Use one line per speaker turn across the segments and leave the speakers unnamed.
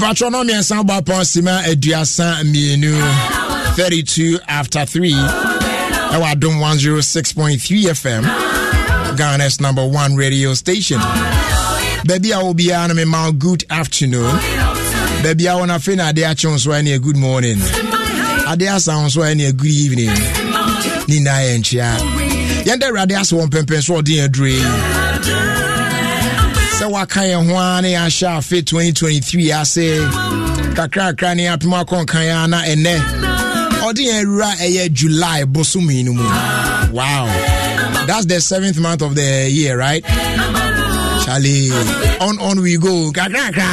ɛbatwerɛ no mmiɛnsa bɔ apɔn aduasa mmienu 32 after 3 ɛwɔ adom 106.3 fm ghana's number one radio station baabi a wobiara no mema good afternoon baabi a wɔn afei na adeɛ akyew nso ɛne good morning adeɛ asa nso ɛne good evening
ne
nyinaa yɛ nkyea yɛn dɛ awurade ase wɔn pɛmpɛn so ɔde
adure
sɛ woaka yɛ ho a ne yɛahyɛ afe 2023 ase kakrakra ne yɛapem akɔnkan a na ɛnɛ ɔde yɛn awura ɛyɛ july bosomii no mu wow that's the seventh month of the year right charlie on on we go kakrakra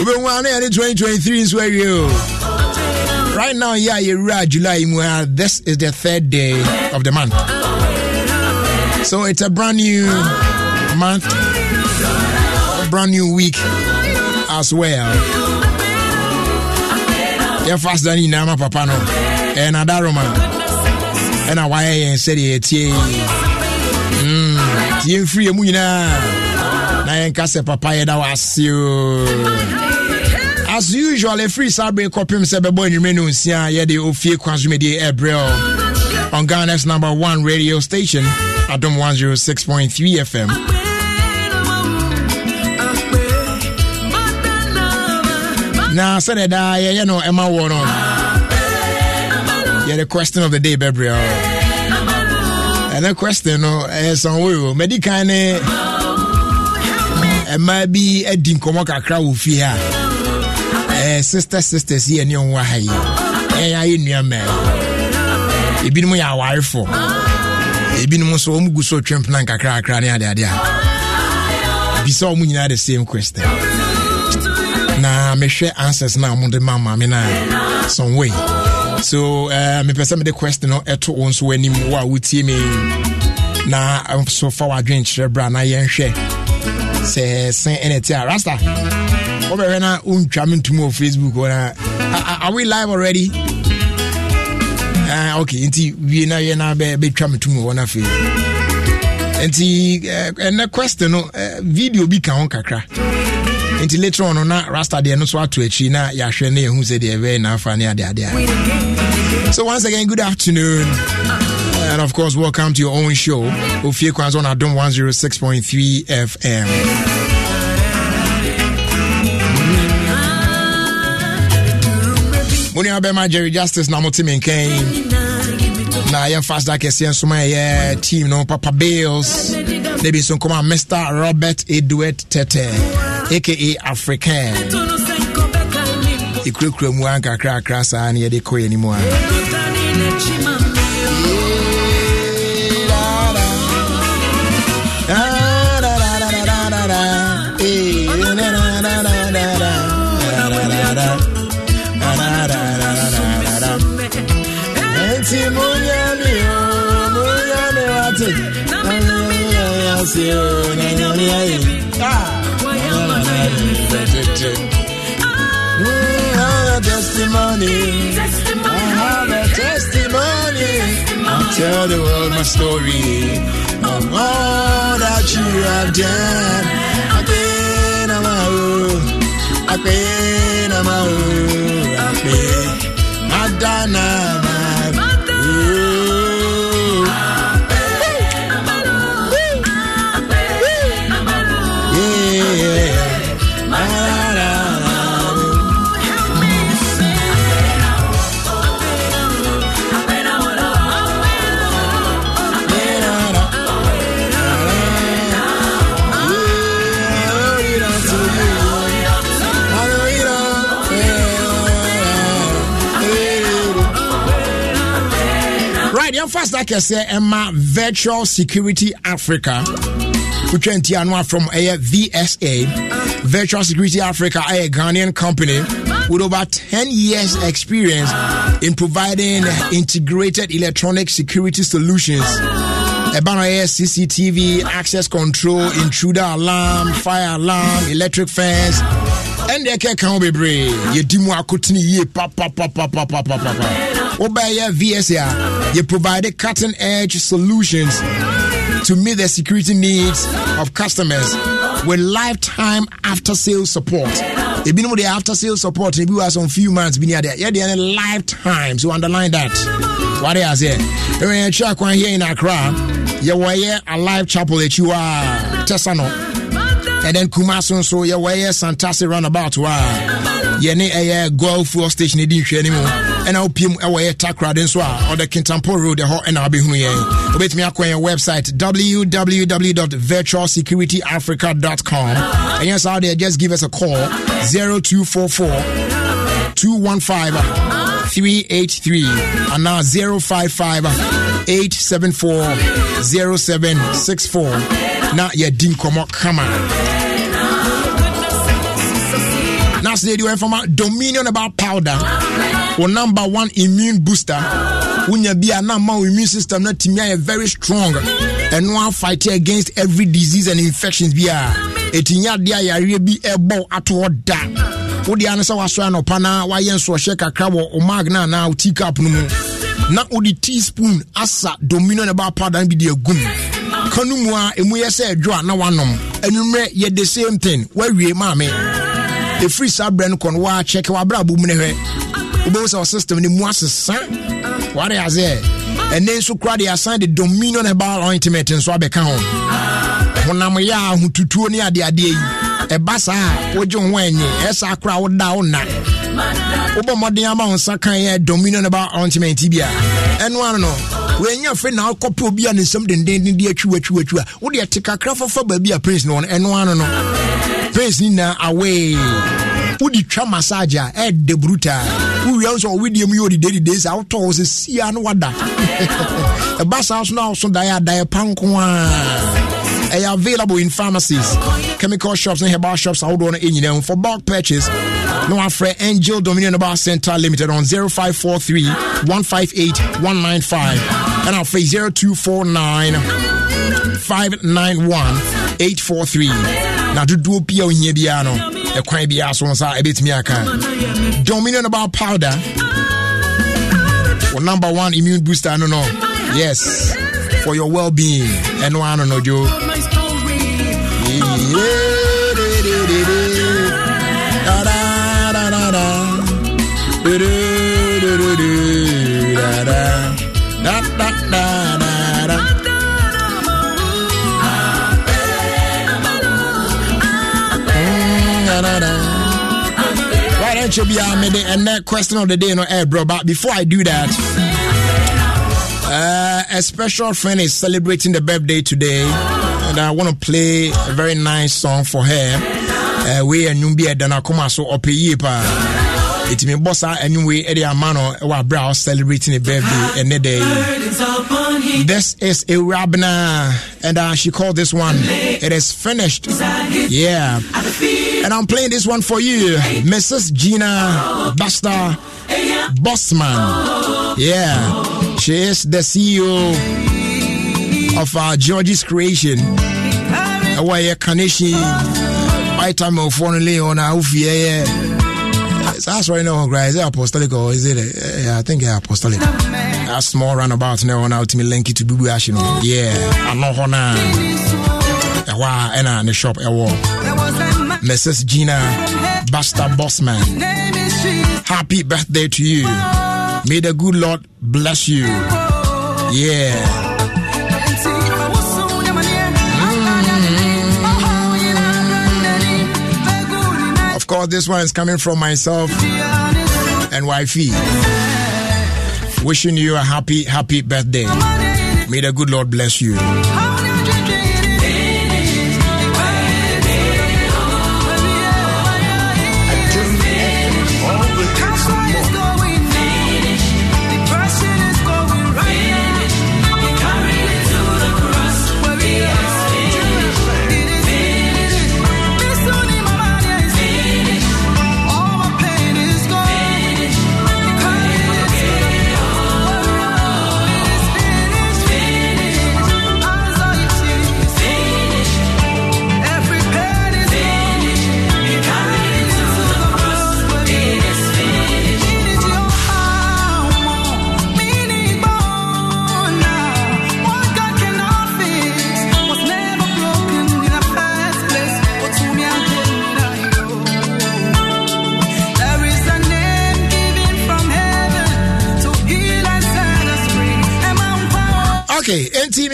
wobɛhu a ne yɛne 2023 nso awie o right now yɛ a yɛwura july mu a uh, this is the third day of the month so it's a brand new month, a brand new week as well. Yɛ fast da ne nyinaa papa no ɛyɛ nadaroma ɛna wayɛ yɛn sɛdeɛ yɛtie nti yɛmfiri yɛ mu nyinaa na yɛnka sɛ papa yɛda wɔ ase o as usual ɛfiri saa bere kɔpem sɛ bɛbɔ anwummerɛ no nsia yɛde ofie kwa dwumadie ɛbrɛ on ghana's number one radio station at 106.3 fm na sɛdeɛ daa yɛyɛ no ɛma wɔ no yɛde question of the day bɛbrɛ ɛne question no ɛyɛ sɔnwoe o madi kan ne ɛma bi adi nkɔmmɔ kakra wɔ fie a ɛyɛ sister sisters yi ɛne ɔwo aha yi ɛyɛ ayɛ nnuamaa ebinom yɛ awarefo ebinom nso wɔn gu so twempena nkakrakra ne adeade a bisa wɔn nyinaa the same question na mehwɛ answers na a wɔde ma maame no a some way so eh, mepɛ sɛ mede question no ɛto wo nso w'anim wo a wotie me na eh, so fa w'adwene kyerɛ berɛ a na yɛnhwɛ sɛ sen ɛne a rasta wobɛhwɛ na wontwa me ntum wɔ facebook na are we live already uh, okay nti wie na be na bɛtwa me tum wɔ no afei nti ɛnɛ question no video bi ka ho kakra nti later on na rasta deɛ no so ato akyi na yɛahwɛ na yɛhu sɛ deɛ ɛbɛyɛ ne so once again good afternoon uh, And of course, welcome to your own show, Ofie on Adom 106.3 FM. mo nua jerry justice Namoti mote me na yɛ kesi kɛseɛ nso team no papa bales na bi mr robert edward Tete aka african ɛkurakura mu ankakrakra saa ne yɛde kɔyɛ anim a
Ah! testimony. testimony. I have a testimony. testimony.
I'll tell the world my story of
all
that you have done. Amen, Amau. Amen, Amau. Amen. Madana, Amau. sponsor kɛsɛ Emma, virtual security africa wotwa nti ano a from ɛyɛ vsa virtual security africa a ghanaian company with over 10 years experience in providing integrated electronic security solutions ɛba no ɛyɛ cctv access control intruder alarm fire alarm electric fence be ɛndeɛ pa pa pa pa pa pa pa pa wobɛyɛ vsa They provide cutting edge solutions to meet the security needs of customers with lifetime after sales support They've been with the after sales support we have some few months been here, Yeah, they are a lifetime so underline that wade aseɛ you yɛtwi akwan here in accra here a live chapel that you a tɛsa and then Kumasun so yeah where yeah Santasi roundabout wa yeah ne a golf fuel station didn't share anymore mo I'll pim away takra den so or the Kintampo road the hot and I'll be akwa website www.virtualsecurityafrica.com and yes out there just give us a call 0244 215 383 and now 055 874 0764 na yɛdi nkɔmmɔ kama Blast Radio Informa eh, uh, Dominion about powder. Or number one immune booster. Unya be a number immune system na timia very strong. And one fight against every disease and infections be a etinya dia yare bi ebo ato da. Wode ano sɛ wasoa no pana wayɛ nsɔhyɛ kakra wɔ omag no anaa tea cup no mu na wode teaspoon asa dominion about powder no bi de agum ka no mu a ɛmu yɛ sɛ ɛdwo a na wanom anwummerɛ yɛ the same thing woawie maame ɛfiri saa berɛ no kɔ no woakyɛkɛ wabrɛ abɔ mu ne hwɛ wobɛhu sɛ ɔsystem no mu asesa wade aseɛ ɛnɛ nso kora de asan de dominion herbal ointment nso abɛka ho honamyɛ a ahotutuo ne adeadeɛ yi ɛba saa a wogye wo ho ɛnye ɛsaa kora woda wo na wobɔ mmɔden ama wo nsa kan yɛ dominion herbal ointment bi a ɛno ano no wɔanya afei na akɔpɛ obi a ne nsɛm dendenden de atwiwatwiwatwi a wode ɛte kakra fafa baabi a prince no wɔno ɛno ano no praise nina uh, away wode twa massage a uh, the eh, bruta wowia nso wowedeɛ mu yɛ ɔdededede sɛ wotɔ wo sɛ sia no wada ɛba saa so no a woso daeɛ adaeɛ panko a ɛyɛ available in pharmacies chemical shops ne herbal shops ahodoɔ no ɛnyina mu um, for bulk purchase na wafrɛ angel dominion bar center limited on 0543 and 195 ɛna afei 0249 na dodoɔ bia ohia biara no ɛkwan biara so nsa ɛbɛtumi aka dominion about powder wo number one immune booster no no yes for your well-being ɛno ano no dwo
Da da da
Eche Biamede, uh, and that question of the day, you know, hey, eh, bro, but before I do that, uh, a special friend is celebrating the birthday today, and I want to play a very nice song for her. Uh, we and Numbi Danakuma, so Opeyipa. It may boss out uh, anyway, Eddie Amano, our brow celebrating a birthday and a day. This is a rabna, and uh, she called this one, It is finished. Yeah. And I'm playing this one for you, Mrs. Gina Basta Bossman. Yeah, she is the CEO of uh, George's Creation. Away a Kaneshi, time of one lay on uh, our yeah. That's right now, guys. Is it apostolic or oh, is it? Yeah, I think it's apostolic.
A
small runabout now on me link to Bubu Ashino. Yeah, I know Hona. Wow, and uh, the shop. Mrs. Gina Buster Bossman. Happy birthday to you. May the good Lord bless you. Yeah. Mm. Of course, this one is coming from myself and wifey. Wishing you a happy, happy birthday. May the good Lord bless you.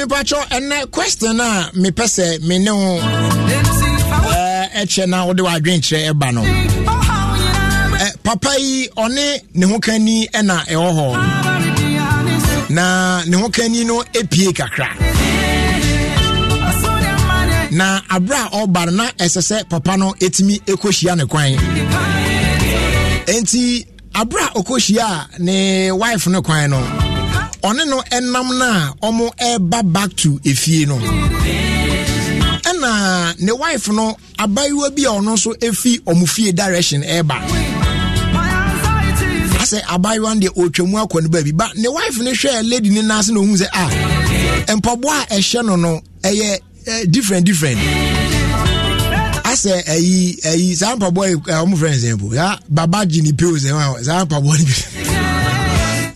mepatwɔ ɛnɛ question a mepɛ sɛ me ne ho ɛkyɛ na wode w'adwenkyerɛ ɛba no papa yi ɔne ne ho kani ɛna ɛwɔ
hɔ
na ne ho kani no ɛpie kakra na aberɛ a ɔba no na ɛsɛ sɛ papa no ɛtumi ɛkɔhyia ne kwan enti aberɛ a ɔkɔhyia a ne wife no kwan ɔne no ɛnam no a ɔmo ɛreba back to efie no
ɛna
ne wife no abayewa bi a ɔno nso efi ɔmo fie direction ɛreba asɛ abayewa no deɛ ɔretwa mu akɔ ne baabi ba ne wife no hwɛ lady ne nan ase na ohun sɛ a ah, mpaboa a ɛhyɛ no no ɛyɛ ɛ different different asɛ ɛyi ɛyi saa mpaboa yi ɛ ɔmo fɛn sɛn po ya baba gyi ne pills ɛwɔ saa mpaboa ne bi.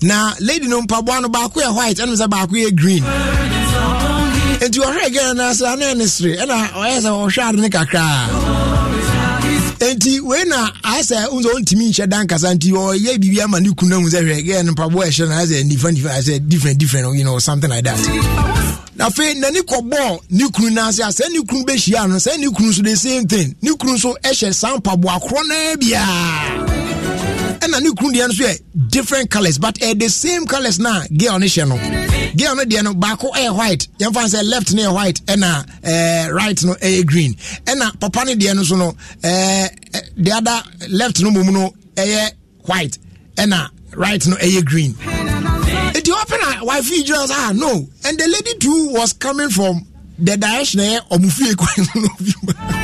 na lady no mpaboa no baako yɛ white ɛnum sɛ baako yɛ green nti ɔhwɛ gɛrɛ no ase ano ɛne sere ɛna ɔyɛ sɛ ɔhwɛ ade ne kakraa nti wei na ayɛ sɛ wosɛ ɔntumi nhyɛ da nkasa nti ɔyɛ biribi ama ne kunu ahu sɛ hwɛ gɛrɛ no mpaboa ɛhyɛ no ayɛ different different ayɛ different different you know something like that afei n'ani kɔbɔɔ ne kunu n'ase a sɛ ne kunu bɛhyia no sɛ ne kunu so the same thing ne kunu so ɛhyɛ saa mpaboa korɔ naa biara ɛna ne kunu deɛ no so yɛ different colours but ɛyɛ the same colours na girl no hyɛ no girl no deɛ no baako ɛyɛ white yɛmfa sɛ left no yɛ white ɛna ɛɛ eh, right no ɛyɛ green ɛna papa no deɛ no so no ɛɛ eh, eh, the other left no mom no ɛyɛ white ɛna right no ɛyɛ green eti ɔpɛ na wife yi gyina ah no and the lady too was coming from the direction ɛyɛ ɔmufie kwan no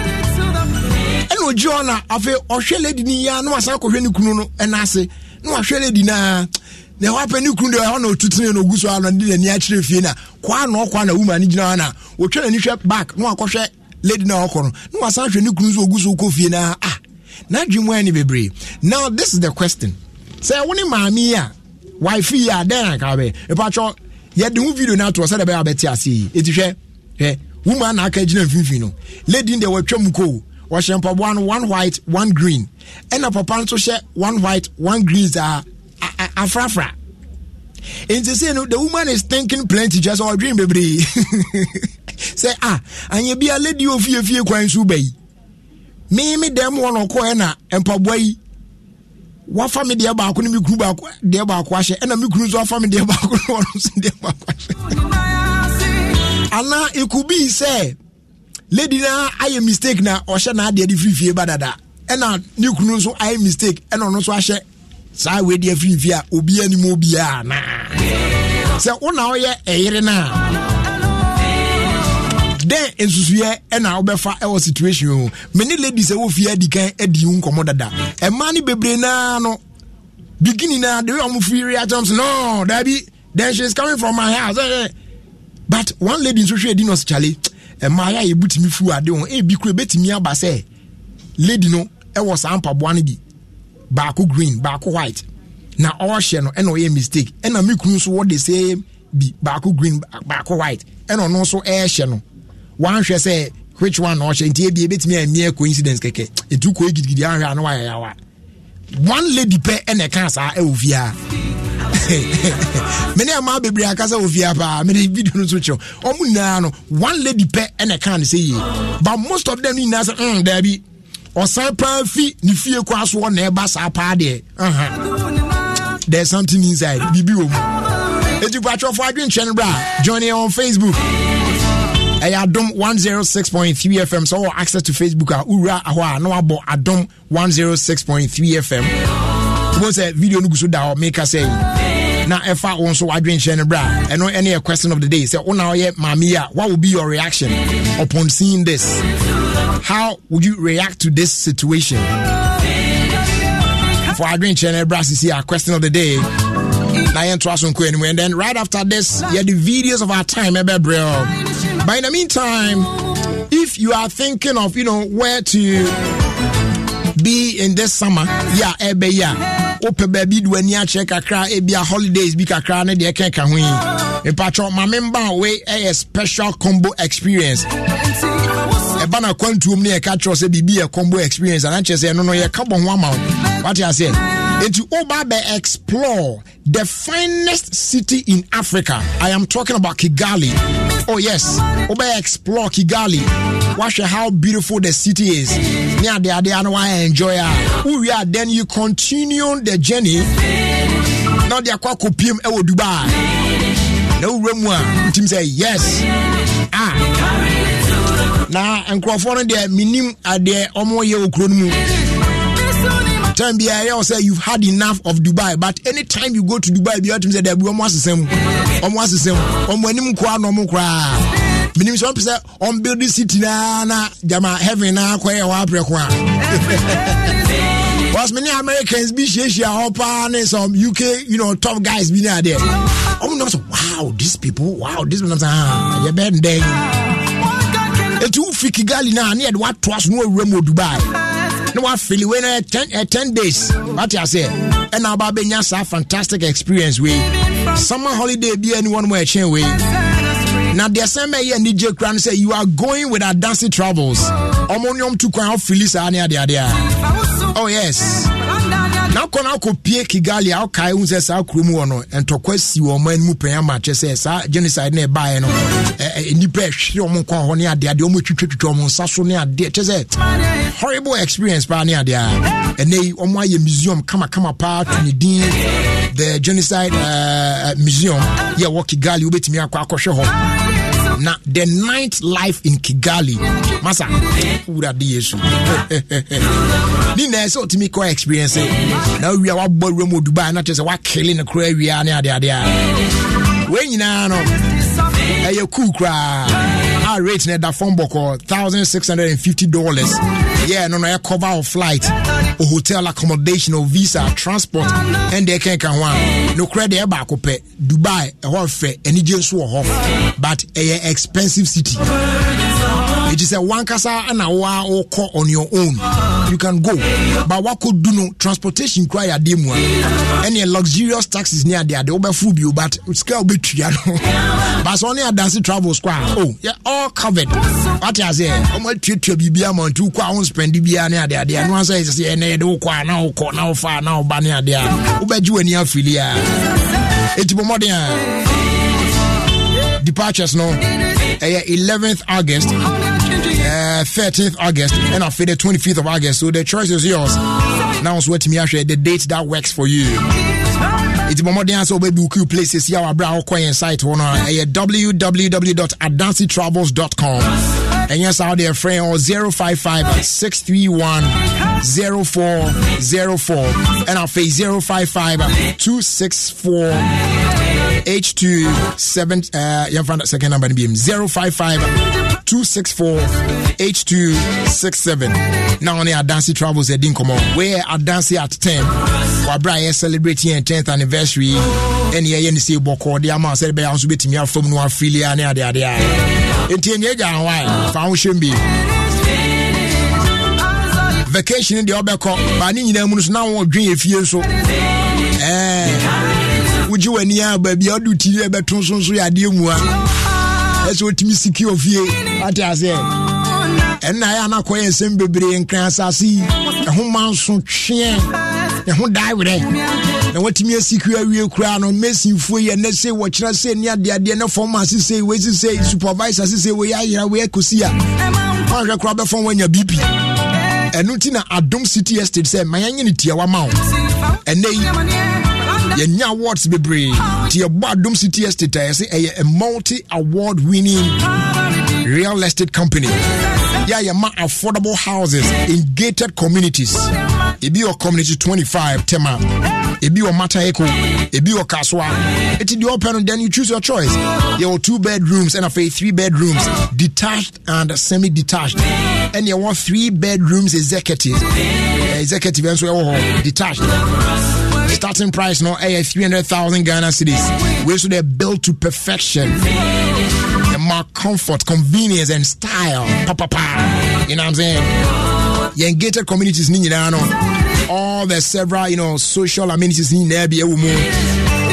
ɛna ogye hɔ na afei ɔhwɛ lady no yia na wasan akɔhwɛ ne kunu no ɛna ase na wahwɛ lady naa na ɛhɔ apɛ ne kunu deɛ ɛhɔ na ɔtutene na ogu so a na ɔde n'ani akyerɛ fie na kwaa na ɔkwa na wuma ne gyina hɔ na wɔtwa n'ani hwɛ back na wakɔhwɛ lady na ɔkɔ no na wasan hwɛ ne kunu so ogu so kɔ fie na ah n'adwi mu ɛni bebree now this is the question sɛ wɔn ne maame yi a wife yi a dɛn anka bɛ ipatwɔ yɛde ho video na atoɔ sɛdeɛ bɛyɛ abɛte ase yi eti hwɛ hwɛ woman na aka gyina mfimfini no lady deɛ wɔatwa mu koo wɔhyɛ mpaboa no one white one green ɛna papa nso hyɛ one white one green saa afrafra nti sɛ no the woman is thinking plenty just sɛ ɔdwene bebree sɛ a anyɛ bia lady o fiefie kwan so ba yi me me dɛm wɔ no ɔkɔɛ na mpaboa yi wafa me deɛ baako ne me kuru baako deɛ baako ahyɛ ɛna me kuru nso afa me deɛ baako ne wɔn nso deɛ baako ahyɛ ana it sɛ lady na ayɛ mistake na ɔhyɛ n'adeɛ de firi ba dada ɛna ne kunu nso ayɛ mistake ɛna ɔno nso ahyɛ saa wei deɛ firi fie a obi anim obiara na sɛ wona ɔyɛ ɛyere na dɛn nsusuyɛ ɛna wobɛfa ɛwɔ situation o mene lady sɛ wofie adi kan adi wo dada ɛmaa ne bebree naa no beginning na the way ɔmo firi reactions no daabi then she is coming from my house but one lady nso hwɛ adi nɔs kyale Mmaayewa a yɛbu tumi firi ade ho ebi kura ebɛtumi aba sɛ lady no ɛwɔ saa mpaboa no bi baako green baako white na ɔrehyɛ no ɛna ɔyɛ mistake ɛna me kunu nso wɔ de same bi baako green baako white ɛna ɔno nso ɛrehyɛ no wanhwɛ sɛ which one na ɔhyɛ nti ebi ebɛtumi ɛmia coincidence kɛkɛ etu kɔ gidigidi ahwɛ ano ayɛyawa. one lady pɛ ɛna ɛka saa ɛwɔ fia mene ama bebree akasa wɔ fia paa mene video no so kyerɛ ɔmo nyinaa no one lady pɛ ɛna ɛka no sɛ yie but most of them no nyinaa sɛ mm, daabi ɔsan paa fi ne fie kɔ asoɔ na ɛba saa paa deɛ uh-huh. there's something inside biribi wɔ mu ɛti patwɛfo adwenkyɛ no bra johnny on facebook ɛyɛ adom 106.3 fm sɛ wɔwɔ access to facebook a uh, wowura ahɔ a na wabɔ adom 106.3 fm wobɛhu sɛ video no gu so da hɔ meka sɛ na ɛfa wo nso wadwenhyɛ no berɛ a ɛno ɛne yɛ question of the day sɛ wona oye oh, maame a what will be your reaction upon seeing this how would you react to this situation for adwenkyerɛ no ɛberɛ asisi a question of the day na yɛntoa so nkɔ anim and then right after this the videos of our time ɛbɛbrɛ eh, but in the meantime, if you are thinking of, you know, where to be in this summer, yeah, ebe eh, yeah. Open baby do any check a cry, it be a holidays, be a cry, and they can't come in. In my member way eh, a special combo experience. ɛba eh, na kwantuom um, ne yɛka kyerɛw sɛ biribi a combo experience And I just say no yɛka bɔ ho What wo wate aseɛ nti woba bɛ explore the finest city in africa i am talking about kigali oh yes woba explore kigali Watch how beautiful the city is ne adeade ano wayɛ enjoy a wowie then you continue the journey na ɔde akɔ akɔpiem ɛwɔ dubai No wowura Team say yes ah Now nkurɔfoɔ no deɛ menim adeɛ ɔmoyɛ wɔ kuro no time bi a ɛyɛ sɛ you've had enough of dubai but any time you go to dubai bi ɔtumi sɛ daabi ɔmo asesɛ mu ɔmo asesɛ mu ɔmo anim koraa na ɔmo koraa menim sɛ ɔmpɛ sɛ ɔmbuild city naa na gyama heaven naa kɔyɛ wɔ aprɛ ko a Was many Americans be share hop and some UK, you know, top guys be there. I'm not wow, these people, wow, these people, ah, you're better than eti wofi kigali na ne yɛde watoa so no awura mu dubai na wafili wei no yɛ 10 days wate aseɛ ɛna aba bɛnya saa fantastic experience wei summer holiday bia ni wɔnom ɛkyɛn wei na deɛ sɛn bɛyɛ anigye kora no sɛ you are going with adanse travels ɔmo ne to tu kwan ɔfili saa ne adeadeɛ a oh yes na akɔ na akɔ pie kigali a ɔkae hu sɛ saa kurom wɔ no ntɔkwa si wɔ ɔma anim pɛn ama kyerɛ sɛ saa genocide no ɛbaeɛ no nnipa ɛhwere ɔmo nkwa hɔ ne adeɛ adeɛ ɔmo twitwatwitwa ɔmo nsa so ne adeɛ kyerɛ sɛ horrible experience paa ne adeɛ a ɛnɛ yi ɔmo ayɛ museum kamakama paa to ne din the genocide uh, museum yɛ wɔ kigali wobɛtumi akɔ akɔhwɛ hɔ na the night life in kigali masa wurade yesu ne na ɛsɛ ɔtumi kɔ experience na wia wabɔ wura mu dubai na kyerɛ sɛ wakele no koraa awia ne adeadeɛ wei nyinaa no ɛyɛ cool koraa a rate na ɛda fam bɔkɔ thousand six hundred and fifty dollars ɛyɛ ɛno na ɛyɛ cover of flight o hotel accommodation o visa transport ɛnna ɛkɛnkɛn ho a nokorɛ deɛ ɛbaako pɛ Dubai ɛhɔ fɛ anigye nso wɔ hɔ but ɛyɛ eh, expensive city it is a one wankasa and a wa or call on your own you can go but what could do no transportation cry a dim one any luxurious taxis near there They over food you but scale bit you know but only a dancing travel square oh yeah all covered what is it? Oh, I'm going to treat your be amount two crown spend be an idea there and one says yeah they do kwa now kwa now far now bunny idea ubeju any afilia it's more than departures no ɛyɛ eh, 11th august uh, 13th August and I feel the 25th of August. So the choice is yours. Now, so wait me actually, the date that works for you. It's more than so baby cool places here our brow coin site on www.adancitravels.com. And yes, out there, friend, or 055 631 0404 and I'll face 055 264 H two 827 uh, yɛmfa second number no biom 055 264 8267 na ɔne adanse travels adi nkɔmmɔ weyɛ adanse at 10 wabrɛ a celebrating celebrate 10th anniversary And ɛne yɛyɛ ne sɛ bɔkɔɔ de ama sɛde bɛyɛ nso bɛtumi new no And ne adeade a enti ɛnyɛ gya hoa fa ho hyɛm bi vacation deɛ ɔbɛkɔ baa ne nyinaa mu no so na if you so ɛɛ eh. wogye w'ani a baabi a wode tiri ɛbɛto nso nso yɛ adeɛ mu a ɛsɛ wotumi siki ofie ate aseɛ ɛnna ɛ anakɔyɛ nsɛm bebree nkran asase yi ɛho ma nso tweɛ ɛho daa werɛ na watumi asikiw awie koraa no mesinfoɔ yi ɛnɛ sei wɔkyerɛ sɛ ne adeadeɛ ne fɔm ase sei wei sesei supervisor sesei wei ayera wei akɔsi a woanhwɛ koraa bɛfɔm woanya biribi ɛno nti na adom city estate sɛ ma yɛnyɛ ne tiawa ma wo ɛnɛ yi yɛnya awards bebree nti yɛbɔ adom city estate a yɛsɛ ɛyɛ a multi award winning real estate company yɛ a yɛma affordable houses in gated communities ebi wɔ community 25 tema ebi wɔ mata eco ebi wɔ kasoa eti deɛ ɔpɛ no then you choose your choice yɛwɔ two bedrooms ɛna afei three bedrooms detached and semi detached you yɛwɔ three bedrooms executive executive nso ɛwɔ hɔ detached starting price no a 300000 ghana cities We should they built to perfection mark comfort convenience and style pa, you know what i'm saying yɛn gated communities ni nyinaa all the several you know social amenities ni nyinaa bi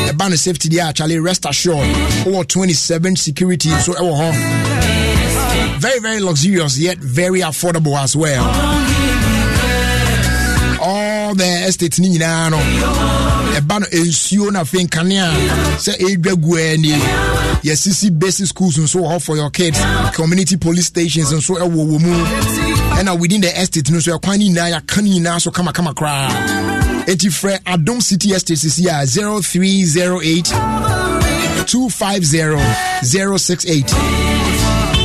The band ɛba safety there, actually rest assured over 27 security so eh, uh-huh. very very luxurious yet very affordable as well all the estate ni nyinaa no ɛba no nsuo na afei nkanea sɛ ɛdwa gu ani yɛsisi basic schools nso wɔ hɔ for your kids community police stations nso ɛwɔ wɔ mu ɛna within the estate no nso ɛkwan nyinaa yɛaka no nyinaa so kamakama koraa enti frɛ adom city estate sisi a 0308 250 068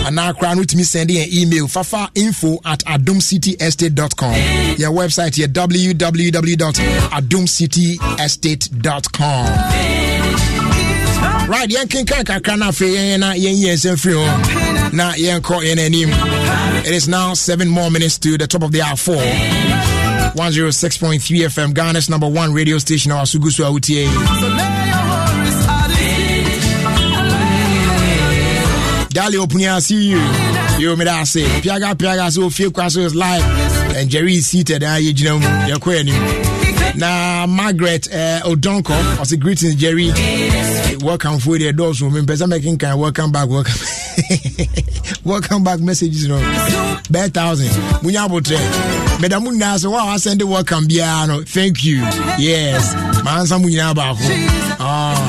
anaa koraa no wotumi send yɛn email fafa info at adomcityestate.com yɛ website yɛ www.adomcityestate.com right yɛnkenkan kakra no afei yɛn na yɛnyi yɛn nsɛm firi hɔ na yɛnkɔ yɛn anim it is now seven more minutes to the top of the hour four 106.3 FM, Ghana's number one radio station, our Sugusu Autie. Dali Opunia, see you. You me us say, Piaga Piaga, so few crosses live. And Jerry is seated, and you know, you're Now, Margaret uh, eh, Odonko, I say, greetings, Jerry. Welcome for the eh, doors, woman. Person making kind, welcome back, welcome. welcome back messages, you know. Bad thousand. Munyabotre. Madam Muna, so wow, I send the welcome, no. Thank you. Yes. Man, some Munyabaho. Ah.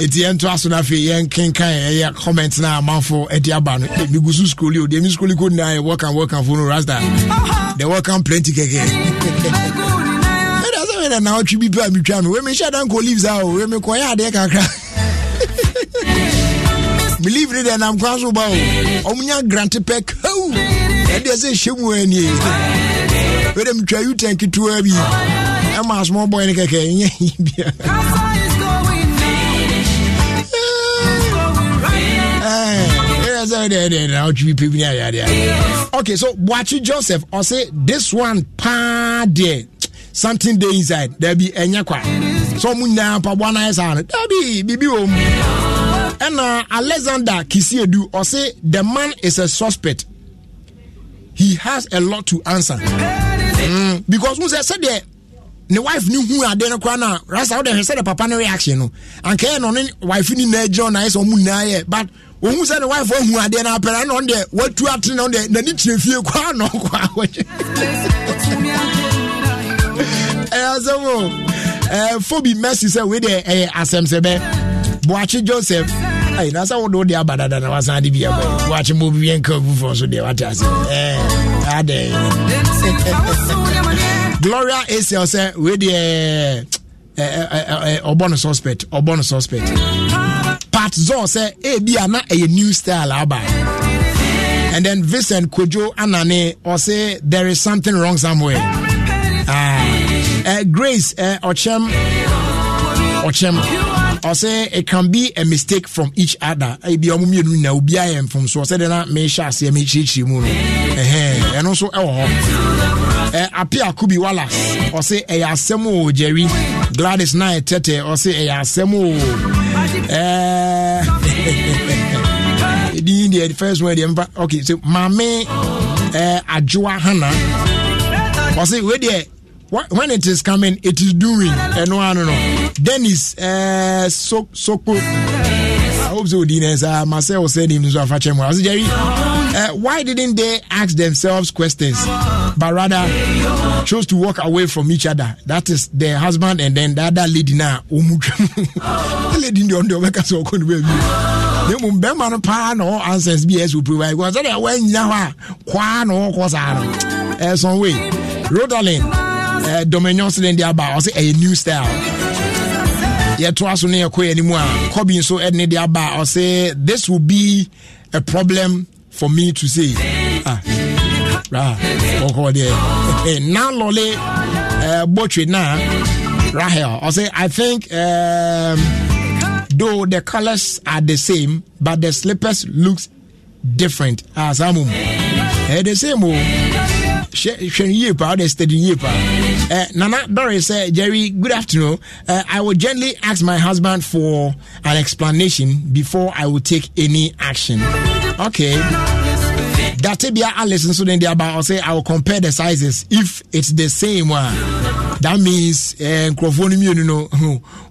ɛti yɛnto aso no afei yɛnkenkan ɛyɛ comment no amanfo ɛde aba no megu so scrolli o deɛ me scrolli ko nyinaa yɛ welcome welcome fo no rasta the welcome plenty kɛkɛ na na ɔtwi bi pɛ a metwa me wemehyɛ da nkɔ leaves a o wemekɔyɛ adeɛ kakra believe ne dɛ nam kwan so ba o ɔmonya grante pɛ kao ɛdeɛ sɛ hyɛ mu anie wede metwa utan ketewa bi ɛma asomɔbɔe ne kɛkɛ ɛnyɛ bia okay so buakye joseph say this one paa deɛ something day inside dabi ɛnyɛ kwa so ɔmo nyinaa mpaboa no ayɛ saa no be biribi wɔ mu ɛna uh, alexander kisiedu say the man is a suspect he has a lot to answer mm, because n said sɛdeɛ ne wife ni hu ade no kora na rasa wode hwɛ sɛdeɛ papa no reaction no anka ɛyɛ no ne wife ni na agyina ɔnaayɛ sɛ ɔmo nyinaa yɛ but ohun sɛ ne wife ohu adeɛ na apɛrɛ na ɔn deɛ watu atene na ɔn n'ani kyerɛ fie kɔ ano kɔ awɔkye ɛyɛ asɛm o ɛɛ fobi mercy sɛ wei deɛ ɛyɛ asɛm buakye joseph ayi na sɛ wo de wo de aba dada na wasan de bi ɛbɔ yi buakye mo bi yɛn kan fufuo so deɛ wate ase ɛɛ adɛɛ gloria esel sɛ wei deɛ. ɔbɔ eh, eh, eh, no suspect ɔbɔ no suspect part zon sɛ ebi a na ɛyɛ new style aba and then vincent kojo anane ɔsɛ there is something wrong somewhere uh, uh, grace uh, ɔkyɛm. ɔkyɛm ɔsɛ it can be a mistake from each other ebi ɔmo mmienu nyinaa obi ayɛ mfom so ɔsɛ de na mehyɛ aseɛ mekyerɛkyerɛ mu no ɛhɛn ɛno nso ɛwɔ hɔ ɛ api akubi wallace ɔsɛ ɛyɛ asɛm o jerry gladys nine tɛtɛ ɔsɛ ɛyɛ asɛm o ɛɛ ɛdi deɛ first one deɛ mfa okay so maame ɛɛ adwoa hana ɔsɛ wei deɛ when it is coming, it is doing. And no, no, no. Dennis uh, so so cool. I hope so. Dennis, uh, Marcel said him to fetch him. I said, Jerry, uh, why didn't they ask themselves questions, but rather chose to walk away from each other? That is the husband and then the other lady now. the lady in the underwear so couldn't be. mmom bɛrima no paa na ɔ answers BS will provide. yi kɔ sɛdeɛ wɔanyina hɔ a kwaa na ɔkɔ saa no ɛsɔn eh, wei rodalin uh, dominion so deɛ aba ɔsɛ ɛyɛ new style yɛtoa so no yɛkɔ yɛ anim a kobi nso ɛne deɛ aba ɔsɛ this will be a problem for me to say ah. ah ɔkɔ deɛ eh, na lɔle uh, eh, botwe na rahel ɔsɛ i think um, though the colors are the same but the slippers looks different ah, saa mom ɛyɛ the same o Eh, nana doris said, jerry good afternoon uh, i will gently ask my husband for an explanation before i will take any action okay datibia alice listen to aba about i will compare the sizes if it's the same one that means eh, nkurɔfoɔ no mmienu no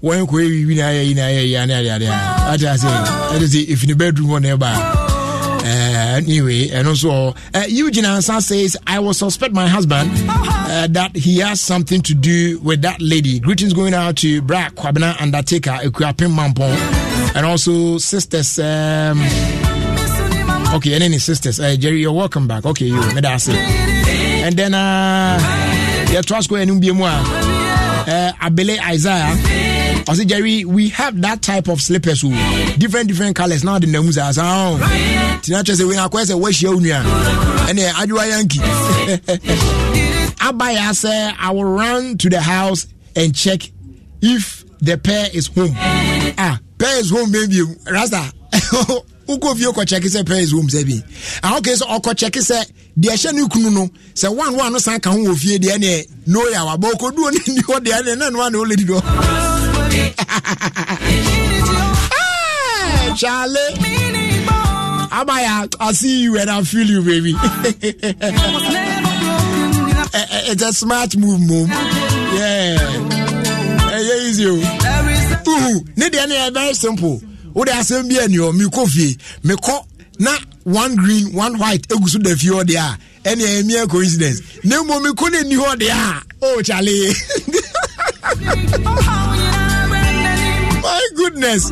wɔn nkɔ ewi na ayɛ yi na ayɛ yi ane adeade a ati in the bedroom or nearby. Eh, anyway, and eh, also uh, eh, Eugene Ansa says, I will suspect my husband uh, that he has something to do with that lady. Greetings going out to Bra Kwabena Undertaker, Ekwapin Mampon, and also sisters. Um, okay, and any sisters. Uh, Jerry, you're welcome back. Okay, you, that's it. And then, uh, yeah, trust go and Abele Isaiah. I Jerry, we have that type of slippers, who oh. different different colors now. The names are sound. Tinacha say we are quite a West Union, and then Adwa Yankee. Abaya say I will run to the house and check if the pair is home. Ah, pair is home, baby. Rasta. wokɔ fie kɔ kyɛke sɛ praise wom sɛ bi ahoke sɛ ɔkɔ kyɛke sɛ deɛ ɛhyɛ ne kunu no sɛ wan wan no san ka ho wɔ fie deɛ neɛ noya wabɔ ɔkɔduo ne ni hɔ deɛ ne na noa ne ɔlɛdi dɔ Charlie. Amaya, I see you and I feel you, baby. Eh, eh, it's a smart move, mom. Yeah. Hey, eh, yeah, is you. Ooh, need any very simple. What I send me and your me coffee, me co, na one green, one white, egusu the few there. Any a mere coincidence. No more me couldn't know there. Oh, Charlie. goodness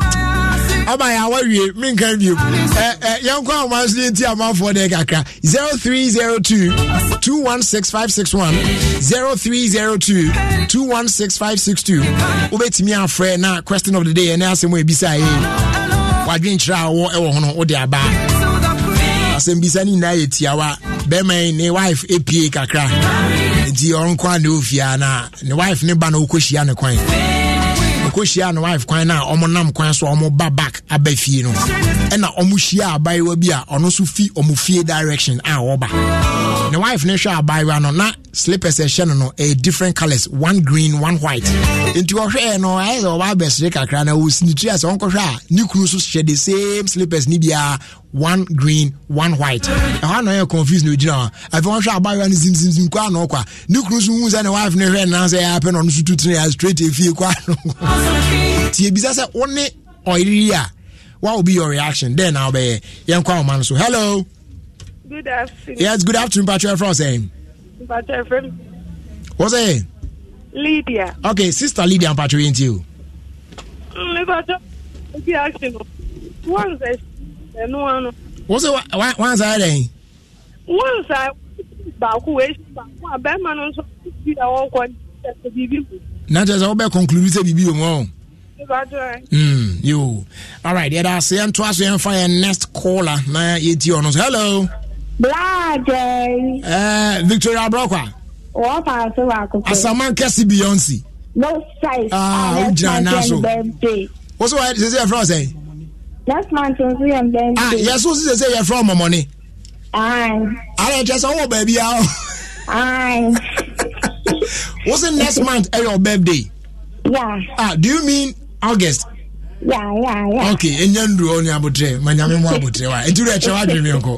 ama yɛ awa wie mi nkan wie ɛ ɛ yɛn kɔ àwọn aso yɛn ti amanfoɔ dɛ kakra zero three zero two two one six five six one zero three zero two two one six five six two wobɛtumi afrɛ na question of the day ɛnɛ asɛm a ebisa yɛ wadwinkyerɛ a wɔ ɛwɔ ho no wode aba asɛm bisa ne nyinaa yɛ tiawa bɛrima yi ne wife apue kakra nti ɔnko a ne ofia na ne wife ne ba na okɔ hyia ne kwan akɔhyia ne wife kwan no a ɔmo nam kwan so ɔmo ba back aba fie no ɛna ɔmo hyia abayewa bi a ɔno so fi ɔmo fie direction a wɔba ne wife no hwɛ abayewa no na slippers ɛhyɛ no no ɛyɛ different colours one green one white nti ɔhwɛɛ no ɛyɛ sɛ ɔba abɛsere kakra na ɔwɔ sinitiri a sɛ ɔnkɔhwɛ a ne kunu so hyɛ the same slippers ne biara one green one white ɛhɔ na ɔyɛ confuse na ogyina hɔ afei wɔn hwɛ abaayewa no zimzimzim kɔ ano ɔkɔ a ne kuru so hun sɛ ne wife ne hwɛ nan sɛ ɛyɛ apɛ na ɔno so tutu ne yɛ straight efie kɔ ano tie bisa sɛ wɔne ɔyiri a what will be your reaction then na ɔbɛyɛ yɛn kɔ ahoma so hello.
good afternoon. yes good afternoon
patro efra ɔsɛn.
patro efra. wɔsɛn. lydia.
okay sister lydia patro yɛn ti o.
mi patro ebi action o once ɛnu ano. wọ́n sọ wọ́n ansa dẹ̀ yín. wọ́n ansa baako wee si baako a bɛrima no nso bi a wɔkɔ ɛsɛ biribi ko.
na kyerɛ sɛ wobɛ conclude sɛ biribi wɔ mu ɔ. all right yɛda ase yɛnto aso yɛmfa yɛ next caller na yɛti ɔno so hello blaagye uh, victoria abrɔkwa wɔfa so baako asaman kɛse beyonce no size ah wogyina naa so wo sɛ sɛsɛ yɛfrɛ wo sɛn Ah, next month nso yɛ mbɛn. ah eh, yɛsùn sísè sè yɛ fún ọmọ mọ́ni. ara ɛkyɛ sɛ wowɔ baabi a wo se next month ɛyɛ your birthday yeah. ah, do you mean august Yeah, yeah, yeah. Okay, enye nduru oni abutre, manyame mu abutre wa. Nturu eche wa dwemi nko.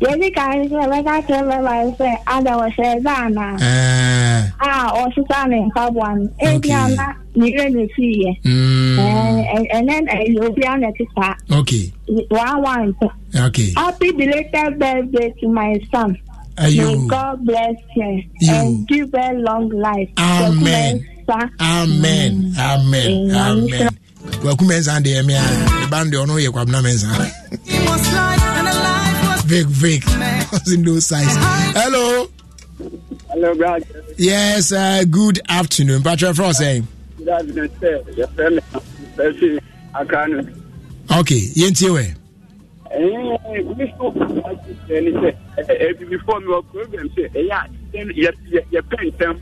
Yezi ka nse we ka ke me ma nse ada wo se dana. Eh. Ah, o se sane ka bwan. E bi ana ni re ni si ye. Mm. Eh, and then I eh, you be on the star. Okay. One one. Okay. Happy belated birthday to my son. Ayo. May God bless you, you. and give her long life. Amen.
Amen. Amen. Amen. Amen waku mensa deɛ me a ban deɛ ɔno yɛ kwabena mensa vig vig no size hello hello brad yes uh, good afternoon patro frɔ sɛ okay yɛntie eh, wɛ
eh, eh, before me program sɛ ɛyɛ yɛpɛ ntɛm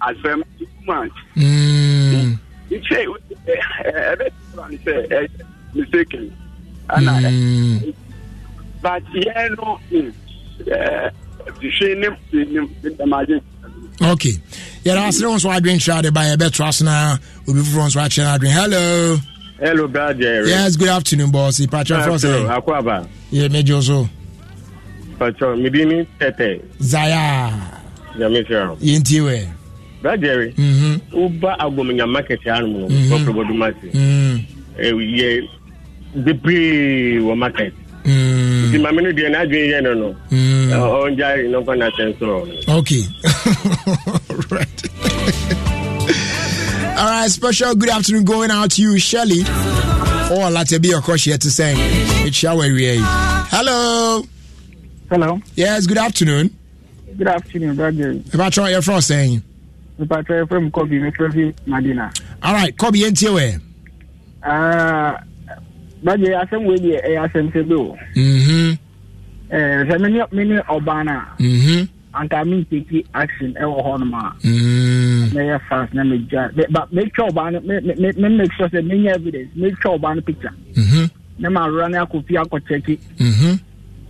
asɛm two months mm ife eh, eh, ebe sara nse eh, mistaken ana hmm. but yẹn no fifi ne ne ndamaje.
okay yàrá asere wọn sọ adwene kyerɛ ade yɛ bɛ to asena obi foforɔ nso akyerɛ adwene hello. hello brother. yes good afternoon boss ipatwa fɔ sɛ. akɔ aba. yɛ mejo so.
patro mi di ni tɛtɛ. zaya. yamisi awo. yen ti wɛ. brajeri woba mm-hmm. agomunya market hanom no wɔprɛbɔdoma se yɛ bebree wɔ market nti mame no deɛ n'adwene yɛ no no ɔngya nɔnkɔ n'asɛn sɔrɔ
okay right
all right special good afternoon going out to you shelly or oh, latebi okoshie to say it's our way hello hello yes good afternoon good afternoon brother if i try your first saying
mpatsɛ efra mu kɔbi mefra fi madina.
alright
kɔbi yɛn tie wɛ.
bàjẹ́ asẹ́mu wo ni ẹ yẹ asẹ́musẹ́ gbé o. ẹ sẹ
mi ni mi ni ọban na. anka mi n teki action ɛwɔ hɔ nom a.
ne yɛ fast na me gya ba me twɛ ɔban no me me me make sure sɛ me nye evidence me twɛ ɔban no picture. ne mm-hmm. ma awura ne akɔ fie akɔ kyɛki.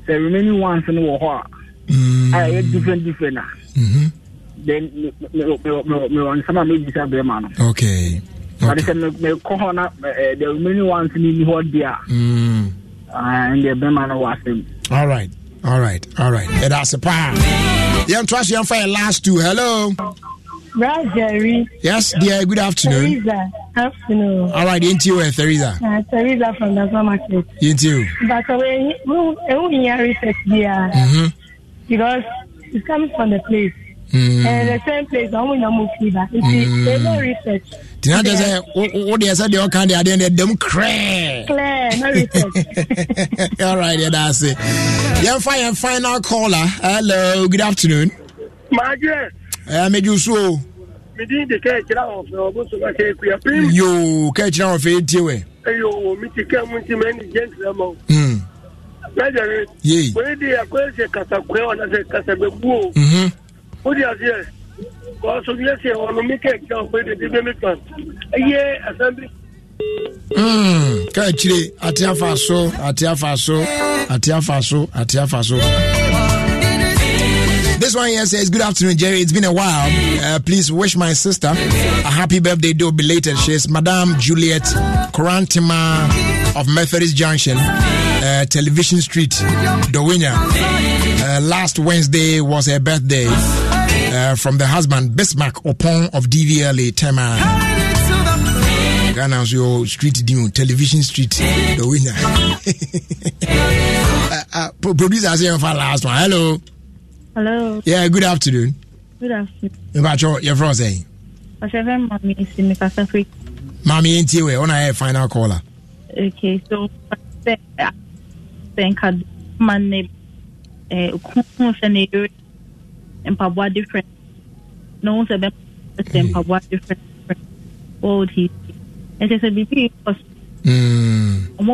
sɛ remaining ones no wɔ hɔ a. Mm-hmm. a ah, yɛ different different na. Ah. Mm-hmm. then me wọn sama mi bisa bẹẹ okay okay adi sẹ me kọ na the remaining
ones ni ni
right all right all And da ase paa yẹn to aso yẹn last two hello. Jerry. Yes, dear. Good afternoon.
Theresa. Afternoon.
All right. Ain't you, uh, Theresa?
Uh, Theresa from the supermarket. place. you? But we we we research there because it comes from the place. Mm. Eh, the same place ọmọ yẹn mo fi ba nti they no research.
tina tẹ sẹ o de ẹsẹ de ọkan de adi ẹni ẹdẹm clear. clear no research. all right yẹ daa se yẹn fa yẹn final caller hello good afternoon. maa jẹ. Eh, ẹ meju so o.
mi dín de kẹ́ ẹ̀ kyerá wọn fún ọ bó so ká kẹ́ ẹ kú yẹ.
yoo kẹ́ ẹ̀ kyerá wọn fún ẹ tiẹ wẹ̀.
eyo mi ti kẹ́ mu ti mẹ́ni jẹ́ ntìlẹ́ mọ́. lẹ́jọ̀ rẹ̀. yéé. kò ní di ẹ̀kọ́ ẹ̀ṣẹ̀ ọ̀nà ṣe kàtàkùn bú o. Mm-hmm. ó di aseɛ kɔɔso bi ɛsɛ ɔno mi kɛ nkyɛn ɔpɛ de mi kan ɛyɛ ɛsɛn bi.
ka akyire ate afa so ate afa so ate This one here says, Good afternoon, Jerry. It's been a while. Uh, please wish my sister a happy birthday, though belated. She's Madame Juliet Corantima of Methodist Junction, uh, Television Street, Dowinia. Uh, last Wednesday was her birthday uh, from the husband Bismarck Opon of DVLA Tema. Ghana's your street dune, television street, the winner. uh, uh, producer, for last one. Hello. Hello. Yeah, good afternoon. Good afternoon. About your, your from saying?
Mommy is in the
Mommy ain't here. Eh? On a final caller.
Okay, so thank my neighbor. Eh, different na ɔhu sɛ bɛma different old history hmm.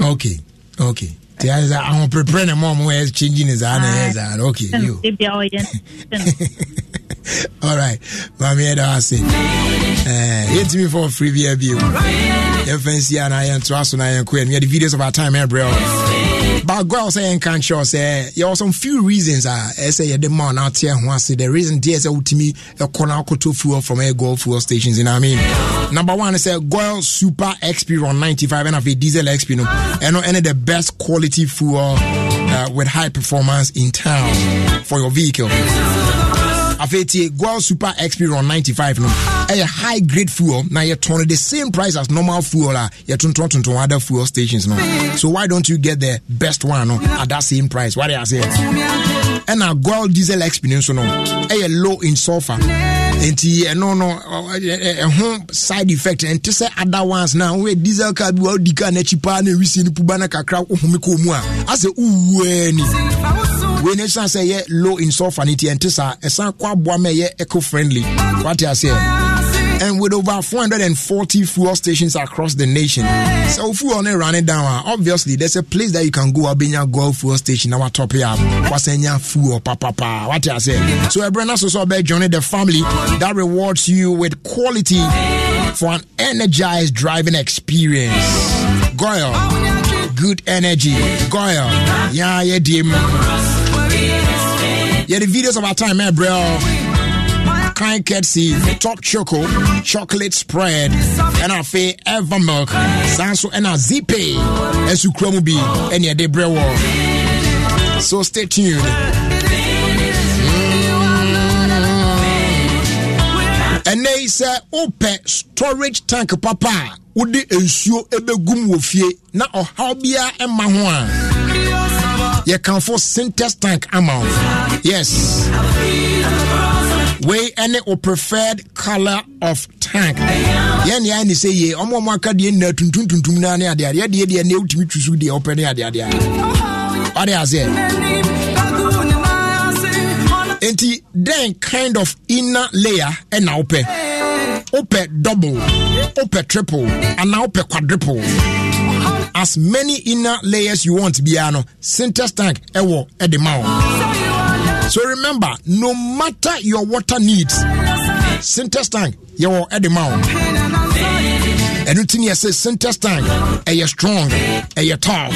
okay okay ti ayɛ sɛ ahoprepere the ma ɔmo yɛ kyengyi ne saa okay all right maame yɛ da ase yɛntumi fɔ yɛmfansi a na yɛntoa so na yɛnkɔ ɛnu yɛde videos of our time ɛbrɛ eh, o but go out sɛ yɛnka nkyerɛ sɛ yɛwɔ some few reasons a ɛsɛ yɛde ma ɔna ate ho ase the reason deɛ sɛ wotumi ɛkɔ no fuel from ɛyɛ eh, goil fuel stations you know what I mean number one sɛ goil super xp run 95 ɛna afei diesel xp eh, no ɛno ɛne the best quality fuel uh, with high performance in town for your vehicle Afetie tie goal super xp run 95 no ɛyɛ high grade fuel na yɛtɔn the same price as normal fuel a yɛtontɔn tontɔn other fuel stations no so why don't you get the best one no at that same price wade aseɛ ɛna goal diesel xp no nso no ɛyɛ low in sulfur nti ɛno no ɛho side effect ɛnte sɛ other ones na woyɛ diesel car bi wa wodi car n'akyi paa na ɛwisie no puba no kakra wohome kɔ mu a asɛ wowuaa ni wei ne san sɛ ɛyɛ low in sulfur ne tiɛ nte saa ɛsan kɔ aboa ma ɛyɛ eco friendly wate aseɛ and with over 440 fuel stations across the nation so if fuel on run it down obviously there's a place that you can go abenya gold fuel station our top here wasenya fuel papa what i say so ebrena so so join the family that rewards you with quality for an energized driving experience goyle good energy goyle yeah yeah dim Yeah, the videos of our time, man, eh, bro. Kind Ketsy, Talk Choco, Chocolate Spread, and our fair Ever Milk, Sanso, and our Zipe, and Sukromubi, and your Debrewo. So stay tuned. Mm. And they say, Open storage tank, Papa. Would ensure ebegum wɔ fie na ɔhaw biara mma yɛkamfo syntest tank amount yes wei ɛne o preferred color of tank yɛne ayɛ ne sɛ ye ɔma ɔmo aka deɛ nyinaa tuntumtuntum naa ne adeade yɛdeɛ deɛ ne wotumi twi so deɛ wopɛ ne adeade a ɔde aseɛ enti then kind of inner layer ɛna wopɛ wopɛ double wopɛ triple anaa wopɛ quadruple as many inner layers you want biano syntax tank ewo edema so remember no matter your water needs syntax tank ewo edema ɛno ntini yɛ sɛ syntax tank ɛyɛ strong ɛyɛ tough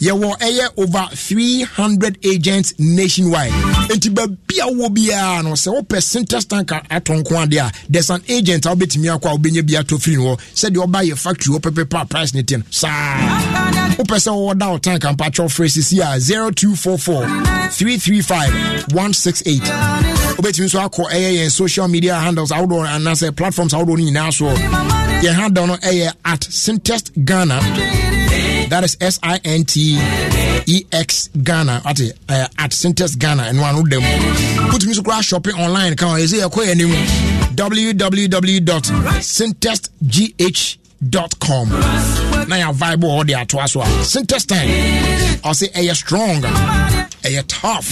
yɛwɔ ɛyɛ over 300 agents nationwide nti baabi a wowɔ biara no sɛ wopɛ sintex tank atɔ nko adeɛ a there's an agent a wobɛtumi akɔ a wobɛnya bi atɔ firi no hɔ sɛdeɛ ɔba yɛ factory hɔ pɛpɛpɛ a price no te no saa wopɛ sɛ wɔwɔda wo tank ampatwɛ frɛ sisi a 0244 335 168 wobɛtumi nso akɔ ɛyɛ yɛn social media handles ahodoɔ anaasɛ platforms ahodoɔ no nyinaa soɔ yɛn handle no ɛyɛ at sintest ghana That is S I N T E X Ghana eh, at uh, at Syntest Ghana and one of them. Put me to shopping online. Come on, is it a queer name? www.syntestgh.com. Now your vibe or eh, eh, the atwaswa. Syntest time. Or say, are you strong? Are you tough?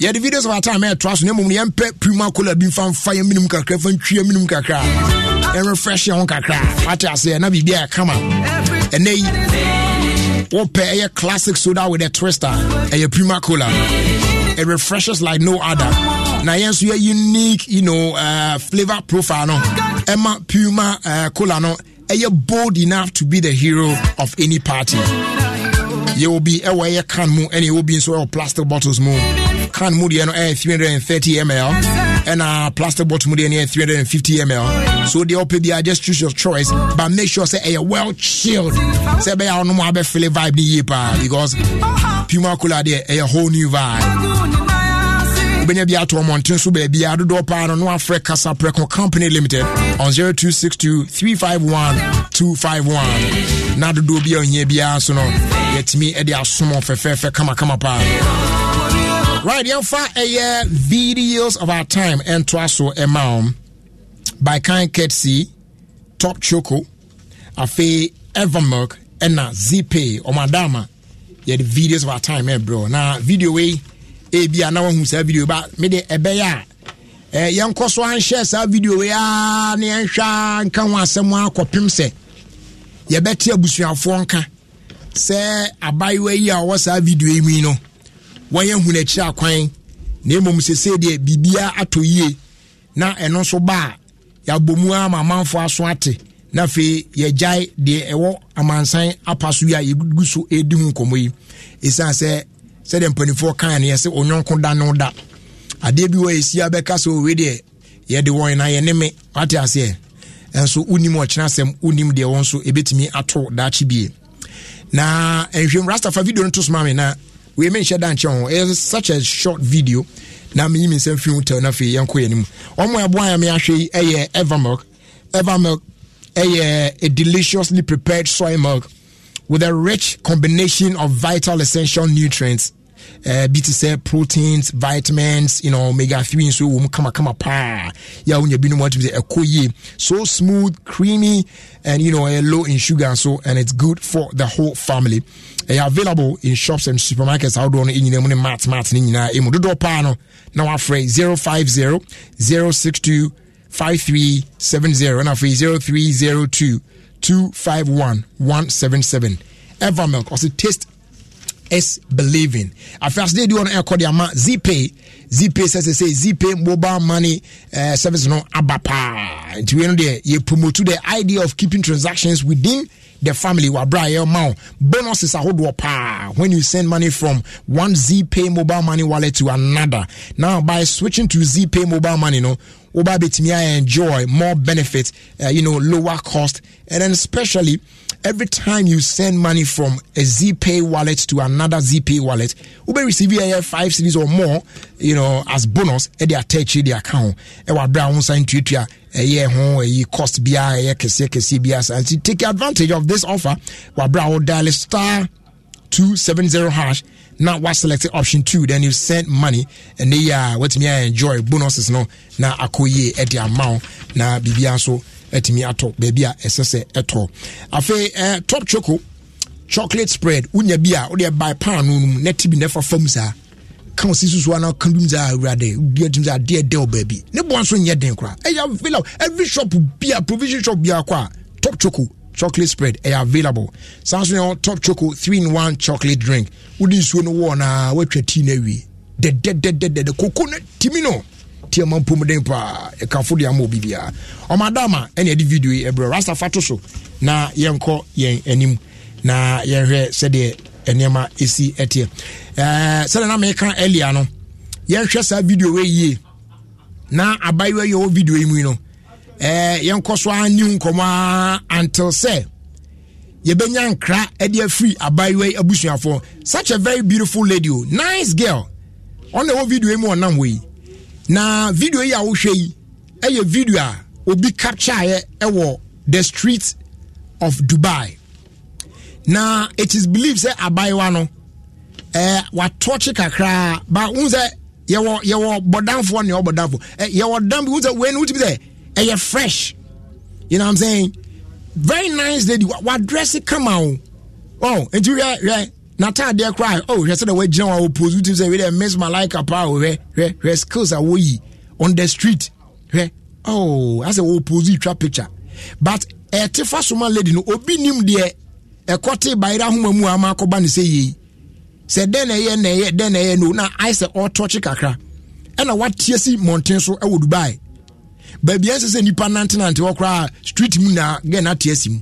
yɛde videos of our time ɛɛtoa so na mmom no yɛmpɛ puma kola bi mfa mfa yɛ menom kakra fa ntwia menom kakra ɛrefresh ho kakra wate aseɛ na biribia ɛkama ɛnɛ yi wopɛ a classic soda with a twister ɛyɛ prima cola it refreshes like no other Now yes, nso are unique you know, uh, flavor profile no Emma puma uh, cola no ɛyɛ bold enough to be the hero of any party yɛwɔ bi ɛwɔ ɛyɛ can mu ɛne yɛwɔ bi nso ɛwɔ plastic bottles mu can mu deɛ no ɛyɛ 330 ml ɛna uh, plastic bottle mu deɛ no yɛ 350 ml so deɛ ɔpɛ bi just choose your choice but make sure sɛ ɛyɛ well chilled sɛ ɛbɛyɛ a ɔnom abɛfele vibe ne yie paa because puma cola deɛ ɛyɛ whole new vibe wobɛnya bi ato ɔmmɔnten so baabia dodoɔ paa no na wafrɛ kasa prɛko company limited on 0262 351 251 na dodoɔ bi a ohia biara so no yɛatumi de asom fɛfɛɛfɛ kamakama paa Right, you find a videos of our time and twaso amount by Kind Ketsi, Top Choco, Afe evermark and na Zipay or Madama. the videos of our time, eh, bro. Now, video way ebi ana wɔn hu saa video ba mi de ɛbɛyɛ a ɛɛ yɛn kɔ so anhyɛ saa video yi ni ne yɛn hwɛ nka ho asɛm akɔpem sɛ yɛbɛte abusuafoɔ nka sɛ abaayewa yi a ɔwɔ saa video yi mu yi no wɔyɛ hu n'akyi akwan na emom sese deɛ bibia atɔ yie na ɛno nso ba a yɛabɔ mu ama amanfoɔ aso ate na afei yɛgyae deɛ ɛwɔ amansan apa so yi a yɛgu so edi ho nkɔmɔ yi esan sɛ sɛdeɛ mpanimfoɔ kan no yɛsɛ onyɔnko da no da adeɛ bi wɔ ɛsia bɛka sɛ owe deɛ yɛde wɔn na yɛne me wate aseɛ ɛnso wonim ɔkyena asɛm wonim deɛ wɔn nso ɛbɛtumi ato daakye bie na nhwɛm rastafa video no to soma me na wei menhyɛ da nkyɛn ho ɛyɛ such a short video na meyi me nsɛm firi hotel no afei yɛnkɔ yɛ no mu ɔmo ɛboa a meahwɛ yi ɛyɛ evermilk evermilk ɛyɛ a deliciously prepared soy milk with a rich combination of vital essential nutrients bi te sɛ proteins vitamins you know, omega 3 nso wɔ mu kamakama paa yɛ wonya binom watumi sɛ ɛkɔ yie so smooth creamy and you know uh, low in sugar so and it's good for the whole family ɛyɛ uh, eh, available in shops and supermarkets ahodoɔ no nyinaa mu ne mat mat no nyinaa ɛmu eh, dodoɔ paa no na wafrɛ 050 062 5370 and afei 0302 251 177 milk also taste is believing afease deɛ di wɔn ɛkɔ de ama zpay zpay sɛ sɛ sɛ zpay mobile money uh, service no aba paa nti wei no deɛ yɛ promote the idea of keeping transactions within the family wabra yɛ ma o bonuses ahodoɔ paa when you send money from one zpay mobile money wallet to another now by switching to zpay mobile money no woba me I enjoy more benefit, uh, you know, lower cost, and then especially every time you send money from a ZPay wallet to another ZPay wallet, you will receive a five cities or more, you know, as bonus at the attach the account. Ewa brown sign Twitter. ɛyɛ ho ɛyi cost biara ɛyɛ kɛseɛ kɛseɛ CBS, and nti take advantage of this offer wabra wo dial star 270 hash na waselect option two then you send money and they are uh, what me enjoy bonuses no na akoye at eh, the amount na bibia so atumi eh, atɔ baabi eh, a ɛsɛ sɛ ɛtɔ afei eh, top choco chocolate spread wonya bi a wode bae paano no mu na tibi fam saa ka si susu ana ka dum saa awurade wodua tum sɛ adeɛ dɛ wo baabi ne boa nso nyɛ den koraa ɛyɛ available every shop bia provision shop bia kɔ a top choco chocolate spread ɛyɛ eh, available saa nso yɛ top choco three in one chocolate drink wodi nsuo no wɔɔ naa watwa tea no awie dɛdɛdɛdɛdɛ koko no timi no tiama mpom den paa ɛkafo de ama obi biara ɔma dama ɛne ɛde video yi rasta rastafa to so na yɛnkɔ yɛn anim na yɛnhwɛ sɛdeɛ nneɛma ɛsi ɛteɛ ɛɛ sɛdeɛ na meka earlier no yɛnhwɛ saa video wei yie na abayewa yi ɔwɔ video yi mu yi no Eh, yɛnkɔ so ani nkɔmmɔ until sɛ yɛbɛnya nkra de afiri abayewa yi abusuafoɔ such a very beautiful lady o oh. nice girl ɔna ɛwɔ video yi mu ɔnam wɔ yi na video yi a wohwɛ yi ɛyɛ video a obi capture yɛ ɛwɔ the street of dubai na it is believed sɛ abayewa no ɛɛ eh, watɔkye kakra ba n sɛ yɛwɔ yɛwɔ bɔdanfoɔ ne ɔbɔdanfoɔ ɛ eh, yɛwɔ dan bi n sɛ wɛni wotumi sɛ. And you're fresh you know what i'm saying very nice lady What wadress Come on, oh nti right? Nata, n'ataadeɛ cry. oh hwɛ sɛ na wagyina wa opose wotim sɛ wɛdɛ miss malaika paa o hwɛ hwɛ hwɛ skills are wɔyi on the street hwɛ oh asɛ wɔ opose twa picture but ɛte fa woman, lady no obi nim deɛ ɛkɔte bayera ahoma mu a ama akɔba ne sɛ yei sɛ dɛn na ɛyɛ na ɛyɛ dɛn na ɛyɛ no na ayɛ sɛ ɔtɔkye kakra ɛna watie si mmɔnten so ɛwɔ eh, dubai baabi ɛsɛ sɛ nipa nantenante hɔ koraa street mu na gɛn ate asi mu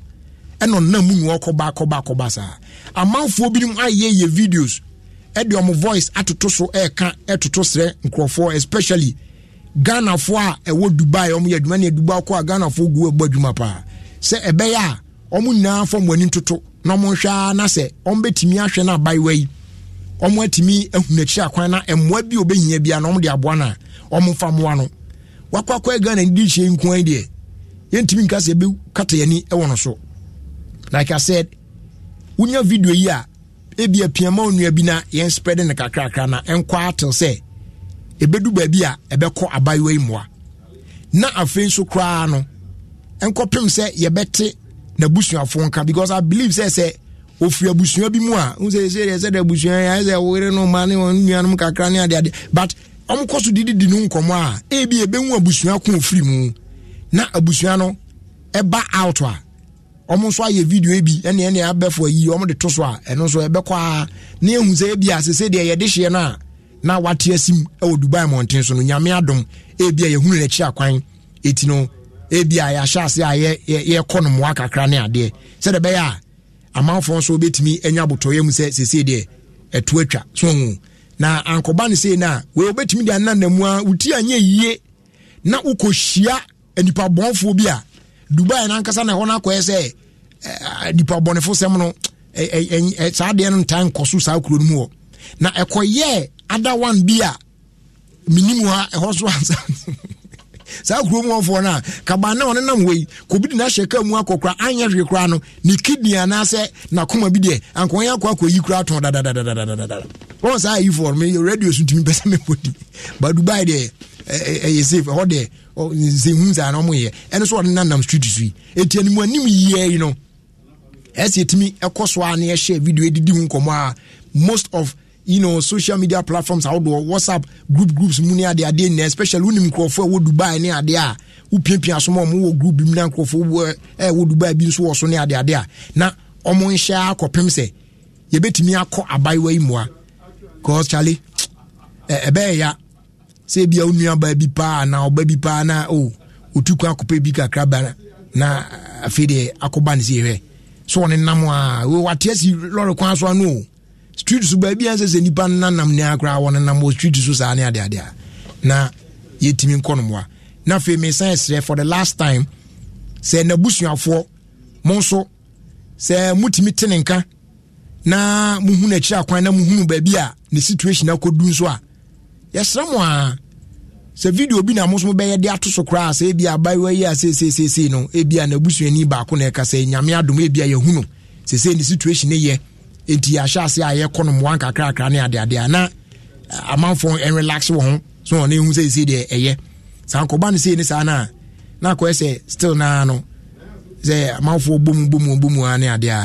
ɛna ɔnam mu na ɔkɔba akɔba akɔba saa amanfoɔ binom ayɛ yɛ videos ɛde ɔmo voice atoto so ɛɛka ɛtoto srɛ nkurɔfoɔ especially ghanafoɔ a ɛwɔ dubai ɔmo yɛ adwuma ne dubai kɔ a ghanafoɔ gu ɛbɔ adwuma paa sɛ ɛbɛyɛ a ɔmo nyinaa fɔ mo ani toto na ɔmo nhwɛ a na sɛ ɔmo bɛtumi ahwɛ na abaayewa yi ɔmo atumi ahunu akyi akwan na mmoa bi a obɛnyia bi a na ɔmo de aboa na ɔmo fa mmoa no wakɔ akɔ ghana ne de hyɛ nkoa deɛ yɛntumi nka sɛ ɛbɛkata yɛni ɛwɔ no so like i said wonya video yi a ebi apiama onua bi na yɛn spread ne kakrakra na ɛnkɔ atel sɛ ɛbɛdu baabi a ɛbɛkɔ abayewa yi mmoa na afei nso koraa no nkɔpem sɛ yɛbɛte n'abusuafoɔ nka because i believe sɛ sɛ ofiri abusua bi mu a n sɛ sɛ sɛ de abusua yɛ ayɛ sɛ wore no ma ne wɔn nuanom kakra ne adeade but ɔmo kɔ so didi di no nkɔmɔ a ebi ebehu abusua ko ofiri mu na abusua no ɛba out a ɔmo nso ayɛ video ebi, ɛne ɛne abɛfo ayi ɔmo de to so a ɛno nso ɛbɛkɔ a ne ehu sɛ ebi asese deɛ yɛde hyɛ no a na wate asim ɛwɔ dubai mɔnten so no nyame adom ebi a yɛhunu n'akyi akwan eti no ebi a yɛahyɛ ase a yɛkɔ no mmoa kakra ne adeɛ de ɛbɛyɛ a amanfoɔ nso bɛtumi anya abotɔyɛ mu sɛ sese deɛ ɛto atwa so ho na ankɔba no sei no a wei wobɛtumi de ananamu a woti anyɛ yie na wokɔhyia anipabɔnfoɔ bi a dubai no ankasa na ɛhɔ no akɔɛ sɛ eh, nipabɔnefo sɛm no saa deɛ no ntaa nkɔ so saa kuro no mu hɔ na ɛkɔyɛɛ ada one bi a menim ha ɛhɔ so ansa saa kurom wɔnfoɔ no a kabaa na ɔne nam wei kobi de n'ahyɛ kaa mu akɔkora anyɛ hwee koraa no ne kidney anaasɛ n'akoma bi deɛ ankɔnyɛ akɔ akɔyi koraa tɔn dadadadadadada wɔn saa ayifoɔ no meyɛ radio so ntumi pɛsɛ mepɔ di ba dubai deɛ ɛyɛ safe ɛhɔ deɛ nsɛhu saa na ɔmoyɛ ɛno so ɔde nanam street so yi ɛti animu anim yie yi no ɛsɛ ɛtumi ɛkɔ so a ne ɛhyɛ video ɛdidi ho nkɔmmɔ a most of you know social media platforms ahodoɔ whatsapp group groups mu ne adeɛ adeɛ nyinaa especially wonim nkurɔfoɔ a wɔ dubai ne adeɛ a wopiapia so ma ɔmo group bi mu na nkurɔfoɔ a wɔ dubai bi nso wɔ so ne adeɛ adeɛ a na ɔmo nhyɛ akɔpem sɛ yɛbɛtumi akɔ abaayewa yi mua cause kyale eh, ɛbɛyɛ ya sɛ ebi a onua baa bi paa na ɔba bi paa na o oh, otu kɔ akɔpɛ bi kakra ba na afei deɛ akɔba ne si yɛ hwɛ so ɔne nam a wateɛ si lɔri kwan so ano o street so baabi a sɛ sɛ nipa nanam ne akora wɔnenam wɔ street so saa ne adeade a na yɛtumi nkɔ nomoa na afei mesan ɛserɛ for the last time sɛ n'abusuafoɔ mo nso sɛ mutumi te nka na muhu n'akyiri akwan na muhunu baabi a ne situation akɔdu nso a yɛsrɛ mo a sɛ video bi na mo nso bɛyɛ de ato so koraa sɛ ebi abaayewa yi a seeseeseesei no ebi a n'abusuani baako na ɛka sɛ nyame adom ebi a yɛhunu sɛ sɛ ne situation ne yɛ nti ahyɛ ase a yɛkɔ no mmoa ne adeadeɛ na eh, amanfo eh, relax wɔ ho so ɔne hu sɛ ɛsii deɛ ɛyɛ saa nkɔba no sei ne saa no na akɔɛ sɛ still naa no sɛ amanfoɔ bomu bomu bomu a ne adeɛ a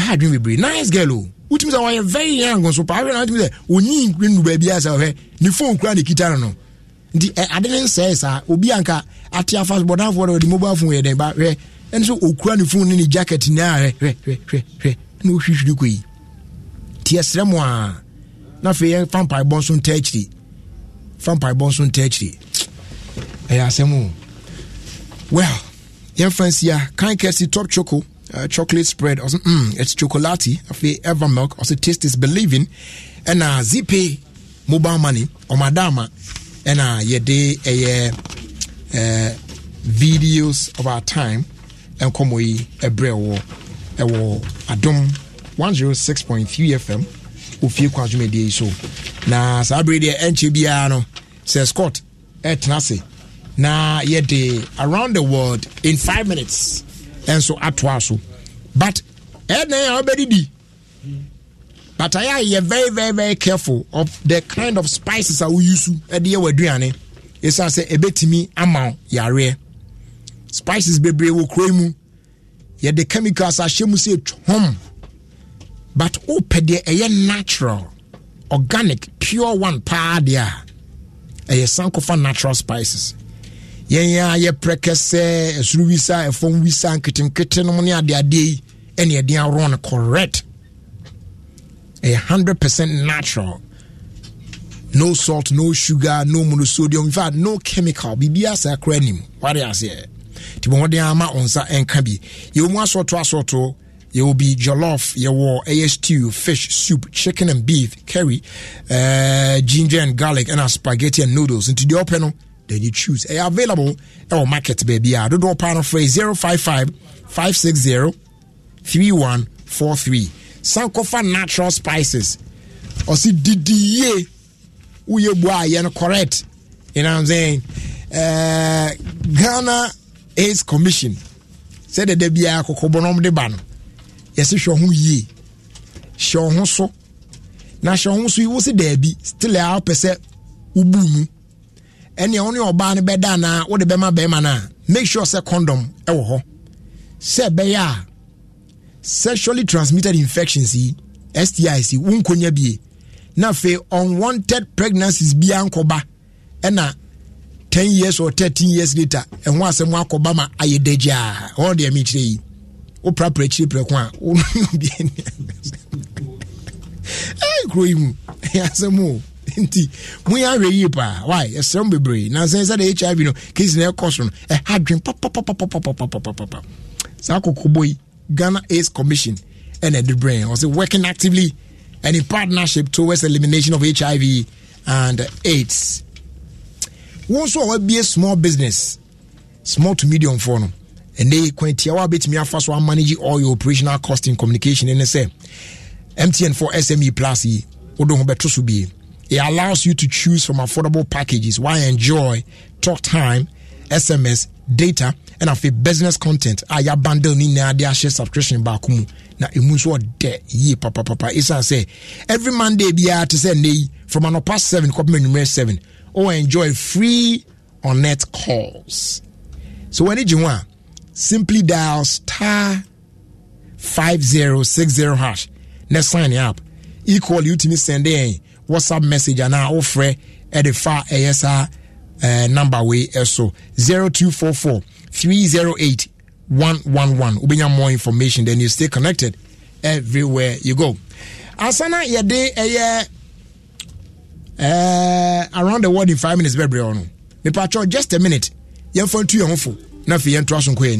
ɛha adwene bebree nice girl o wotumi sɛ wɔyɛ very young nso paa hwɛ na wotumi sɛ ɔnyi nnu baabi a sɛ ne phone kura ne kita no no nti ade ne nsɛe saa obi anka ate afa bɔdanfoɔ no mobile phone yɛ dɛn ba hwɛ ɛno sɛ ɔkura ne phone ne ne jacket ne a hwɛ hwɛ hwɛ hwɛ na ɔhwihwiri kɔ yi nti ɛsrɛ mu a na afei yɛmfa mpaebɔ nso nta akyiri fa mpaebɔ nso nta akyiri ɛyɛ asɛm o well yɛmfa nsia kan kɛse top choco uh, chocolate spread ɔsɛ mm, it's chocolati afei ever milk ɔsɛ taste is believing ɛna zipay mobile money ɔmo adaama ɛna yɛde ɛyɛ ɛɛ videos of our time ɛnkɔmɔ yi ɛbrɛ wɔ ɛwɔ adum. 106.3 fm ofie kɔ adwumadie yi so na saa bere deɛ ɛnkyɛ biara no sɛ scott ɛtena se na yɛde around the world in five minutes ɛnso atoa so but ɛna a wobɛdidi but ayɛ a yɛ very very very careful of the kind of spices a woyusu ɛde yɛ w'aduane ɛsiane sɛ ɛbɛtumi ama yareɛ spices bebree wɔ kuro yi mu yɛde chemicals ahyɛ mu sɛ twom but wopɛ deɛ ɛyɛ natural organic pure one paa deɛ a ɛyɛ san natural spices yɛn a yɛprɛ kɛsɛ ɛsoro wisa ɛfam wisa nketenkete nom ne adeadeɛ yi ɛne ɛde aworɔ correct ɛyɛ 100 percent natural no salt no sugar no monosodium in fact no chemical biribiaa saa kora anim wade aseɛ nti bɔmmɔden ama wo nsa ɛnka bi yɛwɔ mu asɔto asɔto yɛwɔ bi jollof yɛwɔ ɛyɛ stew fish soup chicken and beef curry uh, ginger and garlic ɛna spaghetti and noodles nti deɛ ɔpɛ no then you choose ɛyɛ available ɛwɔ market baabi a dodoɔ paa no frɛ 055 560 san kɔfa natural spices ɔsi didi yie woyɛ bua a yɛn no correct you know what i'm saying uh, ghana Ace commission sɛdeɛ da biara kɔkɔbɔ nom de ba yɛsɛ hwɛ ho yie hyɛ ho so na hyɛ ho so yi wo si daabi still a wopɛ sɛ wobu mu ɛnea wo ne ɔbaa no bɛda anaa wode bɛma bɛrima no make sure sɛ condom ɛwɔ hɔ sɛ ɛbɛyɛ a sexually transmitted infections yi stis yi wonkɔnya bie na fe unwanted pregnancies biara nkɔba ɛna 10 years or thirteen years later ɛho asɛm akɔba ma ayɛ dagyaa ɔwɔ deɛ mekyerɛ yi wo prapra akyiri prɛko a wonbiani kuro yi mu asɛm o nti moyɛ ahwɛ yie paa wy ɛsrɛ m bebree nansɛ sɛde hiv no case na ɛkɔ so no ɛha dwen papapapapapapapapa saa kokobɔ yi ghana ace commission ɛna ɛde brɛ ɔsɛ working actively and in partnership towards elimination of hiv and aids wo nso a wabie small business small to medium foɔ no And they ɛnɛ kwan tia bit. bɛtumi afa so amanage all your operational cost in communication ne say mtn for sme plus yi don't ho bɛto so bie it allows you to choose from affordable packages Why enjoy talk time sms data ɛna afei business content I yɛabandle ne nyinaa de ahyɛ subscription Back home. baako mu na ɛmu nso ɔdɛ papa papapapa I say every monday biara te sɛ nnɛ yi from past seven, kɔpema nnwumerɛ seven. ɔwɔ enjoy free on net calls so w'ani did you want? simply dial star 5060 hash na sign up equally wotumi send in whatsapp message anaa wofrɛ ɛde fa ɛyɛ saa ɛɛ uh, number wei ɛso 0244 308 111 wobɛnya more information then you stay connected everywhere you go asana yɛde ɛyɛ ɛɛ around the world in five minutes on. Oh, ɔno patrol just a minute yɛmfa ntu yɛn ho fo na afei yɛntoa so nkɔ yɛ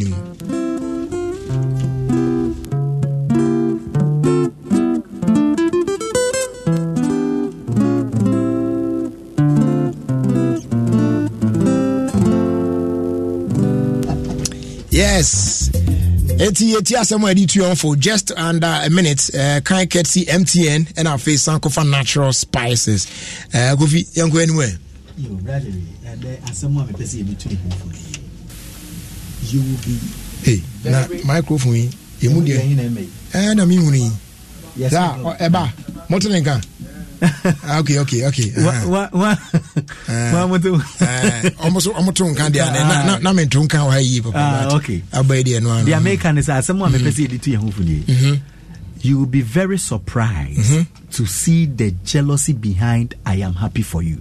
yes eti eti asɛm a yɛde tu yɛn just under a minute uh, eh, kan kɛtsi mtn ɛna eh, afei san kofa natural spices uh, kofi yɛn anim ɛ
you will be. Hey, na microphone yi emu deɛ
ɛɛ na mi nwuni yi saa ɛba mɔtò ne nkan. okay okay okay. wa wa
wa moto. ɔmo so ɔmo to nkan deɛ na na
na mi to nkan ah, wa yi papa. okay aba yi deɛ noa. deɛ meka
ne sɛ asɛm a mepɛ sɛ mm-hmm. yɛde tu yɛn ho funie. Mm-hmm. You will be very surprised mm-hmm. to see the jealousy behind I am happy for you.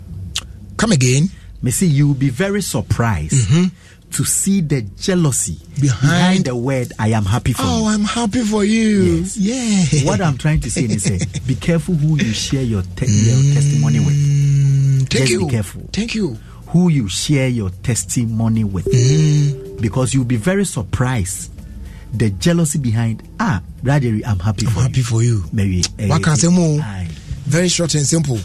Come again. Me say you will be very surprised. Mm-hmm. to see the jealousy behind, behind, the word I am happy for. Oh, I'm happy for you. Yes. Yeah. What I'm trying to say is eh, be careful who you share your, te- your mm, testimony with. Thank Just you. be careful. Thank you. Who you share your testimony with. Mm. Because you'll be very surprised the jealousy behind ah brother I'm happy I'm for happy you. for you maybe uh, what can say more very short and simple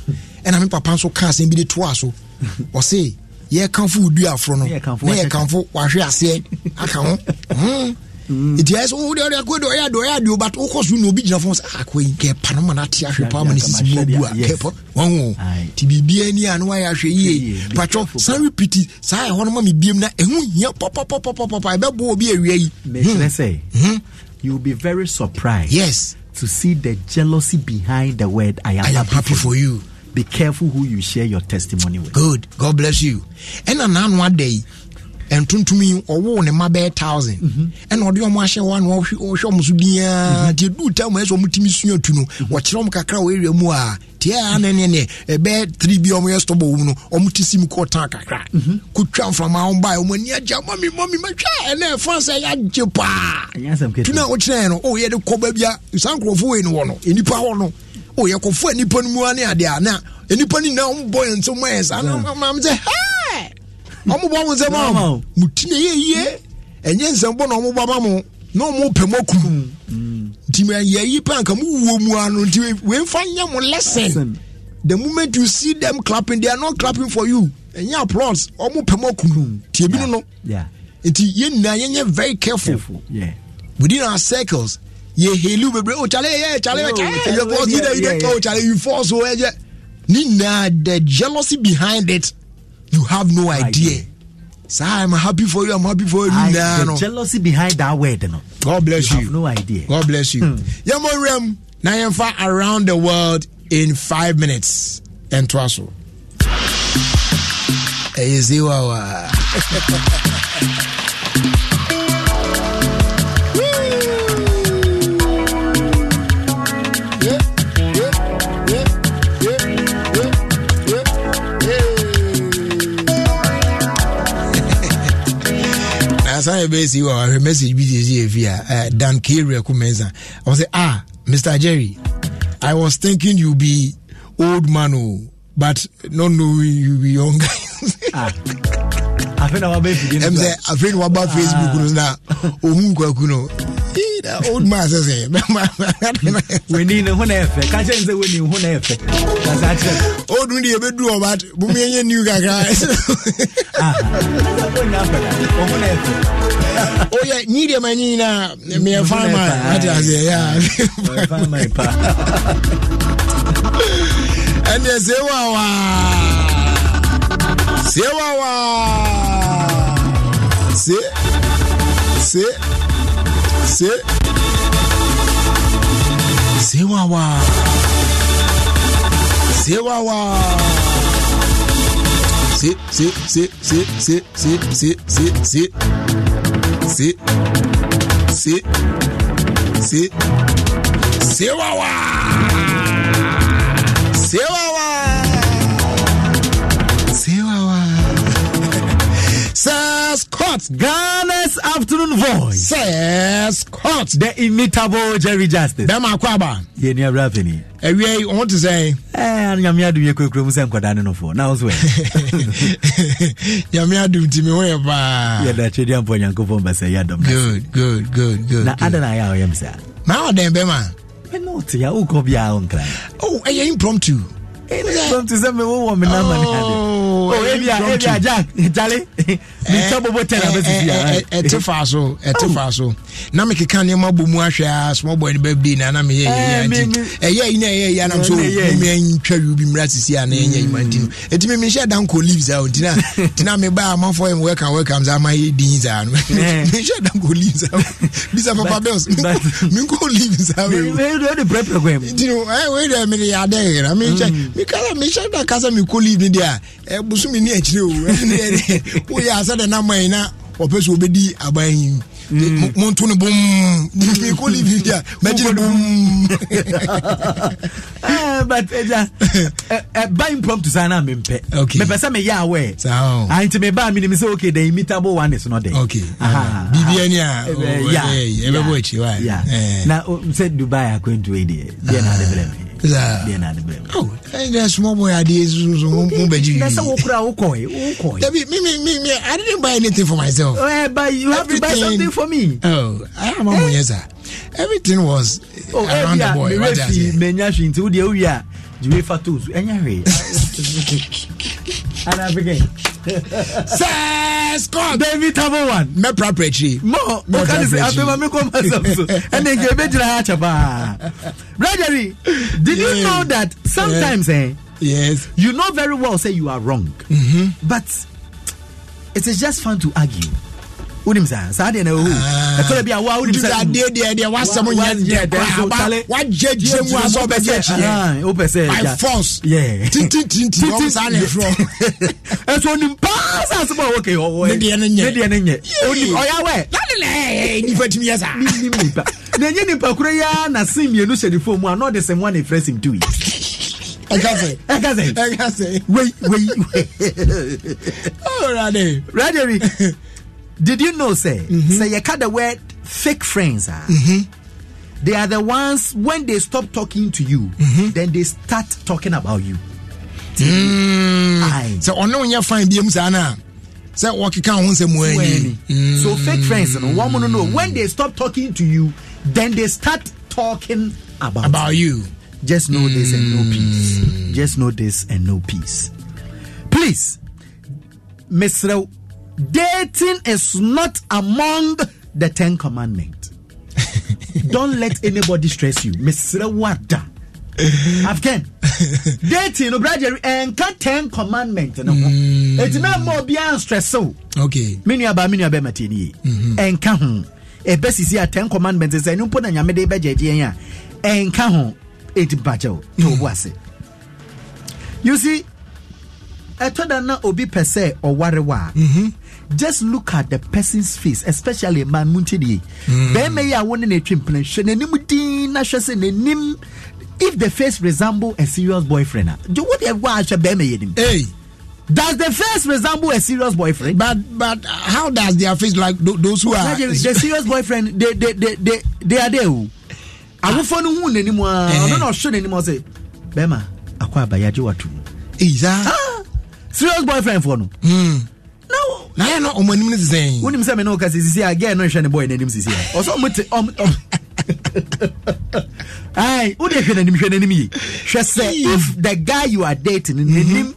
and I mean papa so cars and be the two so or say yɛkamfo wo
du aforɔ no na yɛkamfo wahwe aseɛ aka ho hmm. Hmm. nti ɛsɛ wode akɔ de ɔyɛ ade ɔyɛ adeɛ but wokɔ so na obi gyina fo sɛ akɔi ah, kɛpa no ma no ate ahwe paa ma no sisi mu abu a kɛpɔ wawo nti biribia ni a no wayɛ ahwɛ yie patwɔ san repiti saa
ɛhɔ no ma mebiam na ɛho hia pɔpɔpɔpɔpɔpɔ ɛbɛboa obi awia yi mekyerɛ hmm. sɛ you'll be very surprised yes to see the jealousy behind the word i am, I am happy, happy for you, for you be careful who you share your testimony with. Good. God bless you. Ɛna nanu
ada yi ntuntun yi ɔwɔ ne ma bɛɛ thousand ɛna ɔde ɔmo ahyɛ wa na ɔhwɛ ɔmo so diaa mm-hmm. tie du tam ɛsɛ ɔmo timi sua tu no mm-hmm. wɔkyerɛ ɔmo kakra wɔ area mu a tie a ne ne ne ɛbɛɛ three bi ɔmo yɛ stɔbɔ wɔm no ɔmo ti sim kɔ tan kakra mm-hmm. ko twa nframa ɔmo ba ɔmo ani agye ama mi mɔ mi ma twɛ ɛnɛ ɛfansa yɛ agye paa tu na ɔkyerɛ yɛn no ɔyɛ oh, de kɔ baabi a san nkurɔfoɔ wɔ yi no wɔ no nipa no o yɛ kɔfo nipa no mu ne adeɛ ana nipa no nyinaa ɔmo bɔ yɛn nso mo saa na maame sɛ hɛɛ ɔmo bɔ nsɛm ama mo na yɛ yie ɛnyɛ nsɛm bɔ na ɔmo ama mo na ɔmo pɛ mo nti yɛ yi pan ka mo wuo mu ano nti wɛnfa nyɛ mo lesson the moment you see them clapping they are not clapping for you ɛnyɛ applause ɔmo pɛ mo kunu mm. tie bi no no nti yɛn nyinaa yɛn very careful, within our circles. yɛ helu bebree o oh, kyale yɛ kyale yɛ kyale yɛ force leader yi de ka o kyale you force o oh, ɛyɛ ni na the jealousy behind it you have no idea. Sir, I'm happy for you. I'm happy for you. I, no. jealousy behind that word, no. God bless you. you. Have no idea. God bless you. Hmm. Yamorem, now you're far around the world in five minutes. And Twasso. Oh. Hey, uh. asan yɛ bɛyɛ si wa wahwɛ message bi sisi efi a dan kiri ɛkumensa ɔsɛ ah mr jerry i was thinking you be old man o but no, no, you be young guy. Ah, afei na waba ah. facebook no na ohun kwaku no that old man says, "Hey, we need
a hone efe." Can't you say when
you a hone efe? That's actually old man. You be do about bumi any new guy. guys. Oh yeah, need a man in a me a farmer. Ah. That's yeah. Farmer pa. And they yes, wow, wa sewa wa se se se sewawa sewawa se se se se se se se se se se se se sewawa
sewawa. Sir Scott. Ghana's afternoon voice. Sir Scott. The imitable Jerry Justice. Dem akwaba. Yé ni abúlé Ewe, I want to say. Eh, Ẹ Nyàmí Adum yẹ kúrò mu sẹ́ nkwadaa nínú fún ọ, náà ó sọ ẹ̀. Nyàmí Adum ti mi wọ́n yẹ paa. Yẹ Good good good good. Na Adana ayé àwọn yẹ mi sá. Màá ọ̀dẹ̀ bẹ́ẹ̀ ma. Ẹ náà ti ya, ó kọ́ bí oh, impromptu. Ẹ impromptu sẹ́ mi wọ́n wọ̀ mi náà mà ní oh o oh, oh, ebi a jack jale mi
tẹ bobo ten abẹ sisi eh, eh, eh, so ẹ ti fa so na mi keka nneɛma bɔ mu na na mi yɛ yɛ yɛ nti ɛyɛ yi na ɛyɛ yi anam so mi yɛ ntwa yi bi mura sisi a na yɛ yɛ yi ma nti no eti mi mi hyɛ danko leaves a nti na nti na mi ba amanfo yɛ mu welcome welcome sa ma yɛ din sa no mi hyɛ danko leaves a bisa papa bells mi nko leaves a wɛ. mi yɛ de pɛrɛpɛrɛ bosomi ni akyire o ɛne ɛne woyɛ asɛ de nam ɛn na ɔpɛ sɛ obɛdi aban yi mm. monto no bom mm.
ko livi a mɛgye no bom eh, but agya ɛba impromptu saa na mempɛ mepɛ sɛ meyɛ awɛ ah, nti mebaa menim sɛ okay the imitable one is not there biribia ni a eh, eh, ɛbɛbɔ akyi wa na sɛ dubai akwantuei deɛ deɛ na ade ah. brɛ me ɛnɛ small boy adeɛ susu mo bɛgye wisɛ wokora wokɔe wokɔe dabi me I didn't buy anything for myself uh, but you have to buy something for me oh I am a eh? everything was oh, eh, around the boy what does menya hwe nti wo deɛ wo wie a gyewe fa to so sɛ scott david tabo one mɛpra prakyiri mɔ mɔkane sɛ afɛma mekɔ masɛm so ɛne nka ɛbɛgyina akyɛ paa bragery did yeah. you know that sometimes yeah. eh, yes you know very well say you are wrong mm-hmm. but it is just fun to argue wonim saa saa deɛ na ɛwɔ ɛkɔrɛ bi a wa wonim sɛ adeɛ deɛ deɛ wasɛm nyɛ deɛ koraba wagye gye mu a sɛ wobɛsɛ akyi wopɛ sɛ by force tintintinti wɔn saa ne frɔ ɛso onim paa sɛ asɛm a wɔkɛ ɔwɔ ne deɛ ne nyɛ ne deɛ ne nyɛ onim ɔyɛ awɛ lade na ɛyɛ nipa tumi yɛ saa nim nipa na enye nipa kura ya na sin mienu hyɛ ne fom mu a na ɔde sɛm wa na efirɛ sim tu yi ɛkasɛ e ɛkasɛ e ɛkasɛ e wei wei wei ɔwɔ radio radio bi. Did you know, say, mm-hmm. say you cut the word fake friends? Ah? Mm-hmm. They are the ones when they stop talking to you, mm-hmm. then they start talking about you. So, on your fine beam, mm. Sana. So, what you can't say, So, fake friends, and one woman know when they stop talking to you, then they start talking about, about you. you. Just know mm. this and no mm. peace. Just know this and no peace. Please, Mr dating is not among the Ten Commandments. Don't let anybody stress you. Mr. Wada. Afghan. dating, no brother, and cut Ten Commandments. No. Mm. It's not more beyond stress. okay. Minya ba minya be matini. And mm-hmm. kahun. A e best is here Ten Commandments. E is a new put on your mede budget. Yeah. And kahun. It e budget. To mm-hmm. was it. You see, I told her not obi per se or worry. just look at the person's face especially man muntidi bɛrima na if the face resemble a serious boyfriend do ah, what Hey. Does the face resemble a serious boyfriend? But but how does their face like those who are the, the serious boyfriend? They they they they, they are there. Awofo no hu n'anim a ɔno na Say, Bema, ɔsɛ bɛrima akɔ abayagye watu. mu. Serious boyfriend for no. Mm. no no ɔmo anim ne sisɛn sɛ me ne woka sisi a gɛɛ no nhwɛ ne bɔyɛ n'anim sisi a ɔsɛ ɔmo te ɔm ai wode hwɛ n'anim hwɛ n'anim ye hwɛ sɛ if the guy you are dating mhm. n'anim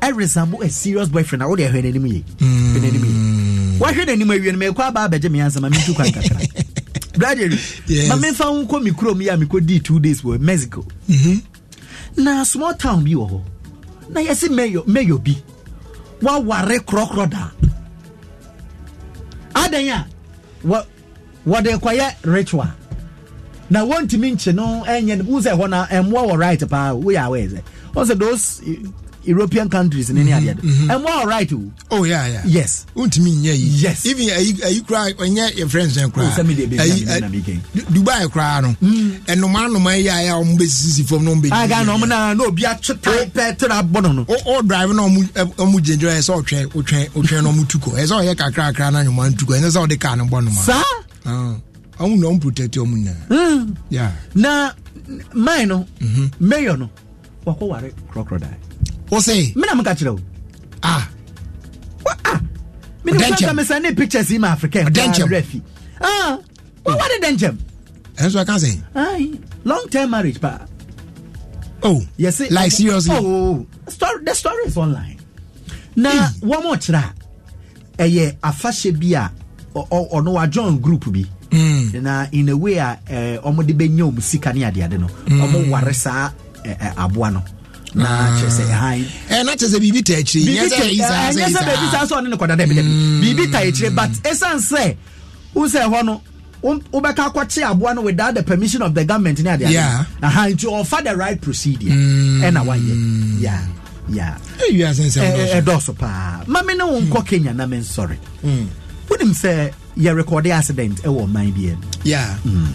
ɛresemble a serious boyfriend a wode hwɛ n'anim ye hwɛ n'anim ye mm. wahwɛ n'anim awie no mɛkɔ aba abɛgye me ansa ma mentu kwan kakra brother ma memfa wo nkɔ me kurom yi a mekɔdii two days wɔ mexico mhm. na small town bi wɔ hɔ na yɛse mayor bi waware korɔkorɔ daa adan a wɔde kɔyɛ ritual na wɔntumi nkye no ɛnyɛ no wohu sɛ ɛhɔ no ɛmmoa wɔ right paa woyɛ awɛ sɛ ɔsɛ those european countries ne ne adeɛ do ɛmo all right o. Oh? oh yeah yeah yes. ntumi nyɛ yi yes even ayi ayi kura ɔnyɛ your friends yɛn
kura ayi
dubai kura no ɛnuma anuma yi a yɛ a wɔn bɛ sisi fam na wɔn bɛ. aga na wɔn na na obi atwi taa pɛ to na abɔ no no. o o drive eh, na wɔn wɔn gyinagyina yɛ sɛ ɔtwɛn ɔtwɛn ɔtwɛn na wɔn tu kɔ ɛsɛ ɔyɛ kakra kakra na nyɔma ntukɔ ɛsɛ sɛ ɔde kaa no bɔ no ma. saa. ɔmu na ɔmu protect ɔmu
nyinaa.
na mine no mm-hmm. mayor no wakɔ ware crocodile wose. mina mu ka kyerɛ o. ah. wa ah. mini fún akami sa ne pictures yi ma afrika nkwa abirɛ fi. ah wa wa de dɛnkyɛm. ɛnso aka sɛ. ayi long term marriage pa. oh yes like seriously. Oh, oh, oh story the story is online. na wɔn mo kyerɛ a ɛyɛ afahyɛ bi a ɔno wa join group bi. Mm. na in a way a eh, ɔmo de bɛ nye ɔmo sika ne adeade no ɔmo hmm. ware saa eh, eh, aboa no. na kyerɛ ah. sɛ han ɛna eh, kyerɛ sɛ biribi ta akyire ɛnyɛ sɛ baabi saa sɛ ɔne no kɔda dɛ bidɛ biribi ta akyire eh, mm. but ɛsiane sɛ wo sɛ ɛhɔ no wobɛka um, akɔkye aboa no without the permission of the government ne adeɛ aha nti ɔfa the right procedure ɛna mm. eh, wayɛ yeah yeah ɛdɔɔso paa ma ne wo nkɔ kenya na me nsɔre wonim sɛ yɛ rekɔde accident ɛwɔ ɔman biɛ no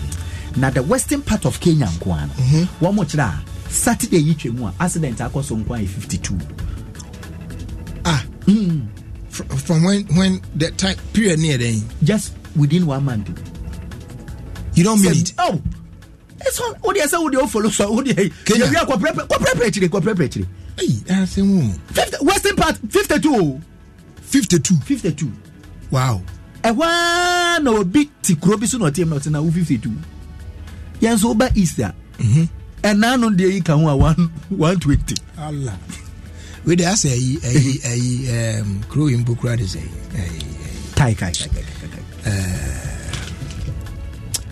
na the western part of kenya nko a no mm-hmm. wɔmo kyerɛ a saturday yi twemu a accident akɔ so nko fifty-two. ah mm. from when when the time period near then just within one month you don't mean it oh it's on what they say what they follow so what they you are ko prepare ko prepare chire ko prepare chire hey that's him 50 western part 52 52 52 wow ɛhɔ a na obi ti kuro bi so na ɔte mu na ɔte na wo 52 yɛn nso woba easter mm -hmm ɛna no deɛ yi ka ho a one twenty. wei de asɛ ayi ayi ayi kuro yi mpo kura de sɛ
tai kai uh,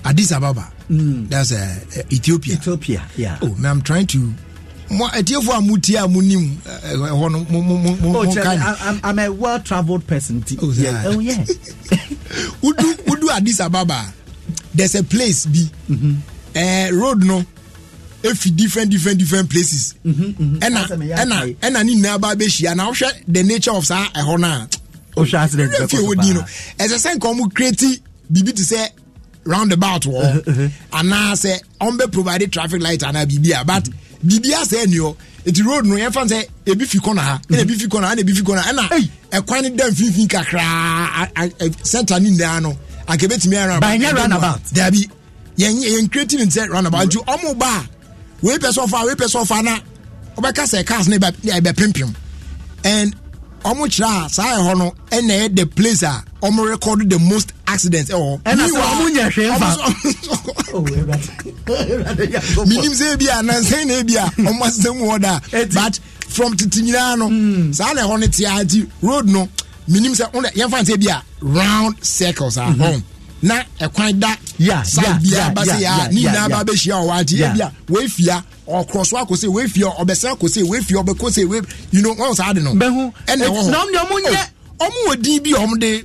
addis ababa
mm. that's uh, ethiopia ethiopia yeah oh man, i'm trying to mo etiefo a mo a uh, uh, mo nim no mo oh, i'm a well travelled person oh yeah oh yeah. wudu wudu addis ababa there's a place bi
mm -hmm. uh, eh, road no efi different different different places mhm, mhm. ɛna ɛna ɛna ni nyinaa ba abɛhyia na wohwɛ the nature of saa ɛhɔ no a wohwɛ accident bɛkɔ so paa no ɛsɛ sɛ nka ɔmo kreti biribi te sɛ round about wɔ uh-huh, uh-huh. anaasɛ ɔmbɛ provide traffic light anaa biribi a but biribi asɛ ni hɔ eti road no yɛn fa sɛ ebi fi kɔna ha ɛna ebi fi kɔna ha ɛna ebi fi kɔna ha ɛna ɛkwan ni dan finfin kakraa center ne nyinaa no akebetumi ayɛ roundabout. banyɛ roundabout. dabi yɛn yɛn kreti ne ti sɛ roundabout nti ɔmo ba wei pɛ sɛ ɔfa wei pɛ sɛ ɔfa na ɔbɛka sɛ cars no ɛbɛpimpim and ɔmo kyerɛ a saa ɛhɔ no ɛna ɛyɛ the place a ɔmo record the most accidents ɛwɔ hɔ. ɛna sɛ ɔmo nyɛ hwee fa.
Oh,
minim
sɛ ebi a nansɛn na ebi a ɔmo asesɛ mu wɔ but from titi nyinaa no hmm. saa na ɛhɔ no tia nti road no minim sɛ yɛn fa n sɛ ebi a round circles a mhm. home. Mm -hmm na ɛkwan da sabia basi ya ne ah, nyinaa ba bɛhyia ɔwɔ agye yɛ bia wɔafia ɔkorɔ so akɔ se wɔafia ɔbɛsɛ akɔ se wɔafia ɔbɛkɔ se wɔaf you know wɔn saa de no bɛho ɛna ɛwɔ hɔ na ɔmo ɔmo nyɛ ɔmo wɔ din bi ɔmo de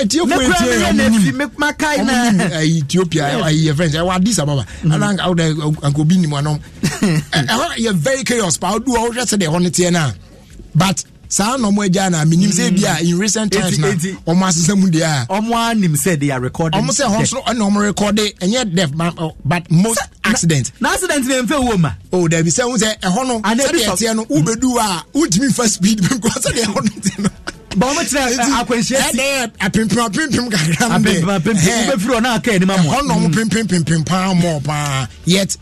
etiopia etie ɔmo nim ɔmo nim ethiopia ayi yɛ fɛn sɛ ɛwɔ adi sababa mhm. ana ɔdɛ nkobi nim anam ɛhɔ yɛ very chaos pa ɔdu ɔhwɛ sɛ deɛ ɛhɔ ne teɛ naa but saa na ɔmo agya na menim sɛ bi a in recent times na ɔmo asesa mu deɛ a ɔmo anim sɛ they are recording ɔmo sɛ hɔ nso ɛna ɔmo rekɔde ɛnyɛ death but, but most accident na accident na mfe wo ma o dabi sɛ ho sɛ ɛhɔ no sɛdeɛ ɛteɛ no wobɛdu a wotumi fa speed because sɛdeɛ ɛhɔ no te no bọ́ọ̀mù tirẹ̀ akwanhyia eh, si. ẹ ẹ apimpim apimpim kakra mu de apimpim apimpim eh. wọ́n bẹ firi ọ̀nà aka ẹni ma mọ̀. ọ̀nà ọ̀hún pimpim pimpim paa mọ̀ paa
yet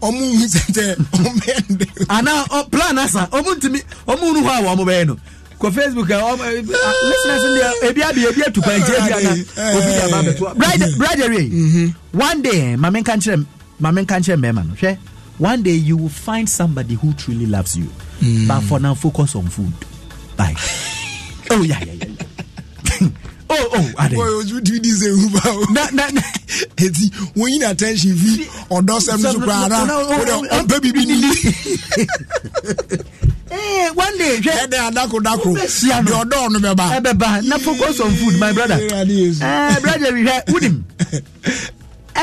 ɔmo hu sɛ sɛ ɔmo ɛnde. ana plan asa ɔmo ntumi ɔmo hu hɔ a wɔn bɛyɛ no kɔ facebook ɛ ɔmo eh, eh, ah, listeners ndi ebi adi ebi etu kwan nkyɛn bi ana eh, obi di ama abɛto a. brideri one day maame nka nkyerɛ maame nka nkyerɛ mɛɛma no hwɛ one day you will find somebody who truly loves you mm. but for now focus on food bye. oh, yeah, yeah, yeah oh oh ade boy ojú ti di eh, se wu ba o oh. na na na eti wọn yin
attention fi ọdọ sẹmu so kura ara o oh, de oh, baby, bibi nili. Hey, one day, ẹdẹ adako dako di ọdọ ọnu bẹ ba. Eh, ẹ bẹ ba na
focus on food my brother. ẹ eh, brother mi hẹ wunim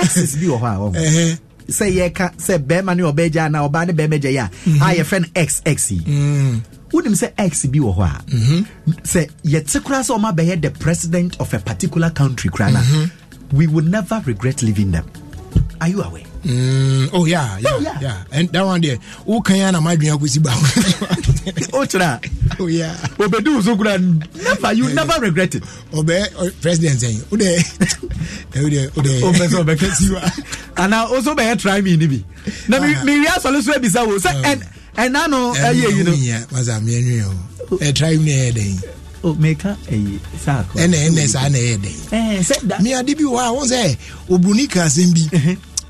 access bi wɔ hɔ a wɔn sɛ yɛka sɛ bɛrima ne ɔbɛgya na ɔbaa ne bɛrima gya yɛ a a yɛfrɛ no xx yi. wonim sɛ x bi wɔ hɔ a sɛ yɛte koraa sɛ ɔma bɛyɛ the president of a particular country koraa na mm-hmm. we will never regret living them are you aware Mm, oh yeah, yeah, oh, yeah, yeah. And that one there, who can na my dream akusi
ba. Ochra. Oh, oh yeah. Obedu usukura never you never regret
it. Obe oh, president saying,
"Ode, ode,
ode." Obe so obe kesiwa. Ana also be try me ni bi. Na mi ah. mi ya solution be say oh. and ɛna no ɛyɛ yi no
wasa mienu yɛ
o ɛtra mu meka ɛyi
saa kɔ ɛna ɛna saa na ɛyɛ dɛ ɛɛ sɛ da miade bi wɔ a wɔn sɛ oburoni kan asɛm bi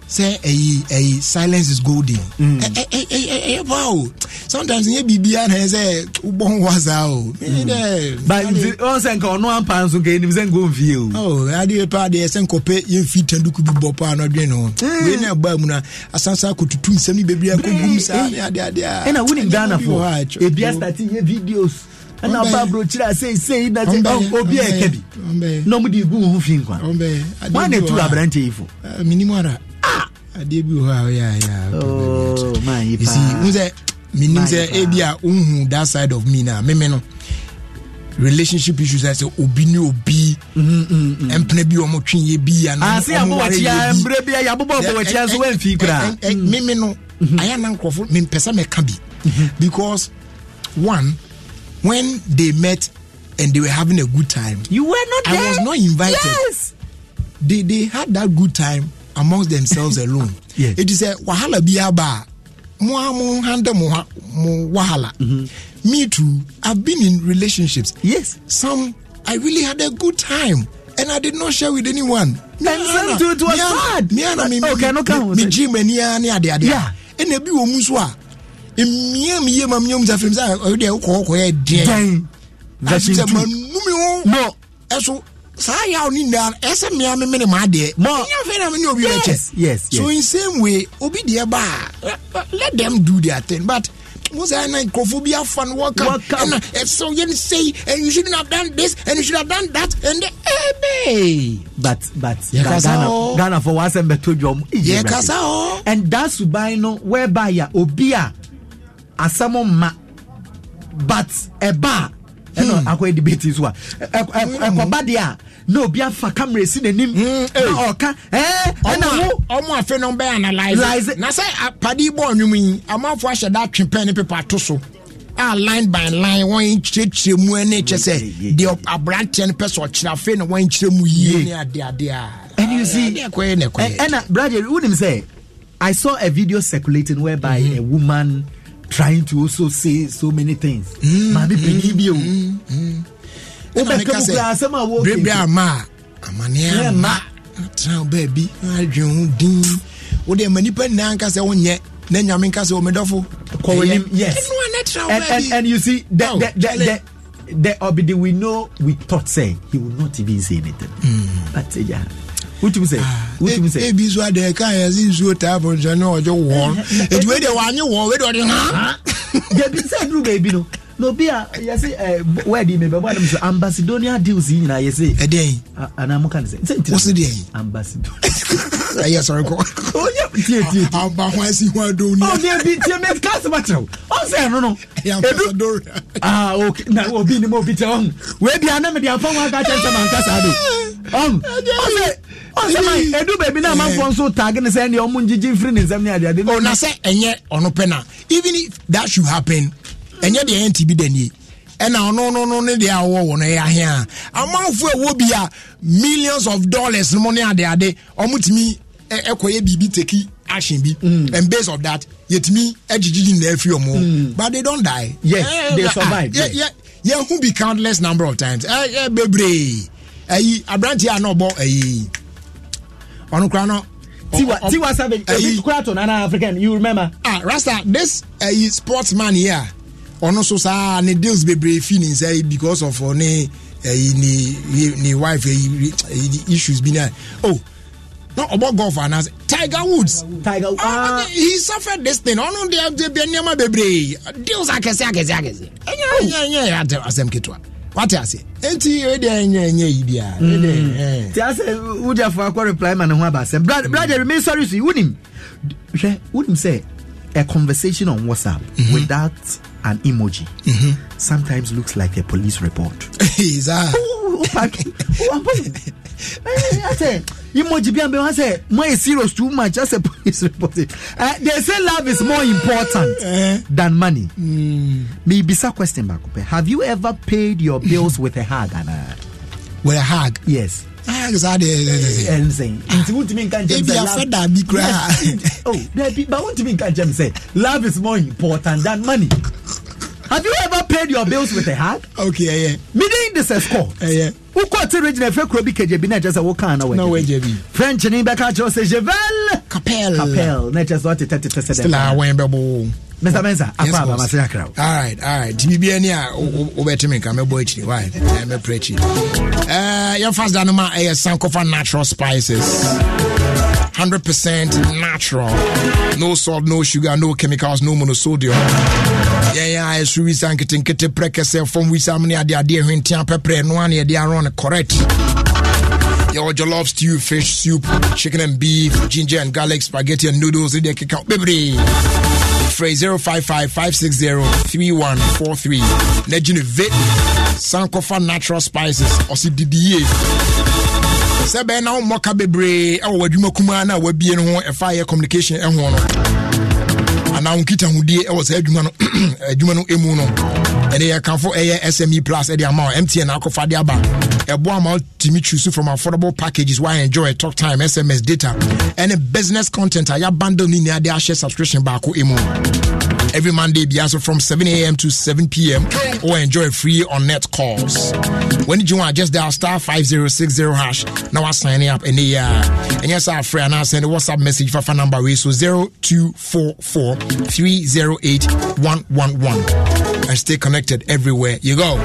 sɛ ɛyi ɛyi silence is golden. ɛyɛ ba o sometimes n yɛ biribiara na yɛ sɛ wobɔ ho wasa o. ba nti wọn sɛ nka ɔno
ampa nso nka enim sɛ nko nfi o. ɔ adeɛ pa adeɛ sɛ nkɔpɛ yɛn fi tanduku bi bɔ paa n'ɔdwe no wei na ɛbɔ mu na asansan ko tutu nsɛm ni bebree ko gum saa ne adeɛ adeɛ a. ɛna wuli ghana fo ebi asate
yɛ videos. ɛna ɔba aburokyire a seisei na sɛ obi a ɛka
bi
na ɔmo de gu wo ho fi nkwa wane tu aberante yi fo adeɛ bi hɔ a woyɛayɛ ɛsi oh, sɛ
menim sɛ ebi a wohu that side of me na meme no relationship issues ɛsɛ obi ne obi mm-hmm, mm-hmm, mm-hmm. mpena bi ɔmo twenyɛ bi anmrɛ ah, bi yɛabobɔ bɔwɔkyia so eh, eh, wamfii koraa eh, mm. meme no ayɛ na nkurɔfo mempɛ sɛ mɛka bi because one when they met and they were having a good time you were not I there. was not invited yes. they, they had that good time amongst themselves alone It is a wahala biaa ba a mo mo handle mo, mo wahala mm-hmm. me too i've been in relationships yes some i really had a good time and I did not share with anyone. Me and some dude was bad. Me and me, okay, no count. Me gym and yeah, yeah, yeah, yeah. And ebi wo mu so a, mmea mi yie ma mmea mu sa fim sa ɔyɛ deɛ ɔkɔ ɔkɔ yɛ deɛ. Dɛn. Asi sɛ ma No. Ɛso saa yaw ni na ɛsɛ mmea mi mi ni maa deɛ. mɔ n yà na mi ni obi yɛ
kyɛ.
so in same way obi deɛ ba eh, eh, let them do their thing but musa ɛna nkurɔfoɔ bi afa no wɔka ɛna ɛsɛ yɛn sɛyi and you shouldn't have done this and you should have done
that and the ɛbɛ. Eh, but but ghana ghana for one sɛn bɛ to jɔ mu. and that suban no whereby ya obi a asɛm ma but ɛba. E ɛna akɔ debate so a ɛkɔba hmm. deɛ a na obi afa camera si n'anim hmm, na ɔka ɛɛ ɛna wo.
ɔmo afe no bɛ analyze na sɛ apade bɔ ɔnum yi amanfo ahyɛ da atwe pɛn ne pepa ato so a line by line wɔn kyerɛkyerɛ mu ɛne kyɛ sɛ deɛ aberanteɛ no pɛ
sɛ ɔkyerɛ afe na wɔn kyerɛ mu yie ne adeade a. ɛni you see ɛna brother wunim sɛ i saw a video circulating whereby mm-hmm. a woman. trying to also say so many things mm, maame panyin bi o wobɛka mu koraa asɛm a wɔbebre ama a ma atena wo baabi adwen ho din
wode ama nnipa nyinaa nka sɛ wonyɛ na nyame nka sɛ wo medɔfo kɔwɔnim yes and, and, and
you see the, oh, the, the, the, the, we know we thought say he would not even say anything mm. but yeah wotumi sɛ wotumi ah. sɛ. ebi nso ada
ɛka yɛ si nsuo taa abɔnten na ɔjɔ wɔn etu wei de wɔanye wɔn wei de ɔde hã.
debi sɛ duru beebi no na obi a yɛsi ɛɛ wɛdi mi bɛ bɔ adam so ambasidonia deals yi nyinaa yɛsi. ɛdɛn. anamu kan sɛ. wosi deɛ yi. ambasido. ɛyɛ sɔrɔ kɔ. o yɛ tie tie tie. aba hɔn ɛsi hɔn ɛdɔw ni. ɔ ní ebi tie mi ká sɛ ma kyerɛw ɔ sɛ ɛnu no. ɛyà mpɛsɛ dɔw. aa ok na obi ni mo bi tɛ ɔn wɛdi anamidi afa wọn aka kyerɛ sɛ ma n kasa do ɔn ɔsɛ. Oh, that should happen
ɛnyɛ deɛ ɛyɛ ntibi da nie ɛna ɔno ne deɛ awɔ wɔ no a amanfoɔ ɛwɔ bi a millions of dollars no mo ne adeade ɔmo tumi ɛkɔyɛ biribi teki action bi mm. and based on that yɛtumi agyegyegye nyinaa afiri ɔmo mm. but they don't die yes eh, they eh, survive ah, yes. yɛho bi countless number of times ɛyɛ bebree ɛyi aberanteɛ a na ɔbɔ ɛyi ɔno kora no tiwa savage ebi kura to nana african you remember. ah rasta this uh, sportsman here ɔno so saa ne deals bebree fi ne nsa because of uh, ne ɛyi ni ni wife ɛyi issues bi na oh no ɔbɔ golf anase tiger woods tiger woods ah uh, he suffered this thing ɔno de ɛbi nneɛma bebree deals akɛse akɛse akɛse ɛnyɛ ɛnyɛ ɛnyɛ asɛm ketewa.
wate ase enti ɛde ɛnyɛ ɛnyɛ yi bia hmm. eh. ti asɛ wode afo akɔ reply ma ne ho abasɛm brade me hmm. sɔre so wonim hwɛ wonim sɛ a conversation on whatsapp mm-hmm. without an emoji mm-hmm. sometimes looks like a police report Emoji bi ambe say more serious too much just a police report. Uh, they say love is more important eh? than money. Mm. Me bisa question back. Have you ever paid your bills with a hug Anna? With a hug? Yes. Oh, but what do you mean? Love is more important than money. Have you ever paid your bills with a hand? Okay, yeah. yeah. Meaning this is score. Yeah. yeah. Who caught the original fake Robbie KJB? Not just a walk on away. No way, JB. French and Ibeka Jose Javel. Capel. Capel. Not just what it is. Still a wemble. Mr. Mensa, yes, apa Say a crowd.
All right, all right. Jimmy bi ani a obetimi ka mebo ichi, why? I am a Eh, your first danuma is sankofa natural spices. 100% natural. No salt, no sugar, no chemicals, no monosodium. Yeah, yeah, I should resign getting kete prekese from which some am near the idea when tia pepper no one they are on correct. Your jollof stew, fish soup, chicken and beef, ginger and garlic, spaghetti and noodles, in the kick out, baby. Phrase 055 560 3143. Nejinivit, Sankofa Natural Spices, or CDDA. sɛ bɛn na wommɔ ka bebree ɛwɔ w'adwuma kumaa na wabie no ho ɛfa yɛ communication ɛho no anaa wonkita hodie ɛwɔ saa adwuma no adwuma no ɛmu no ɛne yɛkafo ɛyɛ sme plus ɛde ama mtn akɔfa de aba ɛboa ma wotumi choose from affordable packages wa enjoy talk time sms data ɛne business content a yɛabundle ne nyinaa de ahyɛ subscription baako ɛmu every Monday, Biaso from 7 a.m. to 7 p.m. or enjoy free on net calls. When did you want? Just dial star 5060 hash. Now I sign up and they, uh, and yes, our friend, I send a WhatsApp message for number way. So 0244 308 111. And stay connected everywhere you go.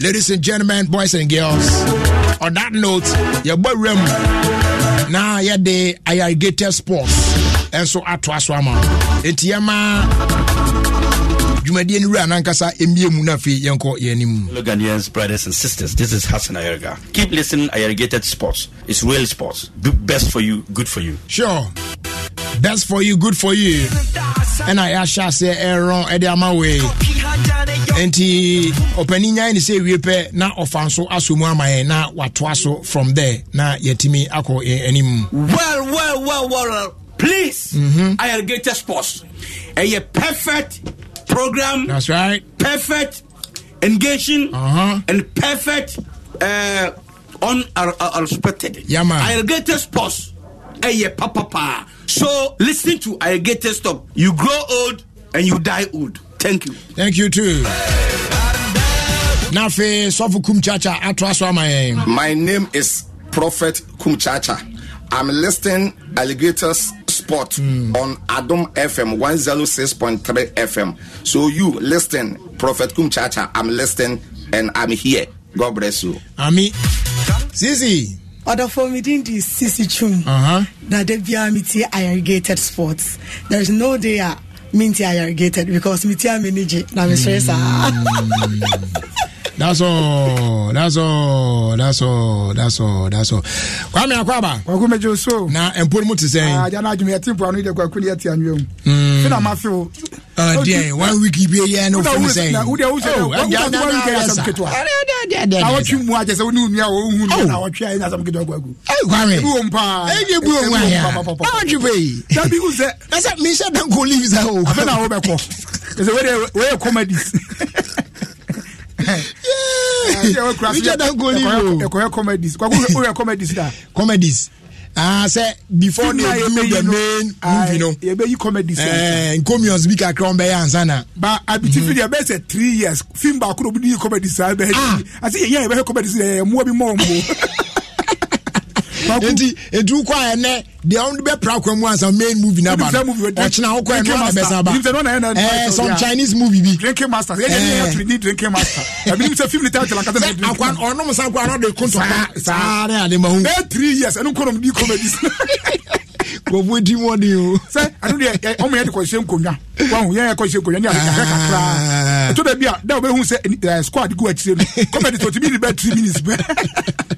Ladies and gentlemen, boys and girls, on that note, your boy Rem. Now, yeah, the irrigated sports. nso atoa so ama enti yɛma dwumadie no wura nankasa ɛmmie mu no afei yɛnkɔ
yɛn brothers and sisters. This is Hassan Ayerga. Keep listening. Ayergated Sports. It's real sports. best for you, good for you.
sure best for you good for you ɛna yɛahyɛ aseɛ ɛrɔn ɛde ama wei enti ɔpani nyan ne sɛ wie pɛ na ɔfa nso asɔ mu ama yɛn na watoa so from there na yɛtumi akɔ yɛn anim
well well well well
please mm-hmm. irrigated sports a perfect program that's right perfect engaging uh-huh. and perfect uh, respected uh, uh, Yeah, man. Irrigated sports. Hey, papa, papa. So listen to get stop. You grow old and you die
old. Thank you. Thank you too. Nafe Sofu Kumchacha Atwaswa eh. My name is Prophet Kumchacha. I'm listening alligators mm. on Adam FM 106.3 FM. So you listen, Prophet Kumchacha, I'm listening and I'm here. God bless
you. Ami. for me, mi din di sisi chum. huh. de bia mi ti irrigated sports. There is no day uh, a irrigated because mi ti a mi ni na
That's all. That's all. That's all. That's all. That's all. Kwame Akwaba. Kwaku mejo so. Na empon mu te sɛn. Ah, jana adwuma yɛte mpo ano de kwaku ne yɛte anwea mu. Mm. ma fe o. Ah, deɛ, one week bi yɛ no fun sɛn. Na wode wo sɛ, wo da da week yɛ asam ketewa. Ara
da da da. Awɔtwe
mu agye sɛ wo ne nua wo hu no na awɔtwe ayɛ asam ketewa kwaku. Eh, Kwame. Ebu o mpa. Eh, ye bu o wa ya. Awɔtwe be. Da bi wo sɛ. Na sɛ me sɛ dan ko leaves a o. Afena wo bɛkɔ. Sɛ wo de wo yɛ comedies. richard ankoli o ɛkɔyɛ comedies kwakɔ comedies da. comedies ah sɛ before they do the main ah, movie no yɛbɛyi comedies ɛɛ eh, nkomios bi kakra ɔn bɛyɛ ansa na. ba abiti fi de ɛbɛ sɛ three years film baako na obi di comedies saa bɛyɛ di ah. ase yɛn yɛn yɛbɛhɛ comedies yɛ eh, nti eduru kɔ a ɛnɛ deɛ ɔn bɛ pra kwan mu ansa main movie na ba no ɔkyina ho kwan mu na ba ɛɛ eh, some chinese movie bi. ɔnum san kwan ɔnɔ de kuntun kan saa ne ade ma hu. ɛ eh, three years ɛnu kɔnɔ di comedy. kurɔfoɔ ti mu ɔden o. sɛ ɛno deɛ ɔmo yɛ de kɔhyɛ nkonnwa wahu yɛn yɛ kɔhyɛ nkonnwa ni ahwehwɛ kakra ɛtɔ dɛ bi a dɛ ɔbɛhu sɛ ɛɛ squad gu akyire no kɔmɛdi tɔtɔ bi ni bɛ three minutes bɛ.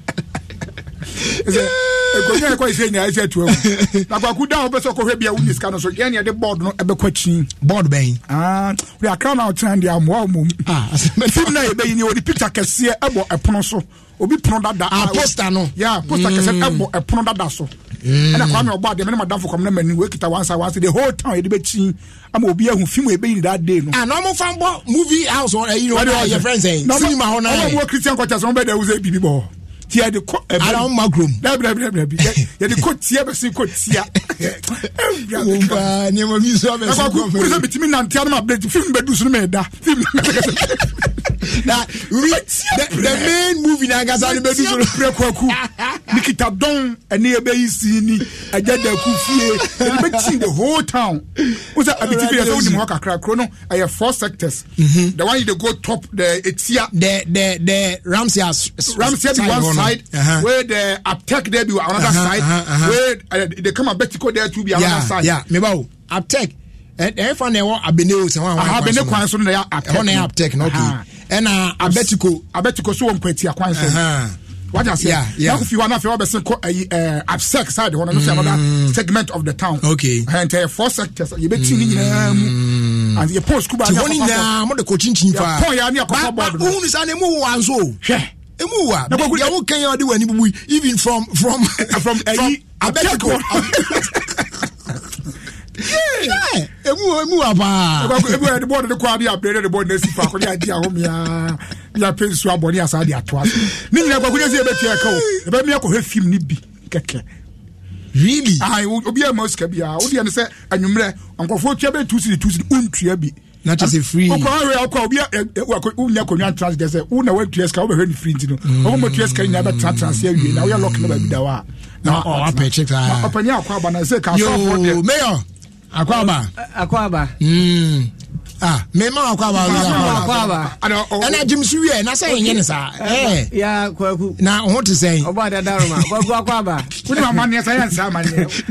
sɛ ɛkɔnyɛ ɛkɔ ɛsɛ nyinaa ɛsɛ tuwa mu akwaku da a wɔpɛ sɛ ɔkɔhwɛ bia wudi sika no so yɛn yɛde bɔɔd no ɛbɛkɔ akyi bɔɔd bɛn aa wɔde akra na ɔtena deɛ amoa ɔmo mu fim na yɛbɛyi ni ah, wɔde ah, picture kɛseɛ ɛbɔ ɛpono so obi pono dada a ah, poster no yɛ poster kɛseɛ ɛbɔ hmm. ɛpono dada so
ɛna kwame
ɔbɔ adeɛ mɛnum adanfo kɔm na mɛni wekita wansa wansa the whole town yɛde bɛ kyi ama obi ehu film yɛ bɛyi daa day no. ana ɔmo fan bɔ movie house ti de kɔ ɛbɛn eh, ara wọn ma guro mu dabi dabi dabi dabi yɛ de kɔ tia bɛ se kɔ tia wọn ba nneɛma bi so abɛ se kɔ fɛ ɛkɔ bitimi nante anam abirɛti fíìmù bɛ dusu mɛ da fíìmù bɛ kɛsɛ. na we the, main movie na ankasa ni bɛ dusu pere kɔku nikita dɔn ɛni ebe yi si ni ɛjɛ da ku fie ɛni bɛ ti the whole town o sɛ abiti fi yɛ sɛ o ni mu kakra kuro no ɛyɛ four sectors mhm. the one you dey go top the etia. the the the ramsey as ramsey as one side side uh-huh. where the aptech there be another uh-huh, side uh-huh. uh-huh. where uh, come kama betico there too be another yeah, side. Yeah, mebawo aptech ɛfa eh, na ɛwɔ abene o sɛ wɔn awon abene kwan so na yɛ aptech ɛhɔ na okay ɛna abetico abetico so wɔ nkwantia kwan so. Uh-huh wájà sẹ yà kò fi absec side wọn n'o sẹ another mm. segment of the town okay ẹ uh, four sectors yẹ bẹ nyinaa mu and yẹ pọn sukuu bá a ní nyinaa mo de ko chinchin fa yẹ pọn yà á ní akọkọ bọ ọdún. bá emu wa deɛ wo kɛnyɛ ɔde w'ani bubu even from from from ayi abɛtiko emu wa emu wa paa emu wa de bɔɔdu de kɔ adi abere de bɔɔdu de si fa akɔni adi aho miaa mi ape nsu abɔ ni asa de ato aso ne nyinaa kɔkɔ nyɛnsi ebe tia ɛka o ebe mi akɔhɛ fim ni bi kɛkɛ really ayi obi a ma sika bi a o deɛ ne sɛ enyimrɛ nkɔfo tia bɛ tusi tusi ntua bi na kyɛ sɛ free wokɔ awerɛ wokɔ obi wonya akonnwa ntra sɛ sɛ wo na woatua sika wobɛhwɛ no free nti no ɔmɔmatua sika nyinaa bɛtenatena se awie na woyɛ lɔk no baabi da wo a na ɔapɛkyɛ saa ɔpani akɔ aba na sɛ kasɔfoɔ deɛ mayor akɔ aba uh, akɔ aba mm ah mema wakɔ aba ɛna gyim so wiɛ na sɛ ɛnyɛ ah, eh. ya saa na ho te sɛn ɔhyɛ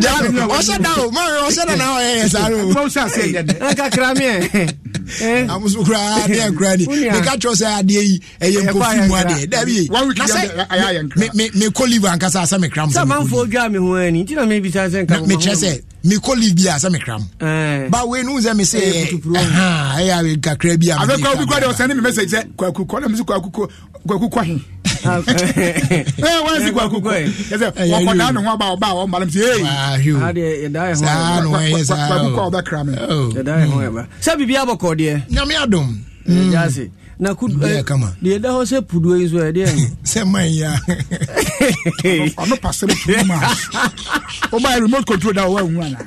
da o ma ɔhyɛ da na ɔyɛyɛ saa noamoso koraa deɛ nkora ni meka kyerɛ sɛ adeɛ yi ɛyɛ e nkɔfi e, mu adeɛ dabi
mekɔ live ankasa sɛ mekram sɛmekyerɛ
sɛ mekɔ live bia sɛ mekram ba wei no wu sɛ me sɛ ɛyɛ awe kakra bi a abɛkɔ bi kɔ de ɔsɛn ne mi message sɛ kwaku kɔ na mi sɛ kwaku kɔ kwaku kɔ hin
ɛɛ wɔn si kwaku kɔ hin ɛsɛ wɔkɔ dan ne ho aba ɔba a ɔmba ne mi sɛ ee saa no ɛyɛ saa kwaku kɔ ɔbɛ kra mi. sɛ bibi abɔ kɔ deɛ. nyame adum. ɛɛ na ku ɛɛ kama deɛ da hɔ sɛ pudu yi so yɛ deɛ. sɛ man ya. ɔno pasiri pudu maa o ba ye remote
control
da o wa n wura la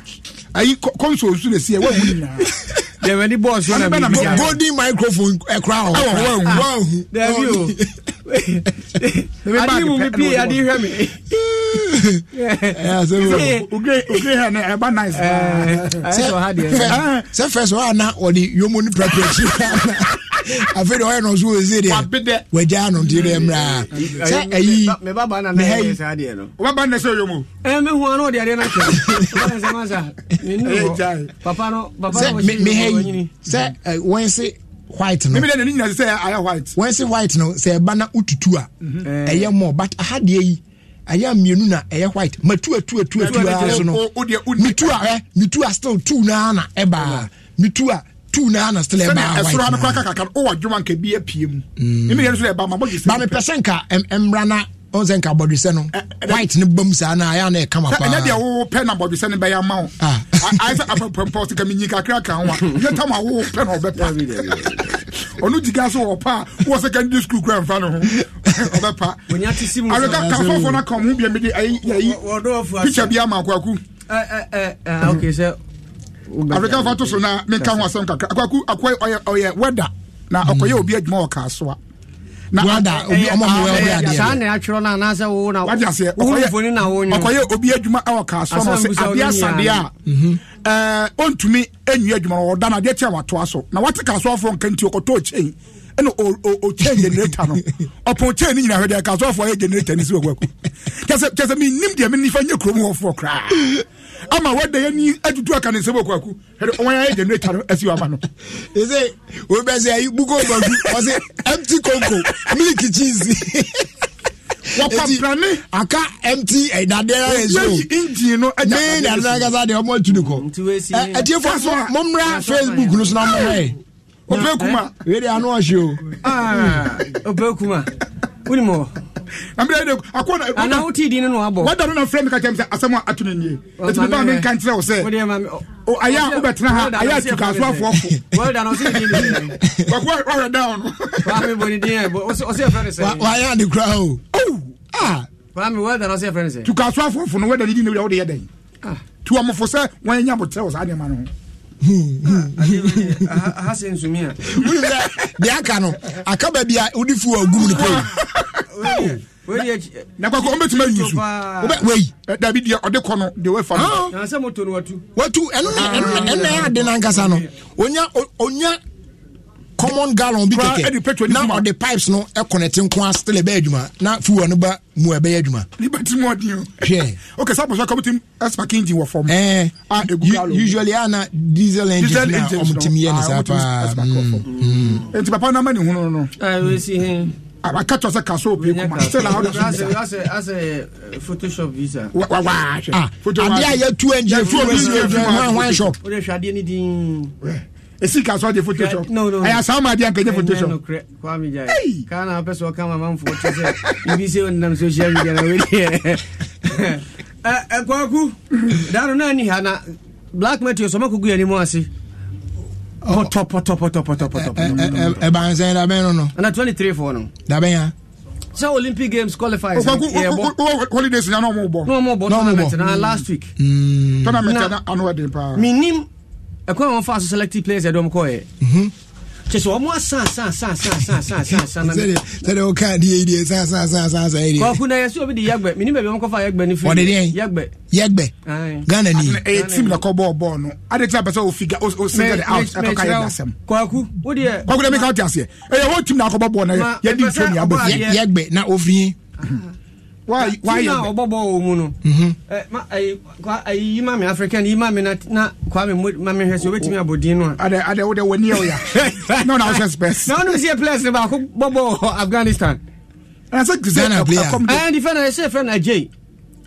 ayi kɔnso osu de si yɛ wɔn mu nyinaa. dɛmɛ ni bɔɔsu wọn na mi bi. golden microphone ɛkura ɔwɔ wọn hu wọn hu. dɛbi o adi mu mi pii adi hwɛ mi. ogre ha ne ɛba nice. sɛ fɛsɛ ɔhana ɔdi yomo ni preparation. afei de ɔyɛ no so wɔse deɛ wagya no nti dɛ mmra sɛ ayi
mebaba nnɛ sɛ sɛ
wɔn se white no mímídé nínú nyina sẹ ayé white. wọ́n sẹ white no sẹ ẹ na ututu a ẹ mhm. yẹ but aha deɛ yi ayé mmienu na ẹ white ma tu a tu a tu so no mi tu a ɛ mi tu a still tu naa na ɛ mi tu a two na ana still ɛma awa ɛsoro ano kaka kaka o wa juma nke bi apie mu emi yɛn nso ɛba ma bɔ jisɛ. maame pɛsɛ nka mmra na ɔnsɛ bɔdusɛ no eh, eh, eh. white ne bam saa na ayɛ ana ɛkama paa ɛnɛ deɛ wowo pɛ na bɔdusɛ ne bɛyɛ ama wo ah. ayɛ sɛ apɛpɛmpɔ sika menyi kakra ka ho a yɛ tam a wowo pɛ na ɔbɛpa ɔno gyiga so wɔ pa a wowɔ secondary school kora mfa no ho ɔbɛpa
aweka kamfɔfoɔ no ka ho bia mede ayi picture bi ama akwaku
ah, ok sɛ african fa to so na menka ho
asɛm kakra akwaku akwa ɔyɛ weda na hmm. ɔkɔyɛ obi adwuma wɔ kaa soa na obi adwuma ɛwɔ kaa soa sɛ adeɛ
asadeɛ a mhm.
ɔntumi ɛnwia adwuma no wɔda no adeɛ kyɛ watoa so na wate
kaa soafoɔ nka nti ɔkɔtɔɔ kyɛi ɛna ɔkyɛn generator no ɔpɔn kyɛn ne nyina hwɛ kaa soafoɔ yɛ generator no si wɔwaku kyɛ deɛ menifa
ama wada yɛ ni atutu aka ne nsɛm hɛrɛ wɔn ayɛ generator no asi wama no. ɛsɛ wo bɛ sɛ ayi buko baku ɔsɛ empty konko milk cheese. wɔpaprane aka empty ɛdadeɛ ɛso engine no agya ne nana kasa deɛ ɔmo atu ne kɔ ɛtiefo so mommra eh, eh, facebook no so eh. na mommra yɛ
opekuma wei de ano ɔhye o ah, opekuma wonimɔ anawotee din no na wabɔ wada no na frɛ me ka kyɛm sɛ asɛm a ato no nie ɛti oh, mebaa menka nkyerɛ wo sɛ ayɛ a wobɛtena ha ayɛ atukaasoafoɔ ko wahwɛ down wayɛ ade koraa o oh, ah. tukaasoafoɔfo
no wada ne din na wode yɛ dɛn ah. tuamofo sɛ wɔanya botrɛ wo saa nneɛma no ho deɛ aka no aka baabi a wode fi wɔ no pɛi na ɔmbɛtumi ayi su wei dabi deɛ ɔde kɔ no deɛ wafa no watu ɛno ɛno ɛno ade no no onya onya common gallon bi kɛkɛ na ɔde pipes no ɛkɔnɛte nko a still adwuma na fuel no ba mu ɛbɛyɛ adwuma.
libeti mu ɔdi o.
hwɛ ok sábà sọ kọ́mítì ẹ̀sìpàkì engine wọ fọ́ọ̀mù. ɛɛ a egu gallon usually ana ah, diesel engine na ɔmu ti mi yɛ ni saa paa. nti papa náà ni hun no. ɛɛ o si hin. akatɔ sɛ kaso opi kuma
still awo de sɛ
photoshop visa. wa wa ah, adeɛ a yɛ tu engine fuel wɔ si yɛ fi mu o de hwɛ adeɛ ni diin esi ka so de photoshop no no aya sa ma de anka de photoshop no kre kwa mi jai kana pe so kama man fo to se ibi se on nam social media na we eh eh kwaku daro na ni hana black metal so makugu ya ni mo ase pɔtɔ pɔtɔ pɔtɔ
pɔtɔ pɔtɔ. ɛ b'an sɛn labɛn yɔrɔ
ana twenty three fɔ nɔ. labɛn yan. sɛ olympic games qualify. o ko
ko ko holidays yan n'o m'o bɔ. n'o m'o bɔ tournament na last week. Hmm. tournament na
anu yɛ de pa. mi ni ɛkwan wɔn fa so selective players ɛdɔm kɔɛ kyɛ sɛ ɔmo asansɛdeɛ
woka deɛ yidie sasasasasaɛkɔko
na yɛsɛ obi de yɛgbɛ menim baabi ɔmkɔfa yɛgbɛ no firi yɛgbɛ yɛgbɛ ghana ni ɛyɛ team na kɔbɔɔ bɔɔ no ade ti a pɛ sɛ ofiga osɛgɛde out ɛkɔka yɛ dasɛm kɔku wodeɛ kɔku dɛ meka wote aseɛ ɛyɛ o team na akɔbɔ bɔɔ no yɛde mfo ne abɔ yɛgbɛ na ofie Why? ɔbɔbɔ wɔ mu no ayi ma eh, eh, me african yi ma me na kwame ma me a, sɛ obɛtumi abɔ din no aadɛ wode w'ani ɛ woya na wona wohyɛ spes na wonem sɛ players no baako bɔbɔ wɔ afghanistan ɛsɛ ghana player ɛdefa na ɛhyɛ frɛ no agyei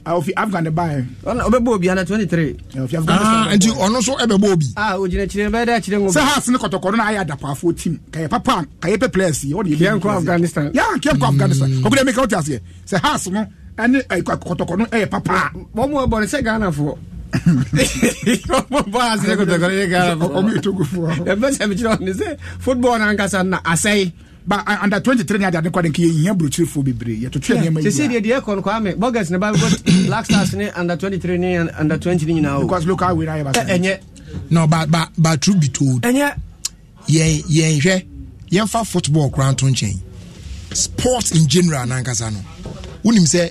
Ah, ofi afghan ne ban. ɔbɛbɔ obi ana twenty three. Eh, ofi afghan ne ah, ban. nti ɔno nso ɛbɛbɔ obi. a ah, o gyina kyerɛ bɛɛ da kyerɛ ŋo. sahas ne kɔtɔkɔrɔ naa yɛ
adapafo tim kɛyɛ papa kɛyɛ pɛ players yi. kiyan kɔ afghanistan. yan kiyan kɔ mm. afghanistan ɔkutɛ mi kɛ o ti
aseɛ sahas no ɛne eh, kɔtɔkɔrɔ no ɛyɛ papa. wɔn mu ɛbɔ ne sɛ ghana fɔ. bɔn a sɛ kɔtɔkɔrɔ ye ghana fɔ. ɔmu ye togo fɔ. ɛbɛ sɛ mi kyerɛ ɔni sɛ football n'ankasa na asɛyi. Uh, ba under twenty three ni adi adi kwaden kii yiyan burukyirifoɔ bebree yɛtoto yɛ nneɛma yi a. sisi deɛ deɛ kɔn kwame bɔgɛs ne ba bɛ black stars ne under twenty three ne under twenty ne nyinaa o. because local way na yɛ eh, ba sɛ. ɛnyɛ.
no ba ba ba true be told. ɛnyɛ. yɛn yɛn hwɛ yɛn fa football kura to nkyɛn sports in general nankasa no wunim sɛ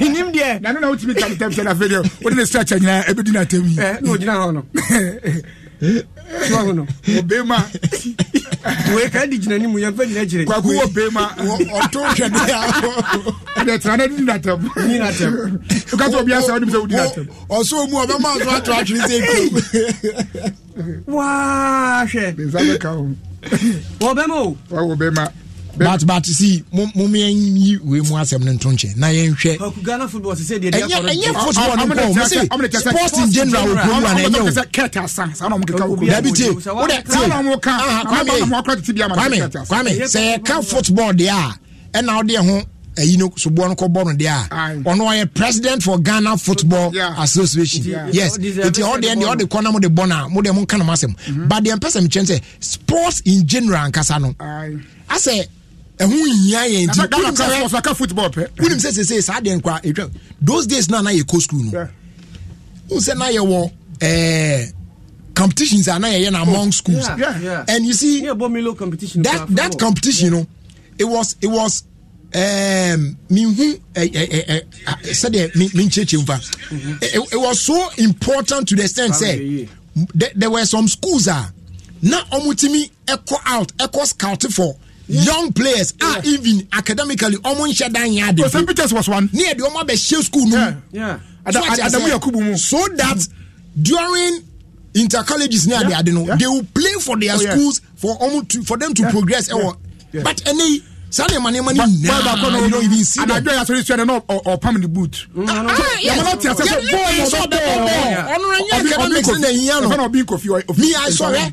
menim deɛ nano na wotumi ka no afei deɛ wode ne structure nyinaa ɛbɛdi no atam yi ne no
obema but but see mo mo mi yɛn yi wei mu asɛm ne nto nkyɛn na yɛn hwɛ.
ɛnyɛ ɛnyɛ football ne kɔ mɛ se sports in general
okuru wa na ɛnyɛ o.
kɛtɛ asan san na mo keka okuru. dabi tie o de tie san na mo ka
sɛ yɛ football deɛ a ɛna ɔde ɛho ɛyi no soboɔ no kɔbɔ no deɛ a ɔno ɔyɛ president for ghana football association yes nti ɔdeɛ deɛ ɔde kɔ na mo de bɔ no mo de mo nka no asɛm but deɛ mpɛ sɛ mekyɛn sɛ sports in general ankasa no asɛ ɛho nyia yɛn nti football pɛ wonim sɛ sesee saa deɛ nkwa ɛtwa those days na na yɛkɔ school no wohu sɛ na yɛwɔ competitions a na yɛyɛ no among schools yeah, yeah, and you see yeah, competition that, that competition no it was it was minhu sɛdeɛ menkyekye mfa mm-hmm. it was so important to the extent sɛ there were some schools a ah, na ɔmotumi ɛkɔ out ɛkɔ scout for young players yeah. a even academically ọmọ n ṣe dan yẹn adi. st peters was one. ní ẹ̀dí ọmọ bẹ̀ ṣe school nù.
adamu
yakubu mu. so that during intercolleges ní adi adi no they will play for their oh, schools yeah. for, um, to, for them to yeah. progress. Yeah. Yeah. but ẹni sanni ẹ̀ma ni ẹ̀ma ni nyinaa you don't even see them. anadu ẹ̀yà sọ̀rọ̀ ìṣúná náà ọ̀pam ni boot. Mm, yamana ti ase sẹ bọ́ọ̀lù ọ̀bẹ bọ́ọ̀lù ọ̀nùrẹ̀ ní academics ní ẹ̀yìn yẹn nọ. mi i sọ rẹ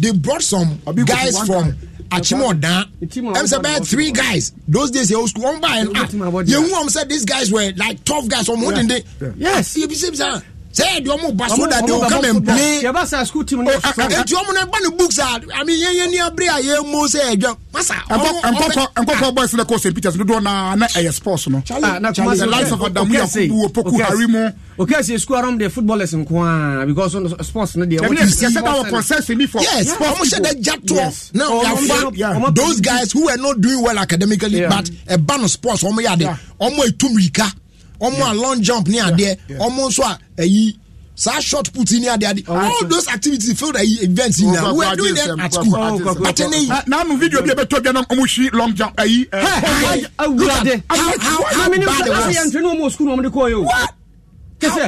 they brought some guys from. Achimodana. I'm saying about three guys. Those days, you school on by and ah, you know, I'm saying these guys were like tough guys. Or more than they. Yes. Yes sɛ yɛde ɔmo ba so da de o come ɔmo na ba ne books a ami yɛn yɛn ni a yɛn sɛ ɛdwa masa ɔmo nkɔkɔ kɔ st peters dodoɔ na ɛyɛ sports no life ah, of adamu poku hari mu.
oke ase school around the footballers nkoa because sports no deɛ. ɛbi ɛsɛ sɛ bawo process mi for. yes ɔmo sɛ de ja toɔ
na yafa those guys who were not doing well academically but a ban of sports ɔmo yɛ ade ɔmo etum ɔmo a long jump ne adeɛ ɔmo nso a ɛyi saa short put ni adeɛ adeɛ all those activities feel like events in oh, na we are doing them at school ati ne yi. n'anu video bi a bɛ tɔ ɔmu si long jump ɛyi. Eh, awurade how how how bad
it was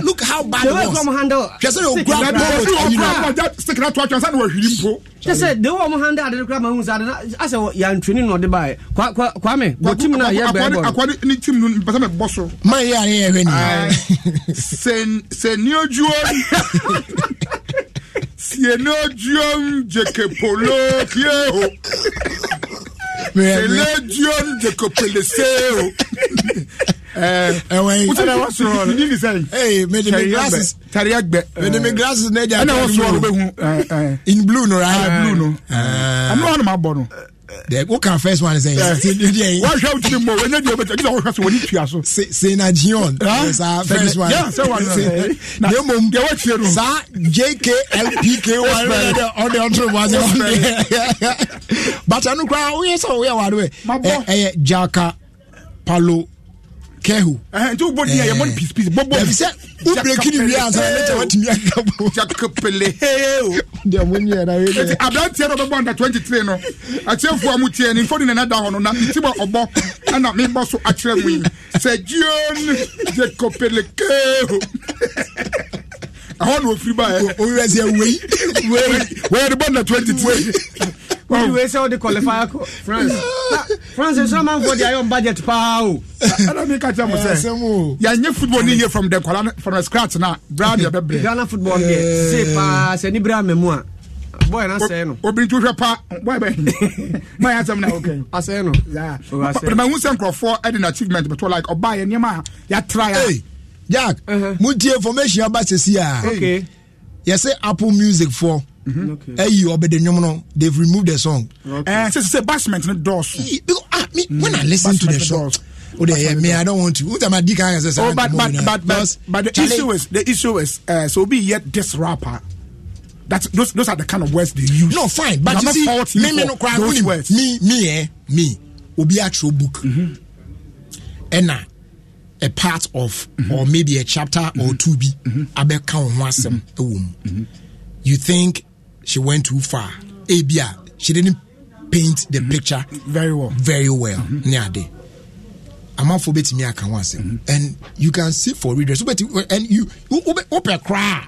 look how bad the it was. handle. Kyesɛ yɛ okura bɔɔl ɔtɔ yi na. Sikiri ato atwa sani wɔ hwiri mpo. Kyesɛ de wo ɔmo handle adi kura ma n wusa adi na asɛ yan twene na ɔde ba yɛ. Kwa kwa kwame bɔ tim na yɛ bɛɛ bɔ.
Akwade
ni tim nu pɛsɛ bɛ bɔ so.
Maa yi a ne yɛ hwɛ ni. Sɛ sɛ ni
ojuo. Sie ni ojuo polo
kie c'est le dieu de Copeleseo. ɛwɛn ɛna wa sɔrɔ la nili sayi. ee mɛ mi glasses. tariya gbɛ. mɛ mi glasses ne eh, de a. ɛna wa sɔrɔ bɛ hun. in blue no right. Eh. blue no. a n'o yɛrɛ ma bɔ no the wokan first one sɛ wahwɛ wotiri mmɔ wɔnyɛ deɛ wobɛtɛ gyina wohwɛ so wɔne tua so senagion saa first one na mmom deɛ wakyerɛ no saa jklpk ɔde ɔntorobɔase but ɛno koraa woyɛ sɛ woyɛ wade ɛyɛ jaka palo kɛhu. ɛhɛn tí o bɔ diɲɛ yɛ mɔ ni pisi pisi bɔ bɔ. dabi sɛ o bireki ni wiye asan ne jama timi aka bɔ. jakapele hee o. jamu n yɛrɛ o ye dɛ. abirantiɛ dɔ bɛ bɔ under twenty three nɔ a tiɲɛ fua mu tiɲɛ nin fo ni nana da hɔn na iti ma ɔbɔ ɛna mi bɔ so a tiɲɛ mu yi sɛ jiyon jakapele keehu.
àwọn n'ofiri ba yɛ. o yɛrɛ sɛ wei wei wei yɛrɛ bɔ under twenty three wọ́n wíwé sẹ́wọ́n di qualifier kọ France France sọ́ọ́ máa ń fọ́ di ayọ́ budget paa o. ẹnna mi ka tẹ́ mo
sẹ́
yà nye football ni ye from the kwala from the scratch na bra de bẹ bẹrẹ. Ghana football yẹ se paa sẹ ni bra mẹmu oh, a bọ́ọ̀ yẹn asẹ́yẹ nù. obìnrin tó hwẹ pa bọ́ọ̀ yẹn bẹ́ẹ̀ bọ́ọ̀ yẹn asẹ́mu náà okay. asẹ́yẹ nù. pẹ̀lú ẹ̀hún sẹ́ nkurọ̀fọ́ ẹ̀dín
achievement bẹ̀tọ̀ like ọba yẹn níyẹn yà tra yà. Jack mu ti information yà bá ṣe sí yà yẹ sẹ Apple Music fọ ɛyi ɔbɛde nwom no they've removed the song. ɛɛ sɛ sɛ basement ni dɔɔso. because ah me mm. when i listen to the song o de yɛ me i don't want to o de ma di kan yɛ sɛ sɛ. but but eh? but but but the issue is the issue is uh, so be yet this rapper. That's, those, those are the kind of words they use. No, fine, but you see, me, me, no, cry, those words. me, me, eh, me, obi actual book, mm-hmm. Uh, a part of mm-hmm. or maybe a chapter mm-hmm. or two bi abɛka wo ho asɛm ɛwɔ mu you think she went too far. Abia, she didn't paint the mm-hmm. picture very well. Very well. I'm hmm amanfoɔ me I ho asɛm and you can see for readers wobɛti and you open a cry.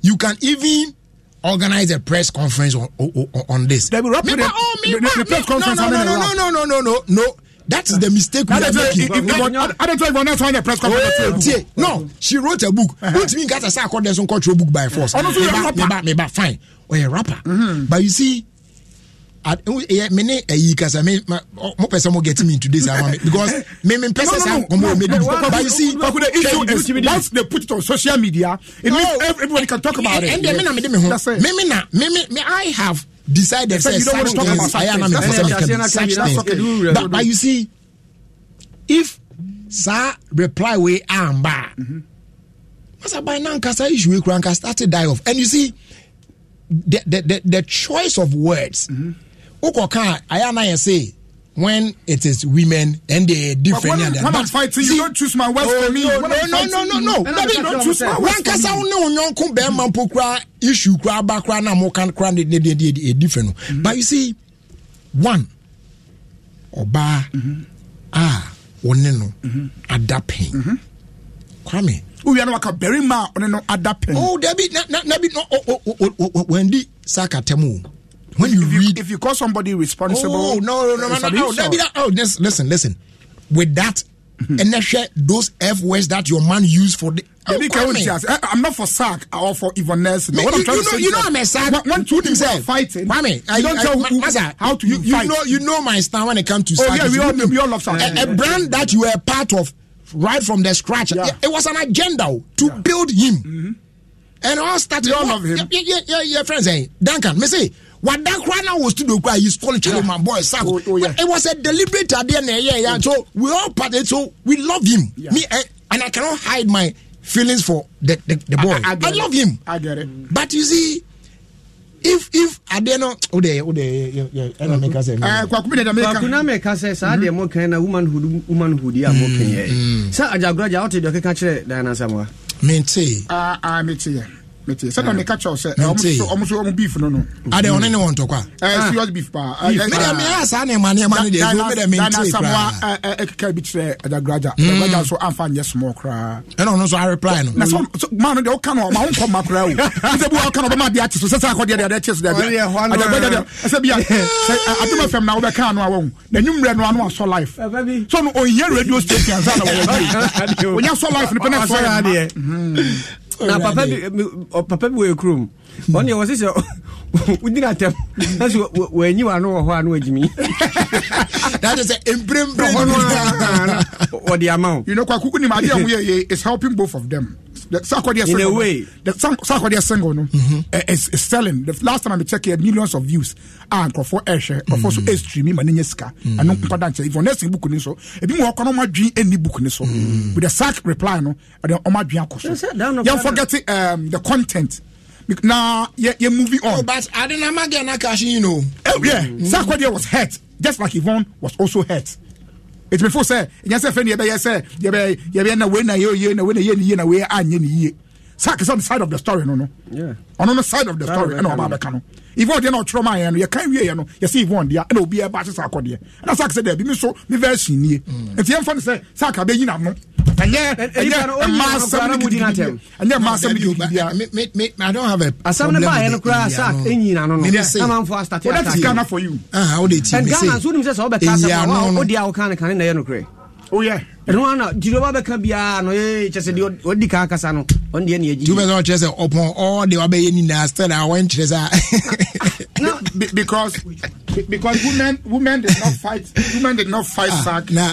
you can even organize a press conference on on, on this. There will be the, oh, the, the press conference. No no no no no no no no no. That is the mistake we are making. I don't know if that's why the press conference. No, she wrote a book. What Which means that I saw there's some cultural book by force. Honestly, rapper. Fine. Or a rapper. But you see, mene ayi kasa me mo pɛ sɛ mo get me into this me because me me pɛ sɛ saa nkɔmɔ me di but you see but the issue is once they put it on social media it means everybody can talk about it. And de me na me me ho me me na me me I have decided say something. things I am not such things. But, but you see, if sir reply we am ba, masa by now kasa issue we can start to die off. And you see, the the the, the choice of words. Ukoka I am not say when it is women and they are different. But when, when I'm fighting, you see, don't choose my words oh, for me. No, no, no, no, no, no, no. Dabi, don't choose my words for me. Wankasa wo ne wo nyɔnko bɛrima mpo kura issue kura aba kura na mo kan kura ne ne ne ne different. Mm-hmm. But you see, one oba, mm-hmm. a ah, wɔne no mm-hmm. ada pain. Mm-hmm. Kwame. Wúwìá náà wà ká bẹ̀rẹ̀ máa ɔne no ada pain. Oh, Dabi, na na na bi na ɔ ɔ ɔ ɔ wɛndi sáà kàtẹ́mu o. when you if read, you, if you call somebody responsible, oh no, no, no, no, no, no, no, oh, just listen, listen. With that, mm and share those f words that your man used for the. Oh, Kwame. I'm not for sack or for even Nelson. No, what you, I'm trying you know, to say you know I'm a sack. When two things are fighting, Kwame, I, don't I, tell I, who, how to you, you fight. know you know my style when it comes to. Oh sack. yeah, we all, know, we all love sack. A, a brand that you were a part of right from the scratch. Yeah. It, it was an agenda to yeah. build him. Mm-hmm. And all started. You all love him. Yeah, yeah, yeah, yeah, friends. Hey, Duncan, me say wada kora na wɔ studio kora he called Charlie yeah. my boy Sam. Oh, oh, yeah. it was a deliberate idea na yeah, yeah. So we all part So we love him. Yeah. Me I, eh, and I cannot hide my feelings for the the, the boy. I, I, I love him. I get it. But you see if if adeɛ no o de o de ɛna mɛka sɛ. Eh, ɛɛ kwakumi de da mɛka. kwakuna mɛka
sɛ saa deɛ mo kɛn na womanhood womanhood a mo kɛn yɛ. sɛ ajagunraja aw ti dɔ keka kyerɛ diana samuwa. mi n te. aa mi te yan mete sɛ dɔn ne mm. ka kyɛw sɛ ɔmo so ɔmo beef no no. ade ɔne ne wɔn ntɔkwa. ɛɛ ah. serious beef
paa. mede mi ayɛ saa nɛɛma nɛɛma no de ezu mede mi n tiri koraa. dana samoa
ɛkeka bi kyerɛ ɛdagraja ɛdagraja mm. nso anfa nyɛ small koraa. ɛna ɔno nso areply no. na sɔ maa no deɛ ɔka no ɔma nkɔ ma koraa o sɛ bi ɔka no ɔbɛma adi ati so sɛ sɛ akɔ deɛ deɛ adi akyi so deɛ bi ɛdagraja deɛ ɛsɛ bi
adum fm na wɔbɛka ano awɔ na enyim rɛ no ano asɔ life
so
no onye radio station
ansa na wɔwɔ bi onye asɔ life nipa na ɛsɔ
yɛ
na papa bi papa bi wɔ kurom ɔno yɛ wɔ sɛ sɛ wogyina atɛm na sɛ wɔanyi wano wɔ hɔ a no wagyimi that is a mpremprɛ ɔde ama wo you know
kwakuku
nim adeɛ a woyɛyɛ is helping both of them Sarkodie single. In a way. The Sarkodie single, no, mm-hmm. eh, eh, is, selling. The last time I checked, he had millions of views. Ah, and Crawford
Airshare, Crawford so is streaming, and Nyeska, and no Padanche. If you're next book, so if you walk on my dream, any
book, so mm-hmm. with a sack reply, no, and then on my dream, you forget um, the content. Now, yeah, you're moving on. Oh, but I didn't imagine that cash, you know. Oh, yeah. Sarkodie was hurt, just like Yvonne was also hurt ɛtumifo sɛ ɛnyɛ sɛ fɛ ne yɛbɛyɛ sɛ yɛbɛyɛ na wei na yɛ oyie na wei na yɛ ne yie na wei anyɛ ne yie on the side of the story no no ɔno yeah. no side of the
story ɛna ɔba
abɛka no yvonne deɛ na ɔtwerɛ maa yɛn no yɛka wie yɛn no
yɛsɛ yvonne deɛ ɛna obi ɛba ahyɛ saa akɔdeɛ ɛna saa kesa deɛ mi so mi fɛ si nie nti yɛn fa no sɛ saa
ka bɛ yi na no ɛnyɛ
ɛnyɛ mmaa asɛm no gidi gidi
ɛnyɛ mmaa asɛm no gidi gidi
mi i don't have a asɛm no baa yɛn no kura saa enyi na no no ɛma nfo asitati ataki ɔda ti Ghana for you ɛn ah, Ghana nso nim sɛ sɛ ɔbɛka asɛm a ɔdi a ɔka ne kane na yɛ no korɛ oh, ɛno ana diri ɔba bɛka biaa no kyɛ sɛ ɔdi ka kasa no ɔne deɛ ne agyiwobɛ sɛ ɔkyerɛ sɛ ɔpɔn ɔde wabɛyɛ nyinaa stil a wɔnkyerɛ sɛ because
because women women did not fight women did not fight ah, sack na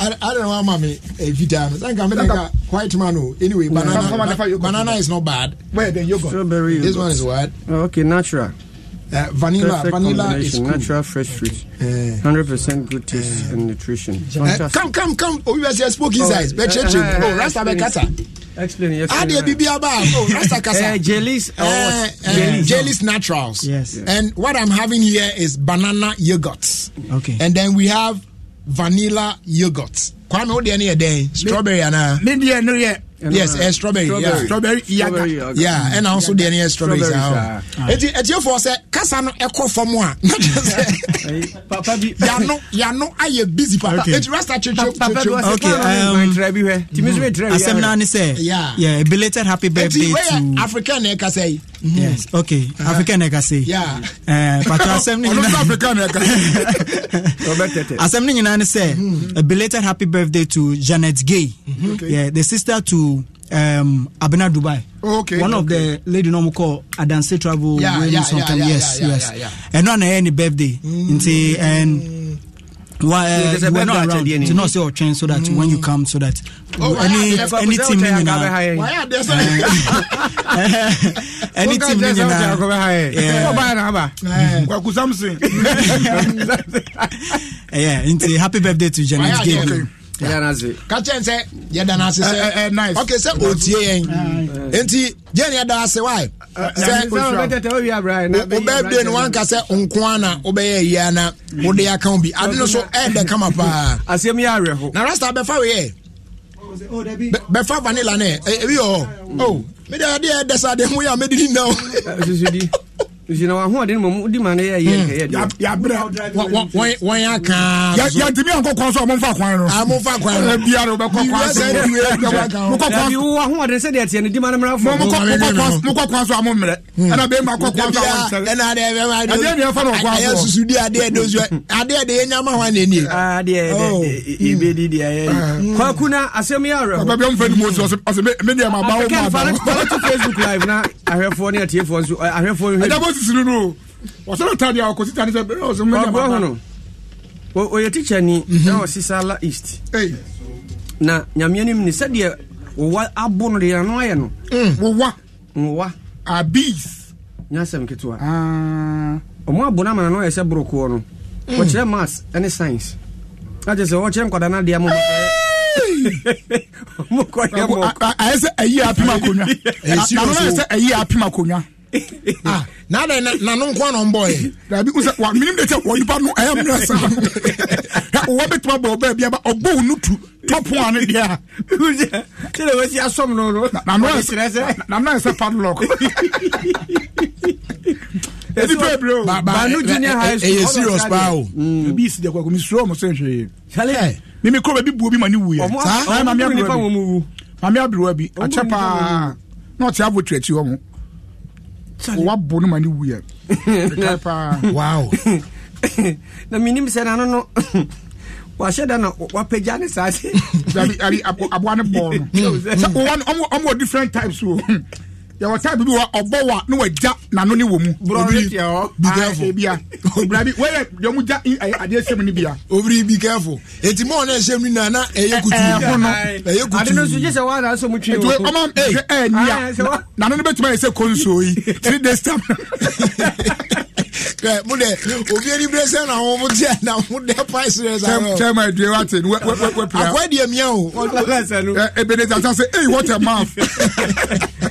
I, I don't know how many uh, vita. Sanka me like white man. Oh. Anyway, banana, banana, is not bad. Where
then yogurt? Strawberry. This one is what? Oh, okay, natural. Uh, vanilla, Perfect vanilla is natural fresh fruit, uh, uh, hundred uh, percent good taste uh, and nutrition. Uh, come, come, come! Oh, you are
smoking size. Oh, uh, uh, oh, Rasta Bekata.
Explain. Yes. Ah, the BB Oh, Rasta Kasa.
jellies. Oh, uh, jellies. jellies naturals. Yes. yes. And what I'm having here is banana yogurt. Okay. And then we have vanilla yogurt. Kwame, what do you need? Strawberry, and uh. Me, no, yeah yes uh, strawberry yeah strawberry yaga yeah ɛna nso deɛ ne yɛ strawberry saa eti etiofoɔ sɛ kasa no ɛkɔ fam a na kyerɛ sɛ yano yano ayɛ busy papa eti rasta twetwe twetwe okay um
asɛm naa ne sɛ yeah belated happy birthday to eti
african na ɛka sɛ yi
yes mm-hmm. okay uh-huh. african na ɛka sɛ
yi
pato asɛm ne nyinaa
asɛm ne nyinaa ne sɛ belated happy birthday to janet gay mm-hmm. yeah the sister to um, Abena Dubai. Okay. One okay. of the lady no call Adanse travel yeah, wedding yeah, sometime. Yeah, yeah, yes, yeah, yes. Yeah, yeah. And on any birthday. Mm. and why uh, yeah, you around to not say or change so that mm. when you come so that oh, any any team in
anything meaning anything meaning yeah yeah happy birthday to Janet Gabriel kakyɛ
n sɛ yɛda eh, eh, eh, no ase sɛ sɛ ɔtie yɛn enti gyene yɛda ase wae wobɛbie no wanka sɛ nko a wobɛyɛ yia na wode aka bi mm. ade no so mm. ɛɛdɛ kama paa
rasta
bɛfa weyɛ
bɛfa vanilla ne ebi yɛ mm. oh, mede adeɛ ɛdɛ sɛ adeɛ moyɛ a mɛdini na nsina wa ahoɔden mɔmu di ma ne yɛ yɛ hmm. yɛ wɔn y'a kan. yantumi ankɔ kɔn so a mo nfa kwan no. a ah, mo nfa kwan no. Eh, biya de o bɛ kɔ kwan so. biya de o bɛ kɔ kwan so. dabi wo ahoɔden sɛ deɛ tiɛ ni dima ne mura fɔ. mo kɔ kwan so a mo mɛrɛ. Hmm. ɛna bɛn ma kɔ kwan so a mo sɛrɛ. ɛna adeɛ bɛ ma do. adeɛ ni ɛfa na o kwan so. adeɛ susu di
adeɛ
do zuɛ
adeɛ de ye ɲama wa neni ye. Ah, adeɛ de oh. ebe di di ayɛ ye. Ah. Hmm. kɔkuna asɛm y'a rɛ. ɔbɛ bɛ n fɛ ni sɔ ɔsɛ mi ni ɛ ma ba o ma ba. a sisiri no wɔsɔrɔ taade a ɔkɔ sita sɛ bɛrɛ no ɔyɛ tikya ni na ɔsi sala east na nyameɛ no mu sɛdeɛ wowa abo no deɛ ano ayɛ no wowa nwowa abis nyasɛm ketewa ɔmo abo no ama no ayɛ sɛ borokoɔ no wɔkyerɛ mas ne science agye sɛ wɔkyerɛ nkwada no adeɛ mom ayɛ sɛ ayi apem
akonnwa Ah, na ada nano nko na ɔmbɔɛ dabi sɛ menim de sɛ wɔnipa no ɛyɛ mmerɛ saa wowɔ bɛtuma bɔ ɔbaa biaba ɔbɔ wo no tu tɔpo
a ne deɛ a sɛdɛ wɔasi asɔm no no namna sɛ padlock banu junior e, e, high school ɛyɛ e, serious paa o mm. ebi si deɛ kɔkɔ misuro ɔmo sɛ nhwɛ eh? yɛ mimi kuro baabi buo bi ma ne wu yɛ
saa maame aburuwa
bi maame aburuwa bi akyɛ paa na ɔte abotire akyi hɔ mo
wabɔ no ma ne wuyɛ wow na menim sɛ nano no wahyɛ da na wapagya ne saa se aboa no bɔɔ no ɔmwɔ different types o yɛwɔ type bi
wɔ ɔbɔ wa na wagya n'ano ne wɔ mu obiri be careful bia obira bi wɔyɛ deɛ ɔmo gya adeɛ sɛm bia. obiri be careful eti mɔɔ na ɛhyɛ mu na na ɛyɛ kutu ɛho no ɛyɛ kutu ade no nso gyesɛ wa na asɔ mu twi wɔ ɔmo ɛyɛ ɛyɛ nia n'ano ne bɛtuma yɛ sɛ konso yi three days time. mo de obi eni bere sɛ na wɔn mo tiɛ na mo de price rɛ sa yɔ. tẹ́ ma dùn wa ten wẹ́ wẹ́ wẹ́ pira. akɔ ɛdi ɛmiɛ o. ebenezata sɛ eyi wọ́n tɛ maaf.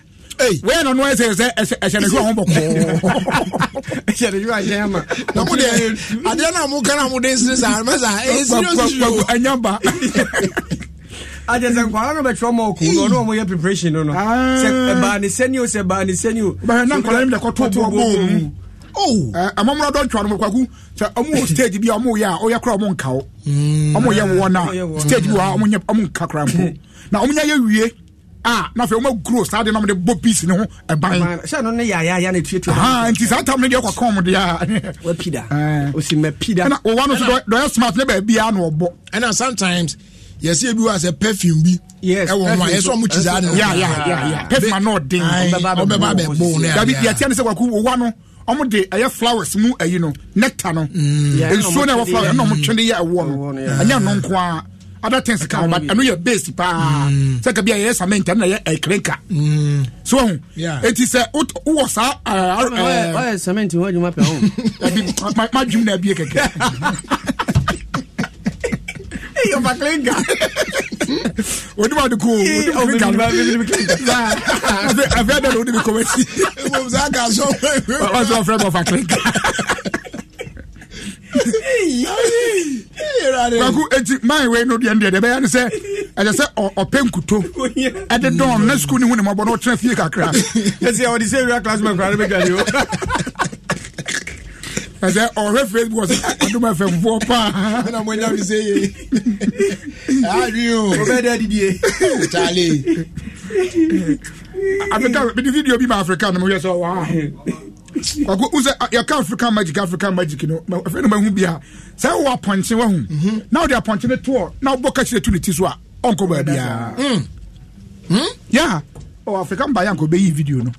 wẹ́ẹ̀ nọ n'oyè sẹ ẹsẹ ẹsẹ ne hwẹ ọhún bọ kọ́ ẹsẹ ne hwẹ ayé ama. na mo de adeɛ na mo kan na mo de nsiri sa mɛ sa ɛyɛ serious issue o.
ɛnyaba. agyesɛ nkwara no bɛtwerɛ ma ɔko no ɔno ɔmɔyɛ preparation no no sɛ ɛbaa ne sɛni o sɛ ɛbaa ne sɛni o. bɛhɛ na nkwara no de kɔtɔ bɔ bɔn
mu amamuna dɔ ntwa no mɔkwaku sɛ ɔmo stage bi a ɔmo yɛ oh, hmm. uh, oh, a ɔyɛ kora ɔmo nka o ɔmo yɛ wɔn na stage bi wa ɔmo nka kora mpo a ah, na afei wɔn aguro saa de na wɔn de bɔ piece ne ho
ɛban.
sɛ no ne yaayaaya ne tuatua. ahan
nti saa tam ne deɛ kɔkɔn mu de a. wa pida eh.
osi mɛ pida. ɛna wɔn no so
dɔyɛ smart ne baabi a na ɔbɔ. ɛna sometimes yɛsi ebi wa sɛ perfume bi. yes ɛwɔ mu a yɛsɛ ɔmu kyisaa ne ho. ya ya ya ya perfume anɔ den. ɔbɛba bɛ bɔ ne yɛ. dabi yɛtia ne sɛ waku wɔn no ɔmo de ɛyɛ flowers mu ɛyi no nectar no mm.
nsuo na ɛwɔ flowers ɛna ɔmo
twene yɛ ɛwɔ no ɛnyɛ no other things ka but ɛno mm. yɛ base paa sɛ kabi a cement ɛno na yɛ so ɔhu eti
sɛ wowɔ saa ɔyɛ cement wɔ adwuma pɛ ho madwum na abie kɛkɛ yɔfa krenka
odi ma de ko odi krenka no afei adɛ na odi mi kɔmɛti ɔsɛ ɔfrɛ ma ɔfa krenka kwaku eti man wei no deɛ deɛ ɛbɛyɛ ne sɛ ɛkyɛ sɛ ɔpɛ nkuto ɛde dɔn na sukuu ne ho ne mɔbɔ na ɔtena fie kakra ɛsɛ ɔde sɛ wura class man kora ne bɛdwa ne o ɛsɛ ɔhwɛ facebook ɔsɛ adoma fm foɔ paa na mo nya mi sɛ ye adi o ɔbɛ dɛ didie taale afrika mede video bi ma afrika no mo yɛ sɛ waa ɔkò n sɛ uh, yɛka magic african magic no afei mhm. no ehu bi ha sɛ wɔ apɔnkye ho na ɔde apɔnkye ne toɔ na ɔbɔ kakyire tu ne ti so a ɔnkɔ baabi a mm. hmm? yà ɔ african baa yà nkɔ bɛyi video no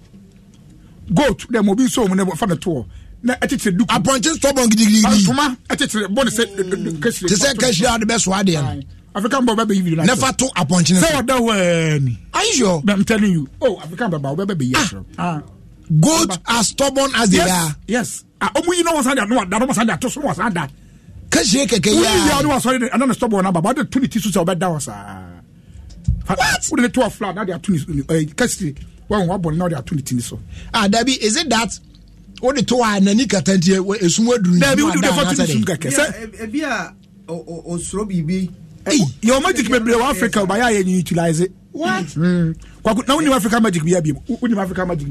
goat dɛ mo bi nso mu ne fa ne toɔ na ɛkyekyere duku apɔnkye sɔbɔn gidigidi ntoma ɛkyekyere bɔ ne sɛ kakyire te kakyire a de so adeɛ no african baa ɔbɛ bɛyi video na nefa to apɔnkye ne so sɛ ɔda wɛɛni are you sure i'm telling you oh african baa ɔbɛ bɛyi video. Ah. Good as stubborn as they yes, are. yes ọmọ yìí náà wọn sáré àná wà dáná wọn sáré àtọ sọmọ wọn sáré dá. kẹsì é kẹkẹ yá. wọ́n yíyá ni wọ́n sọ yìí ẹ̀ná ni stubborn náà bàbá ọdún tún ní tí sùn sẹ́ ọbẹ̀ dá wọn sáá. what wọ́n de two of flour náà de atún ní kẹsì wọ́n wọ́n bọ̀ náà de atún ní tí ah dabi is it that wọ́n de two a nani kata ntiẹ esun wo dunu. dabi wọ́n de fọ́ tún ní sun kẹkẹ.
ebi e, a osoro biribi.
yẹ ọmọ jìkì bebree wọ eh, africa ọba eh, yà á yẹ utilize. what. Mm kwaku na wonim africa magic bia biem wonim africa magic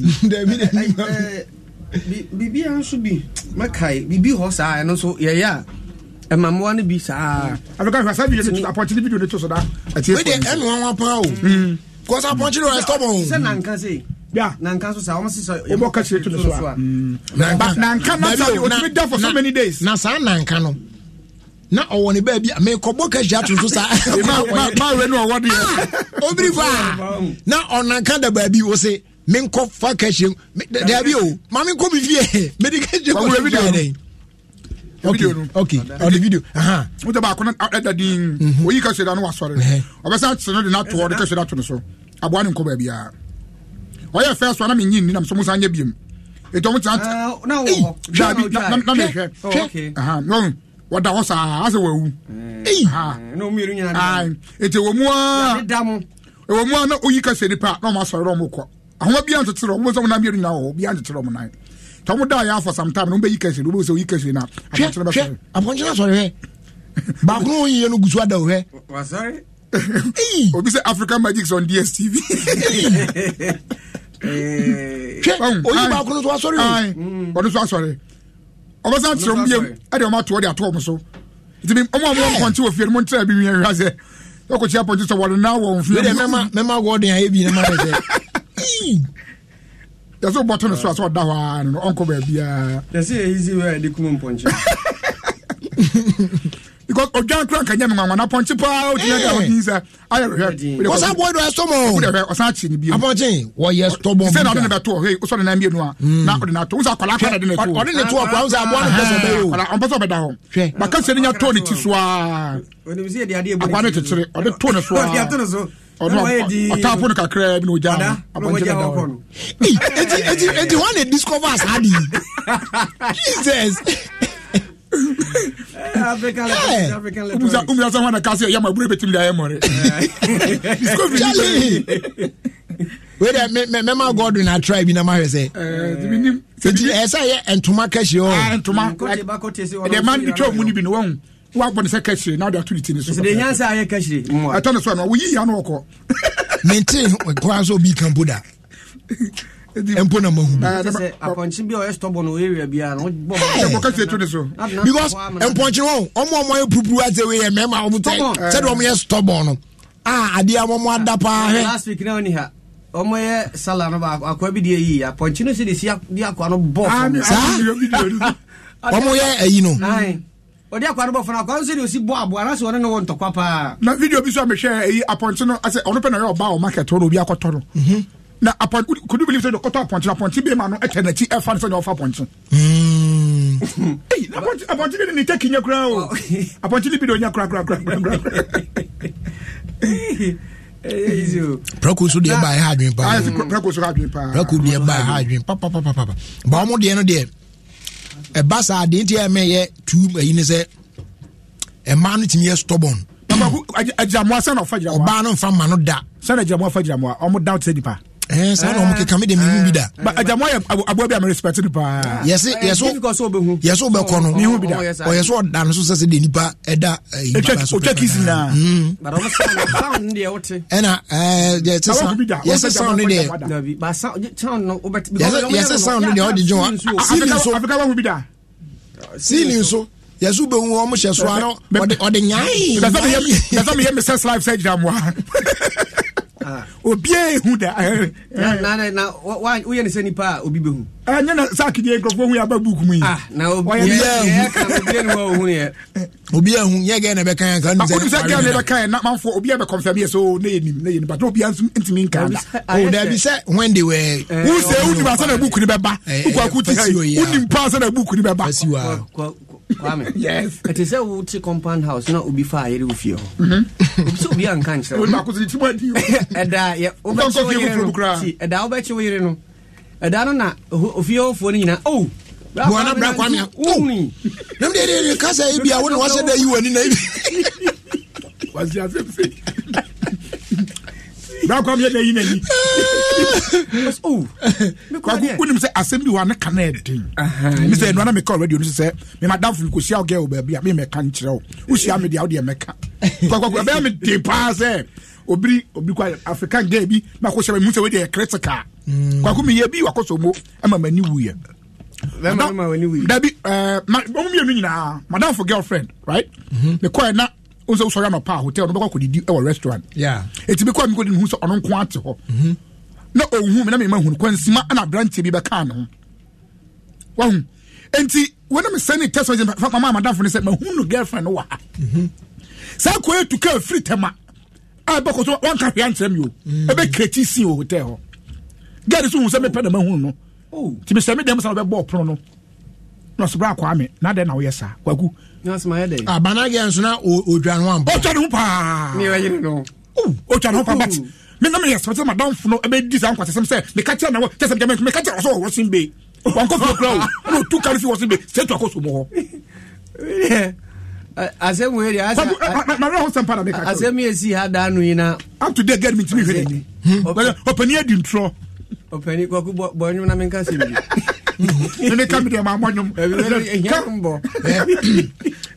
biribia nso bi mɛkae biribi hɔ saa ɛno nso yɛyɛ a ɛmammoa no bi saa africa to so da atiedeɛ paa o mm. bcause apɔnkyene wɔ nanka sei nanka so sa ɔmo nanka nanka
na saa nanka no na ɔwɔ ne baabi a mekɔbɔ kahyia to so saa mawerɛ no ɔwɔ deɛ ɔbiri ah! fa a na ɔnanka da baabi wo se menkɔfa kahyia daabi o ma menkɔ me fie mede kahyia kɔdɛn ɔde video wode baako no ɛda din ɔyi mhm. kahyia da no wasɔre ɔbɛsa kyerɛ no de no atoɔ de kahyia da to no so aboa ne nkɔ baabiaa ɔyɛ fɛ so a na menyi nni nam so mo sa nyɛ biom ɛtɔ mo tena oh, hwɛ abi na mehwɛ hwɛ wɔda hɔ saa asɛ wawu ɛti ɛwɔ mu a ɛwɔ mu a na ɔyi ka sɛ nipa na ɔma asɔre dɛ ɔmokɔ ahoma bia ntetere ɔmo sɛ ɔmonam yɛru nyinaa wɔ hɔ bia ntetere ɔmo nan tɔ mo da yɛ afa samtam na ɔmbɛyi kɛse no wobɛsɛ ɔyi kɛse no a abɔnkyerɛ bɛsɔre abɔnkyerɛ sɔre hɛ baako yiyɛ no gu so ada wo obi sɛ african magic on dstv eh. hwɛ oyi baako no so asɔre mm. ɔno so asɔre ɔbɛsan kyerɛ mu biam ɛde ɔmo ato ɔde ato ɔmo so nti bi ɔmo a ɔmo nkɔnti wɔ fie no mo n tẹ ɛbi wiye hwɛ sɛ ɔkò kyerɛ pɔnkye sɛ wɔde nan wɔ nfin. wíde mɛma mɛma wɔden ayé bi ne ma bɛsɛ. yasɔ bɔtɔ ne so a sɛ ɔda hɔ a ɔnkɔ baabi a.
yasɔ yɛ easy way a yɛ de kum because ọjọ́ nkura nkanyẹ mi nwanwa na pọnkye paa ti yẹ ká ọdún sẹ
ayẹ rẹ. wọ́n sá ẹ̀dọ̀ ẹ̀ sọ́mọ̀. o ọ̀sán àti ẹni bíi. apọ́njẹ́ wọ́n yẹ tọ́bọ̀ mi. sẹ́ni ọdún ni ọ̀sán ní nàá tó n sá kọ́lá kan tó. ọdún ni tó tó ni ọdún tó ni so aa ɔtaapo no kakra bi na ogya no abɔnkyerɛ wọn na discover asaade jesus umusa hwana kasi yama ebure betumi da yamore wait eh, a minute mɛma godwin atra bi na mahwɛ sɛ nti ɛsɛ yɛ ntoma kɛhye hɔ
ntoma ma no twɛ mu
no bi no wahu woabɔ ne sɛ kɛhyire na wode ato ne ti ne soɛtɔ ne so ana woyiyi ano wɔkɔ mente koa sɛ obi kampo da mpo
na mahu bikɔka ah, sɛ to ne so because mpɔnkye hɔ ɔmo ɔmo ayɛ purupuru adze wei yɛ mmarima ɔmo tɛ sɛde ɔmo yɛ stɔbɔn no a adeɛ a ɔmo ada paa hwɛ ɔmɔ yɛ sala no baako akɔa bi deɛ yi apɔnkye no sɛ de si de akɔa no bɔ ah, saa ɔmɔ yɛ ayi no ɔde akwa no bɔfo no akwa no sɛdeɛ ɔsi bɔ aboa na sɛ ɔne ne wɔ ntɔkwa paa na video bi so a mehwɛ ayi
apɔnkye no asɛ ɔno pɛ na ɔyɛ ɔba wɔ market hɔ na obi akɔtɔ no mhm na apɔn could you believe say dɔkɔtɔ apɔnkye apɔnkye bee ma no ɛtɛ n'akyi ɛfa nsɛn na ɔfa apɔnkye. eyi apɔnkye apɔnkye de
ne tɛki nye kura o take de bi de o nya kura kura kura kura kura. prako nso deɛ baa ɛha adwene paa prako nso adwene paa e, e, prako deɛ baa ɛha adwene paa paa paa ba ɔmo deɛ no deɛ ɛba saa adeɛ nti ɛmɛ yɛ tuu ɛyi ne sɛ ɛmaa no tumi yɛ stubborn. agyamoa sɛ na ɔfa gyinamoa ɔbaa no nfa ma no da. sɛ na agyamoa fa gyinamoa ɔmo da ɔte sɛ nipa saa na ɔmo keka mi de mi hu bi da. ajamu ayɛ aboa bi a mi respect ni paa. yɛsɛ yɛsɛ yɛsɛ ɔbɛkɔ no mi hu bi da ɔyɛ sɛ ɔda no so sɛ de nipa ɛda ɛyi ba so pɛpɛ na. ɛna ɛɛ yɛsɛ sound yɛsɛ sound ne deɛ yɛsɛ
sound ne deɛ ɔdi jɔn wa siili nso
siili nso yɛsu bɛ hu ɔmo hyɛ so ano ɔde nyaayii. bɛsɛ mi yɛ mi sɛ slide sɛ gyina mu a.
Ah. obiara ehu da. Eh, na woyɛ ne sɛ nipa a obi bɛ hu. ɛnyɛ eh, na saaki deɛ nkurɔfoɔ hu yɛ aba buuku mu yi. Ah, na obiara ehu yɛ obiara eh,
ehu yɛ gɛn na bɛ kan yɛ kan. akɔni sɛ gɛn na bɛ kan yɛ na man fɔ obiara bɛ kɔnfɛn yɛ so ne yɛ nim ne yɛ nim bato obiara nso ntumi nkan da. o dabi ah, oh, sɛ when they were. wusee wunim asɛ na buuku ni bɛ ba
buku akuti si wunim
pa asɛ na buuku ni bɛ ba
kwame yes ɛte sɛ wote compound house na obi fa ayɛre wo fie hɔ mm-hmm. obi sɛ obi anka nkyerɛ ɛda wobɛkye wo yere no ɛda no na ofie hɔfoɔ no nyina o buana bra kwame woni nam deɛ deɛ
kasa yi bia wo ne wasɛ da yi
w'ani na
yi
brakwa ah. oh. mi yɛ dɛ yi na kwaku wonim sɛ asɛm bi wɔ ne ka na ɛden me sɛ anuana meka already no sɛ eh. mema damfo mekɔsia wo gɛ wo baabi a memɛka nkyerɛ wo wohyia me deɛ wodeɛ mɛka kwakwaku ɛbɛyɛ me de paa sɛ
obiri obiri kwa african girl bi mako sɛ mu sɛ wodi yɛ critical hmm. kwaku mi yɛ bi wakɔ so
mo ama ma ni wuyɛ dabi ɛɛ ma wɔn mu yɛ no nyinaa madam for girlfriend right mhm. mekɔɛ na o sɛ wosɔre anɔpa hotel no bɛkɔ kɔdidi wɔ restaurant ɛti bi kɔ mi kɔdi ne hu sɛ ɔno nko ate hɔ na ɔhu mi na mi ma hu no kwansima ɛna aberanteɛ bi bɛkaa ne ho wahu nti wɔn mi sɛ ne test ɔsɛ fa kama amadafo ne sɛ ma hu no girlfriend wɔ ha saa kɔ etu kaa firi tɛma a
ɛbɛkɔ so wɔn kahwea nkyɛn mi o ɛbɛ kireti si wɔ hotel hɔ gɛɛdi so hu sɛ mepɛ na ma hu no
oh. ti mi sɛ mi dɛm sɛ ɔbɛ bɔ ɔpono no na akɔ ame na adɛ na ɔyɛ saa kwaku abanage nso na odwa no ambɔ ɔtwa ne ho paa ɔtwa ne ho paa but mena meyɛ sɛ sɛ madamfo no bɛdi saa nkwasɛsɛm sɛ meka kyerɛ naw kyɛ sɛ megyamɛ meka
kyerɛ
ɔsɛ ɔwɔ sen be wankɔ fie kora o na ɔtu ka no fi wɔ sen be sɛ tu akɔ so mu
hɔ
asɛm wei deɛ mara ho sɛmpa na meka asɛm yɛsi ha daa no yi na up to day gad mentimi hwɛ ani ɔpani adi ntorɔ ɔpani kɔko bɔnwom na menka sɛ bi ne ka mi ma mɔ nwom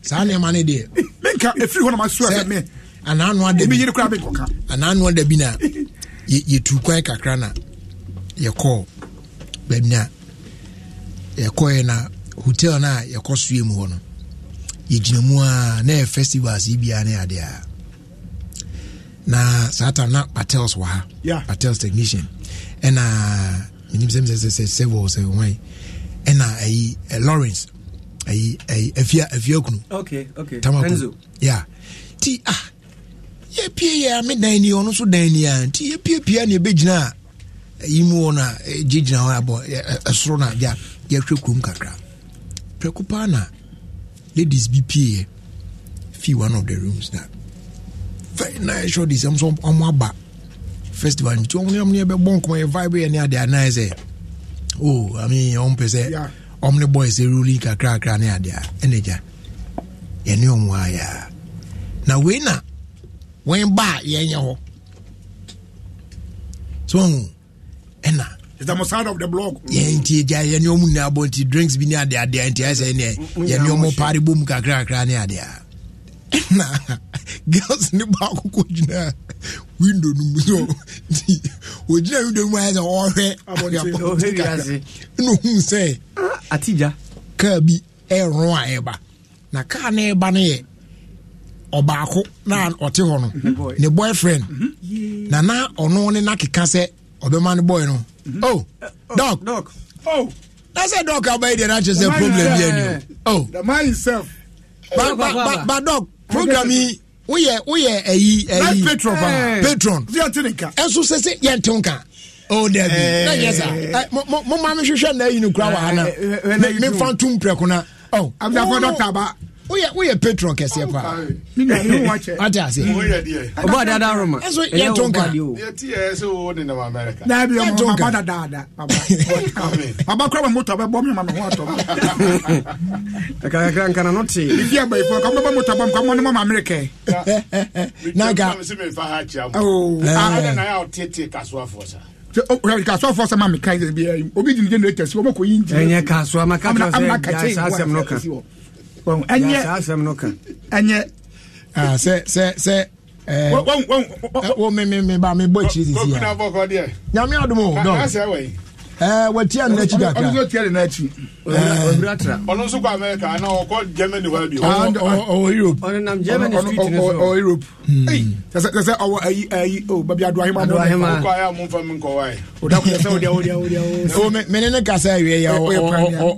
saa deɛ menka ɛfiri hɔ na masu a me ananoadabi ananoada bi na yɛtu kwan kakra na yɛkɔɔ baabi yɛkɔɛ na hotel no a yɛkɔ soɛ mu hɔ no yɛgyina mu a na yɛ festivals yi biara ne adeɛ a na saa na patels wɔ ha patels technician ɛna menim sɛ sɛ wɔ sɛ wan ɛna ayi lawrence ayi ayi afia afia kunu.
okay okay tamako Enzo.
ya ti ah yɛpie yɛ ame dan ni ɔno nso dan ni a nti yɛpiepie na yɛbɛgyina a yi mu wɔ no a gyegyina hɔ abɔ ɛsoro no agya yɛhwɛ kurom kakra prɛko paa na ladies bi pieɛ fii one of the rooms na very nice short dis ɛm so ɔmo aba festival nti ɔmo ne ɔmo ne yɛbɛbɔ nkɔmɔ yɛ vibe yɛ ne ade anaayɛ sɛ oh i mean ɔmo pɛ sɛ ɔmo ne boys eruli kakrakra ne adeɛ ɛna gya yɛne ɔmo ayɛ na wei eh, na wɔn ba yɛnyɛ họ so ɛna. It's the Mossad of the block. Yɛnti gya yɛne ɔmo nyinaa bɔ nti drinks bi ne adeɛ adeɛ nti ayɛ sɛ yɛne ɔmo party bom kakra ne adeɛ. na girls ne baako ko gyina window no mu so nti ogyina window mu ayɛ sɛ ɔhwɛ abɔntekase na ohun sɛ ah, atija kaa bi ɛro a ɛba na kaa no ɛba no yɛ ɔbaako na ɔte hɔ no mhm. ne boyfriend mhm. na na ɔno ne nakeka sɛ ɔbɛma no boy no mhm. o oh, eh, oh, dɔk oh. na sɛ dɔk abayɛ deɛ no akyerɛ sɛ problem bi ani o ba dɔk program yi woyɛ woyɛ ɛyi ɛyi patron pa eh. patron ɛnso sese yɛn te nka o oh, dabi na yɛ sa eh. mo mo maa mi hwehwɛ na eyi ni kura wa ha na eh, mi nfa tum pɛrɛ kunna. Oh. abudulayi fɔ oh. dɔkita ba woyɛ woyɛ patron kɛseɛ paa ate
aseɛbɔdadaromaɛsɛyɛtonkababa
kora ma moto bɛbɔ me ma me ho
atɔmkakra nkana no te bibi abaifo ka mobɛbɔ moto bɔ mkamɔ no ma
ma mereka naga kasuafoɔ sɛ ma meka obi gyine generator si wɔmɔkɔyi ngyinɛnyɛ kasuama ka kyerɛ sɛ asɛm no ka wɔn ɛnyɛ ɛnyɛ. sɛ sɛ sɛ wo me me me ba me bɔ akyiri sisi ya nyame adom o dɔn ɛɛ wɔtia ne n'akyi kakra ɔno nso tia ne n'akyi ɔbira tra
ɔno nso kɔ amerika ana ɔkɔ germany hɔ bi ɔwɔ europe ɔno nam germany street ne so ɔwɔ europe ɛyi sɛ sɛ ɔwɔ ayi
ayi o babi adu ahima
adu ahima ɔkɔ ayé amu nfa mi nkɔ wa yi
mene ne kasa awie yɛ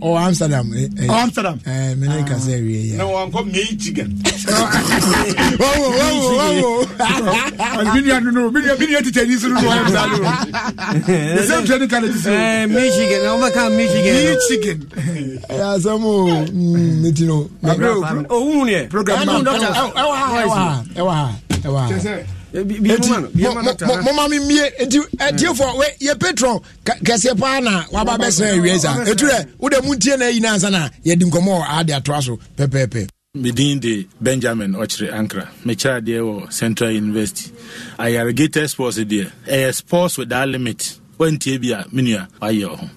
ɔ amsterdam amsterdam mene kasa awie yɛasɛm ɛwɔ
ha ɛwɔ ha moma me mmie
nti adiefoɔ we yɛ patron kɛseɛ paa na waba bɛsrɛ awie sa ɛtu dɛ wode mu ntie na ayi no ansa na yɛde nkɔmmɔ wɔ ade atoa so
Me medin de benjamin ɔkyere ankra mekyerɛ deɛ wɔ central university ayargated sports deɛ ɛyɛ e sports without limit wantie bi a menua wayɛ wɔ ho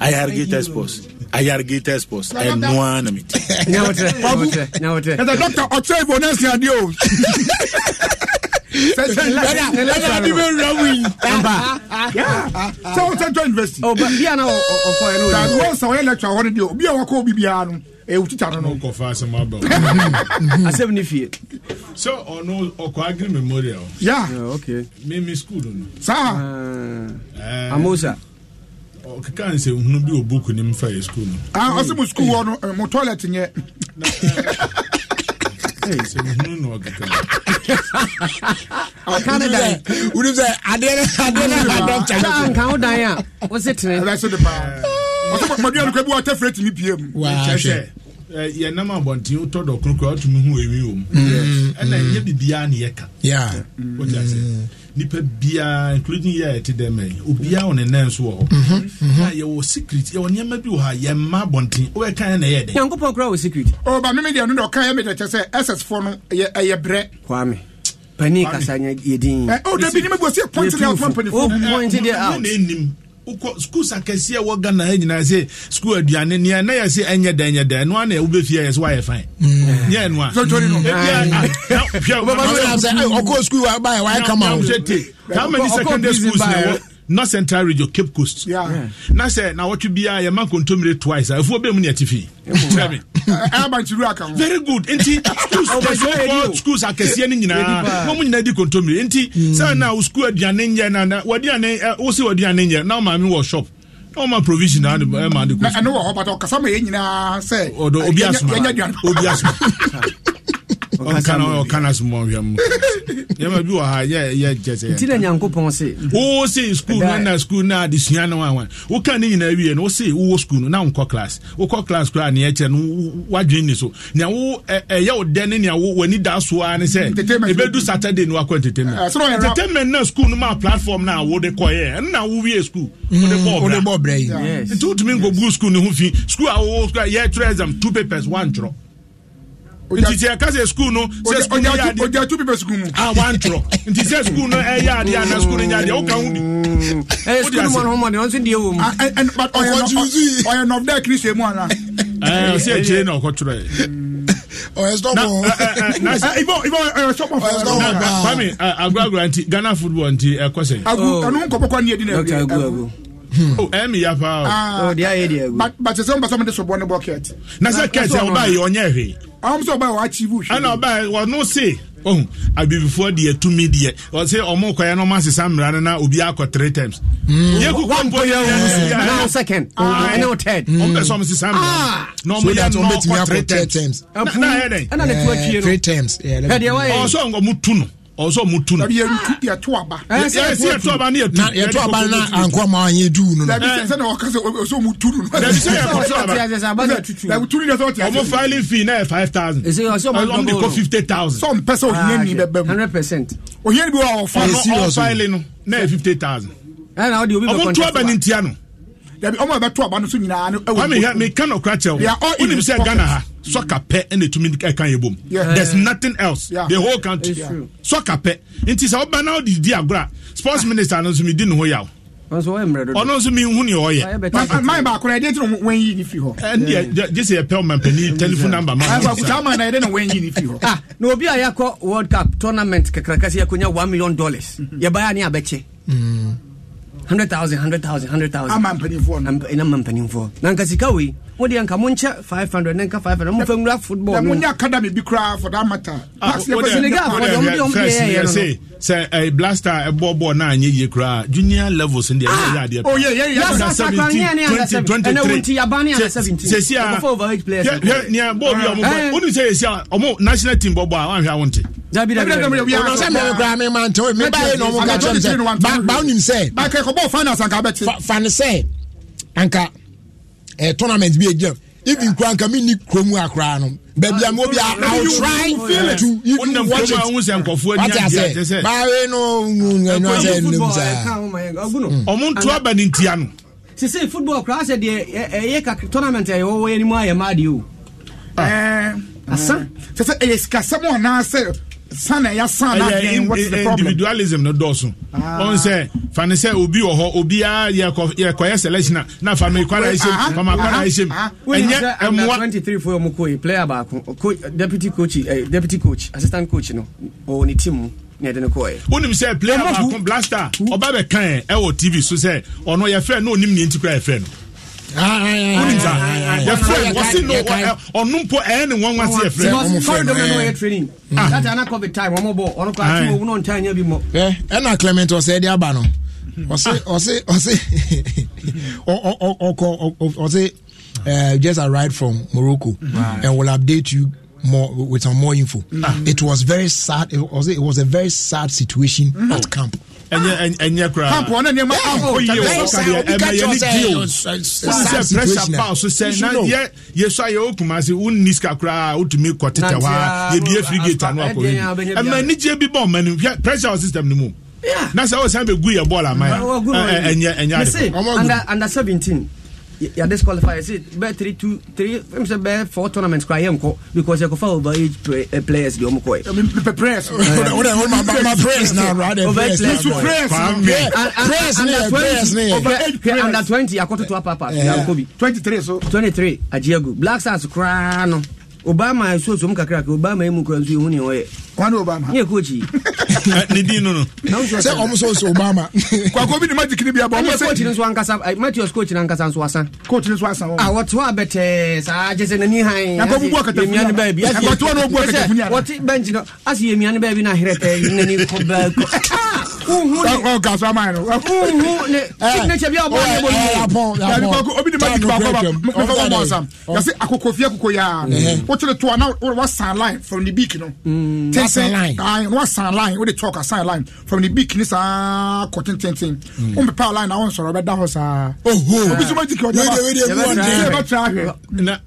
ayargated sports ayargated sports ɛnoa e na meti
doctor ɔkyerɛ ibo na asiadeɛ o sɛwosɛntɔ universitysa
wɔyɛ lecture hɔ no deɛ obi a wɔkɔ bibiaa no ɛwotita no noasɛm ne fie sɛ ɔno ɔkɔ agri memorial ya meme school no saa ah. eh. amosa ɔkeka nsɛ hunu bi ɔ book nim fa yɛ school no ɔsɛ mo school hɔ no eh, mo toilet nyɛ ɔka ne dan
wonim sɛ adeɛ ne adeɛ ne adɔkya saa nka wo dan a wose tene ɛbɛso de paa ɔsɛ madua nokora bi wɔtɛ frɛ tumi pie mu kyɛ sɛ
yɛnam abɔnten wotɔ dɔ krokora wotumi hu ɛwi wɔ ɛna ɛnyɛ biribiaa ne
yɛka
nipa biara including yɛ a ɛte dɛm yi obiara wɔ ne nan so wɔ hɔ na yɛwɔ secret yɛwɔ nneɛma bi wɔ ha yɛn mma abɔnten o yɛ kan na yɛ dɛ. nyankopɔn kura wɔ secret. ɔba mímí deɛ ɔno deɛ ɔka yɛ mi deɛ kyɛ sɛ ss foɔ no ɛyɛ ɛyɛ
brɛ. kwame panin kasa yɛ din. ɛ o dabi ni mi bɔ si ɛ pɔnti de a kuma panin fo. o
pɔnti de a wokɔ schools akɛseɛ wɔ ghana ha nyinaa sɛ school aduane nea na yɛ ɛnyɛ dɛ ɛnyɛ dɛ ɛno ana wobɛfie yɛ sɛ woayɛ fan nyɛ ɛno ɔkɔ school baɛ wayɛ kama wo secondary schools na na central region cape coast na sɛ na wɔtwe biara yɛma nkontommire twice a ɛfuɔ bɛ mu ne atifi eh, eh, very good nti oh, schools akɛseɛ no nyinaa ma mu nyinaa di kontommire nti hmm. sɛ na wo school aduane nyɛ na waduane eh, wo se waduane nyɛ na womaame wɔ shop ɔma provision na ɛma de
kɔsɛne wɔ hɔ bata ɔkasa ma yɛ nyinaa sɛ
obi asoma ɔkanasmɔhwɛmyɛma bi wɔ ha yɛ gyɛ sɛnti na nyankopɔn se wowɔ se skul no na skul na adesua no wawa woka ne nyinaa wie no wose wowɔ skul no na wonkɔ class wokɔ class koraa neɛ kyerɛ no woadwen ni so nea wo ɛyɛ wo dɛ ne nea w'ani da so ara ne sɛ ɛbɛdu saturday no wakɔ entertainment entertainment na skul no ma platform no a wode kɔyɛ ɛno na wowie skul wode bɔɔ brɛ mm, yi nti wotumi nkɔgu skul ni ho fi skul a wowɔ skul a yɛtwerɛ exam two papers woantwerɛ nti sɛ ɛka sɛ skul no sɛ skuyɛogyatu bibɛ skul mu a wantorɔ nti sɛ skul no ɛyɛ adeɛ ana skul no nyɛ adeɛ woka ho
diɔyɛ nɔfda kristo mu ana sɛ akyire
na ɔkɔtwerɛɛ eh, ah. kwame eh, agoragora nti ghana football nti ɛkɔ sɛ ɛno nkɔpɔkɔ ne ɛdi na ɛmi ya paa o. but sɛ sɛ n basa mi de sɔ bɔ ne bɔ kɛt. na sɛ kɛt sɛ o b'a ye ɔnyɛ hwee àwọn sọ ọba wa achieve o. ẹnna ọba ọno se ohun abibifoɔ deɛ tumi deɛ ɔsɛ ɔmo kɔyɛ no ɔmo asesa mmira no na obi akɔ three times. Mm. yɛ kukɔ mpɔ yɛ wɔn sika ɛna
second ɛna
ah.
o third. ɔmo bɛ sɔ ɔmo sesa mmira ah. na ɔmo yɛ no three times. ɛna yɛ dɛ ɛna ne tu atwi yɛ no three times. ɛdeɛ wɔyɛ ɔsɔ nkɔ mu tu ɔsɔ mu tu no. yɛtu
aba.
ɛsɛ yɛtu
aba ni yɛtu. na yɛtu aba na anko ma anyi du nu. dabi sɛ
na ɔka sɛ ɔsɔ mu tu nu. dabi sɛ yɛkɔsɔ aba. dabi tu ni
yɛ sɔ ti. ɔmo filing fee na yɛ five thousand. ɛsɛ ɔsɔ ma dɔgɔ ɔmo de ko fifty thousand. sɔn pɛ sɛ ohiɛ ni bɛ bɛ mu. hundred percent. ohiɛ ni bi wa ɔfa. ɔno dabi ɔmo ɛbɛto aba no so nyinaa no ɛwɔ nkosi meka no kora kyɛw wonim sɛ ghana ha sɔka pɛ ɛna ɛtumi ɛka yɛ bom there's nothing else yeah. the whole country sɔka pɛ nti sɛ woba na wode di agorɔ a sports minister no nso medi ne ho yaw ɔno nso mehu ne ɔyɛ man
baako na ɛde nti no wɔnyi ne fi hɔ ɛndeɛ gye sɛ yɛpɛ ɔmampani telephone number makuama na ɛde na wɔnyi ne fi hɔ ah, na obi a yɛkɔ world cup tournament kakrakasɛ yɛkɔnya 1 million dollars mm-hmm. yɛbaɛ ne abɛkyɛ mm. 100,000 100,000 100,000 ama mpanimfoɔ no ɛna I'm na nka sika mo deɛ nka mo nkyɛ five hundred ne five hundred mo fɛ nwura football. mo nye academy bi koraa for that matter. Ah, senegal fɔ dɔm de ɔmo yɛ yɛ yɛ
sɛ ɛɛ blaster ɛbɔ bɔɔl naa nye yie koraa junior levels ndi ɛyɛ yɛ adiɛ pɛ. oye yɛ yɛ yɛ seventeen twenty twenty three sɛsi a yɛ yɛ nia bɔɔl bi ɔmo bɔ ɔmo sɛ yɛsi a ɔmo national team bɔ bɔ a wɔn ahwɛ awon ti. dabi dabi dabi ɔsɛ mɛmi kura mi ma n tɛ o mi ba ye na ɔmo ka tɛ n sɛ
ba ba o nim sɛ. ba kɛ kɔ bɔ fan na san k'a bɛ ti. fan sɛ anka uh, tournament bi egyina if ah, you kura nka mi ni kurom akora no baabi a mo bi a
i will try
to even watch it wati ase baawe
no
no ase nnum saa ɔmo ntu aba ne ntia no. sise football kura ase deɛ ɛyɛ ka tournament ɛyɛ wɔwɔ yɛ ni mu ayɛ maa de o. ɛɛ asa sɛ sɛ ɛyɛ eh, sikasɛm ɔnaasɛ sana ɛyɛ sana ɛyɛ ɛyɛ
individualism no dɔɔso ah. ɔn sɛ fani sɛ obi wɔ hɔ obiara yɛ yɛ kɔyɛ selection na na fami kwara ɛhyɛm fama kwara ɛhyɛm ɛnyɛ ɛmuwa.
twenty three four mu koyi player baako ko deputy coach ɛ eh, deputy coach assistant coach no ɔwɔ ne team mu na ɛde ne kɔɛ. wonim sɛ player
baako blaster ɔba bɛ kan yɛ ɛwɔ tv so sɛ ɔno yɛfrɛ no onim ne nti kora yɛfrɛ no wonim sa
yɛfrɛ wɔse no
ɔno mpo ɛɛ ne nwanwa se yɛfrɛ
ɛna
clement ɔsɛ de aba no ɔse ɔse ɔse ɔkɔ ɔse uh, just arrived from Morocco right. and will update you more with some more info. mm It was very sad. It was, it was a very sad situation mm-hmm. at camp
ɛnyɛ ɛnyɛ koraa pamp wɔn nneɛma aho yie wɔ sɔkadeɛ ɛmɛ yɛ ni di o sɛ pressure ba so sɛ na yɛ yɛ so a yɛ o kuma se wɔn ni sika koraa o tumi kɔ tete hɔ a yɛ bie gate anu akɔ yɛ bi ɛmɛ anigye bi bɔ ɔmɛ ni pressure wɔ system ni mu
na sɛ o san bɛ gu yɛ bɔɔl ama yɛ ɛnyɛ ɛnyɛ adi. under under seventeen. yɛ disqualify sɛ bɛɛ three two three fɛn sɛ bɛɛ four tournaments kora yɛnkɔ because yɛkɔfa overage eh, players de ɔmo 20 yɛ. pɛ press o de press press press akɔtoto apapa twenty three so. twenty three black stars koraa no obama esuosuo kakraka kakra kakra obama emu kura nso ehu ni ɔyɛ. wọn ni obama. ní èkó jì. ní dín nínú. sẹ ọmọ sọ sọ obama kwakọ bi ni magic ni bi abọ. ọmọ sẹ kóòtù ni nso ankasa matthews kóòtù ni ankasa nso asan. kóòtù ni nso asan wọn. awọ tiwọn abẹtẹ saa jẹsẹ nani han. akọ bubu akata funu yàrá akọ tiwọn n'o bu akata funu yàrá. wɔti bɛnkyi nɔ asi yemiani bɛɛ bi na hɛrɛ tɛ nani kɔ bɛɛ kɔ. ɔ gaso a ma yɛrɛ. unhun ne signature bi a bɔ ne bolo. yanni kɔkɔ obi ni
magic b'a fɔ ma mɛ fɔ ma san yasi akoko fiyɛ koko yaa o tɛ to a na wa san line from the beak nɔ line. asɛn sign line wode chalk asan line from ne bik ne saa kɔ tententen wompepa line na wonsɔre wobɛda hɔ saa obi so magyi kɛ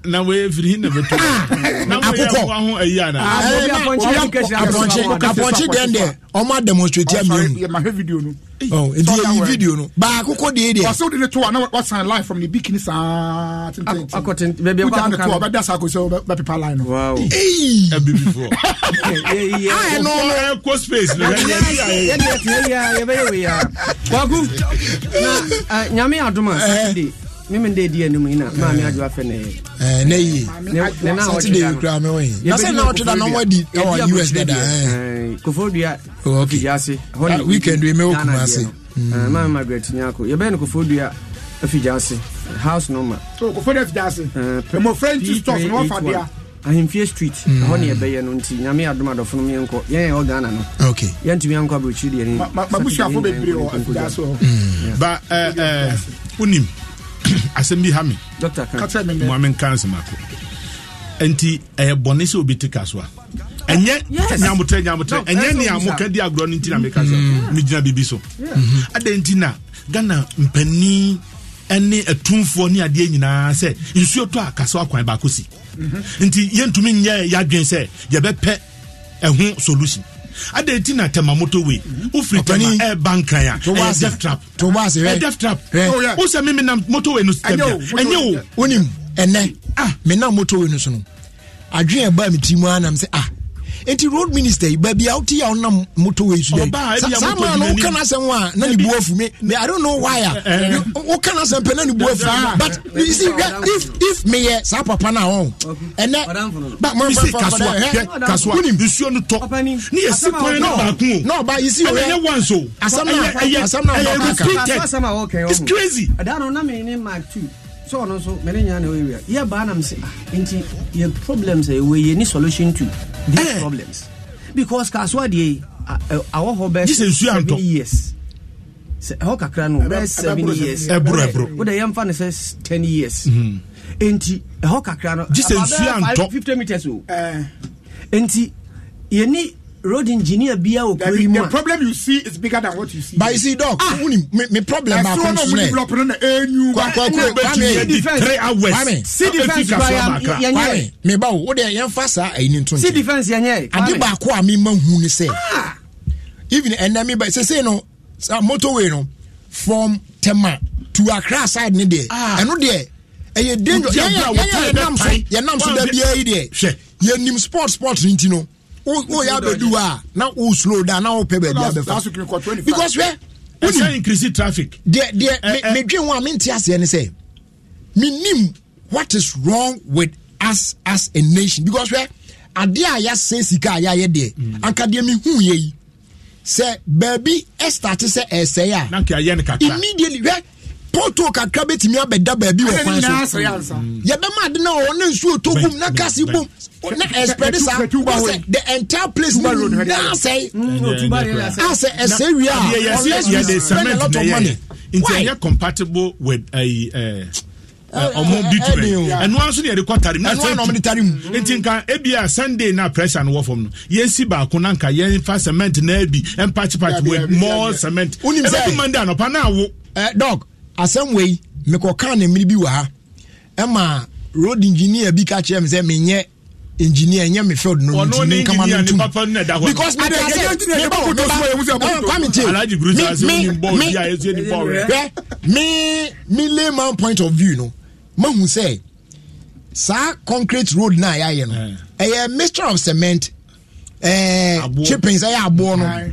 na wɔɛfiri na bɛtɔakokɔ
apɔnkye dɛn dɛ ɔma demonstrate ammiɛmu mahwɛ video no Oh, nti yɛ video no baako kɔ deɛ deɛ wɔsɛ wode ne to a na wasan line from ne bikini saa tententwogya ne to a wobɛda saa kɔ sɛ wobɛpepa line no ɛno
space eh, Yeah, yeah, yeah, yeah,
yeah. a kwaku na eh, nyame adom a eh. sɛde mímí ndé di ẹnu mu yìí na maa mi adwa fẹ n'ẹyẹ. ẹ ne yi sátidé kura mi wọnyi na ọtí da náà di ẹwọ us dada. kòfódùá fìdí ase. weekend mi ò kùn ase. maa mi margaret nyako yẹ bẹ́ẹ̀ ni kòfódùá fìdí ase house number.
kòfódùá fìdí ase
mmọfra ntú stọọf ni wọ́n fà dé a. ahemfie street ɛhɔ ne yɛbɛyɛ no nti nyame adomadɔfo no meɛnkɔ yɛn ɛwɔ ghana no yɛntumi ankɔ aberɛkyiri deɛ ne mabusuafo wɔ afidaa hɔ ba wonim eh, asɛm bi
ha me moa menka nsɛmako nti ɛyɛ bɔne sɛ obi te ka so a ɛnyɛ nyamotɛ nyamotɛ ɛnyɛ nea moka di agorɔ no nti na meka sɛ mm. megyina biribi so mhm. adɛn nti na ghana mpanin ɛne atumfoɔ ne adeɛ nyinaa sɛ nsuo tɔ a kasaw akwan baako si mhm. nti yɛntumi nyɛ yɛadwen sɛ yɛbɛpɛ ɛho solution ada eti na tɛma motorway wofiri tɛma
ɛɛba nkran a ɛyɛ death trap ɛyɛ death trap oh, wosɛ mi mi nam motorway no tɛmia ɛnyɛ o. wonim ɛnɛ ah. menam motorway no so no adwene ɛbaa me ti mu a sɛ ah nti road minister yi baabi a wote yɛ a wonam motorway so dɛ ma no woka no a na ne bua afu me i don't know why a eh, eh, eh. woka no pɛ na ne bua afu but you see if if meyɛ saa papa no a ɔ ɛnɛ
nsuo no tɔ ne yɛsi kwan no baako o ba you see ɛyɛ once o asɛm it's crazy sɛ ɔno nso mene nya na ɔyɛwia yɛbaa nam sɛ nti yɛ problems a ɛwɔ yɛni solution to these eh. problems because kasoa deɛ awɔ hɔ bɛɛ years sɛ ɛhɔ kakra no bɛɛ seven years wode yɛmfa no sɛ ten years enti mhm. ɛhɔ kakra no fifty meters o enti eh. yɛni road engineer bi a okuro yi mu a. the problem you see is bigger than what
you see. but you see dog ah wuli mi mi problem baako n sinɛ kwakwakwere kwame three hours si defense ba yɛn yɛ mi bawo o de yɛn fa saa ayi ni tuntun si defense yɛn yɛ ade baako a mi ma hu ni sɛ ah! even ɛnna mi ba sese no sa motorway no from tema to accra side ni deɛ ah! ɛno deɛ ɛyɛ dangerous yɛn yɛ yɛn yɛ nam so yɛn nam so dabi yɛ yi deɛ yɛ nim sport sport ni ti no woyɛ abɛdu a na wo slow down na wopɛ baabi
abɛfa because
wɛ increase traffic deɛ deɛ medwen ho a mente aseɛ ne sɛ menim what is wrong with us as a nation because wɛ adeɛ a yɛasɛ sika a yɛayɛ deɛ mm. anka deɛ mehu yɛ yi sɛ baabi ɛstarte sɛ ɛsɛe a immediately wɛ poto kakra bɛtumi abɛda baabi wɔ kwan so mm. yɛbɛma ade no ɔwɔ ne nsuo tɔ bom na kase bom na ɛspɛde saa sɛ the entire place mm, no nyinaa sɛe
a sɛ ɛsɛ wie a
unless you spend a lot of money nti ɛyɛ
compatible with a uh, ɔmo bi tu bɛ ɛnua nso yɛde kɔ tari mu ɛnua na ɔmo de tari mu nti nka ebia sunday na pressure no wɔ fam no yɛn si baako na nka yɛn fa cement na ebi ɛmpakipaki with more cement
ɛbɛ bi monday anɔpa na awo. Eh, dɔg asɛm wei mekɔkaa ne mmiri bi wɔ ha ɛma road engineer bi ka kyerɛ me sɛ menyɛ engineer ɛnyɛ me field no ntumi nkama no ntum because mi de ɛyɛ ɛyɛ ba koto so ɛyɛ musa koto kwami tie mi mi mi mi layman point of view no mahu sɛ saa concrete road na yɛayɛ no eh. ɛyɛ mixture of cement ɛɛ eh, chippings ɛyɛ aboɔ no.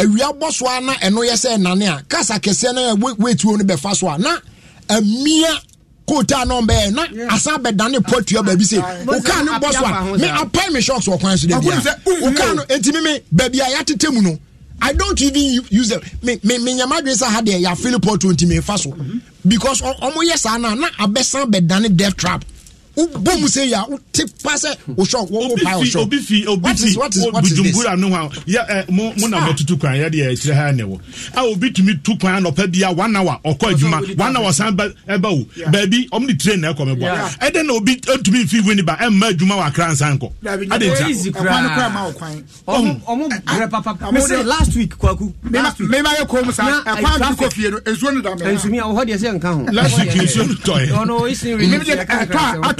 awia bɔ so a na ɛno yɛ sɛ nane a cars akɛseɛ no wetuo no bɛfa so a na amia kóòtù àná ọbẹ yẹn na asan bẹ dani pọ tuya bẹẹbi se o kaa bọ so a mi apai mi shocks wọ kwan so de bi a o kaa no mi mi bẹẹbi a yà tètè mu no i don't even use them mi mi mi nyama de sa ha de yà fili pọ tu nti mi fa so mhm. because ọmọ yẹ sa na na abẹ san bẹ dani death trap bó mu se yà ó ti pa oṣù ọwọ ó pa oṣù. obi fi obi fi bujumbura nu hàn yẹ ẹ mu mu na bẹ
ah. tutu kwan yẹ de eh, ha ẹ wọ a obi tumi tu kwan nọpẹ bia one hour ọkọ adwuma one hour san ẹ bá bẹẹbi ọmọ ni train ẹ kọ mi bọ ẹ na obi eh, tumi fi wini ba ẹ eh, mọ adwuma wà kra nsa nkọ adi
n ta ọkwan kura ma ọkwan. ọmọ bẹrẹ papa mi se last week kwaku. mi ma ye sa ẹkwan mi ko fie no ni da mẹ. nsumi awọ de ɛsɛ nkan ho. last week nsuo ni tɔ ye.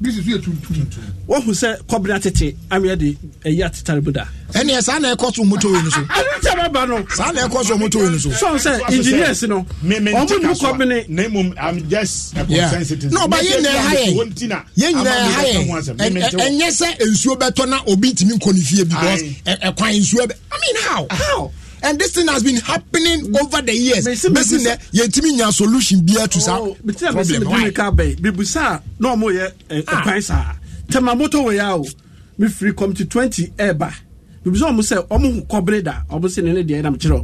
this is yɛ tuntum.
wohu sɛ kɔbena tete ameɛ de ɛyɛ atetare da. ɛnni saa na ɛkɔ so moto wei ni so. ɛni tɛ bɛ ba no. saa na ɛkɔ so moto wei ni so.
sɔn sɛ engineers no ɔmu nu kɔbene.
ne mu i'm just a
consensus.
n'o ba yɛ nyinaa ha yɛ yɛ nyinaa ha
ɛnyɛ sɛ nsuo bɛtɔ na obi ntumi nkɔ ne fie because ɛkwan e, e, nsuo bɛ i mean how. how and this thing has been happening mm. over the years bẹsí nẹ yẹn ti mi nya solution bi to tu problem why. bíbí bẹ́ẹ̀ bíbí sá náà mo yẹ ẹ̀kpan sá
tẹ̀mà mọ́tò wẹ̀ yá o mi twenty ẹ̀ bá bíbí sá say, sẹ ọmọ hù kọ́bìrì dà ọmọ sẹ ní ní diẹ ẹ̀dàm kyerẹ o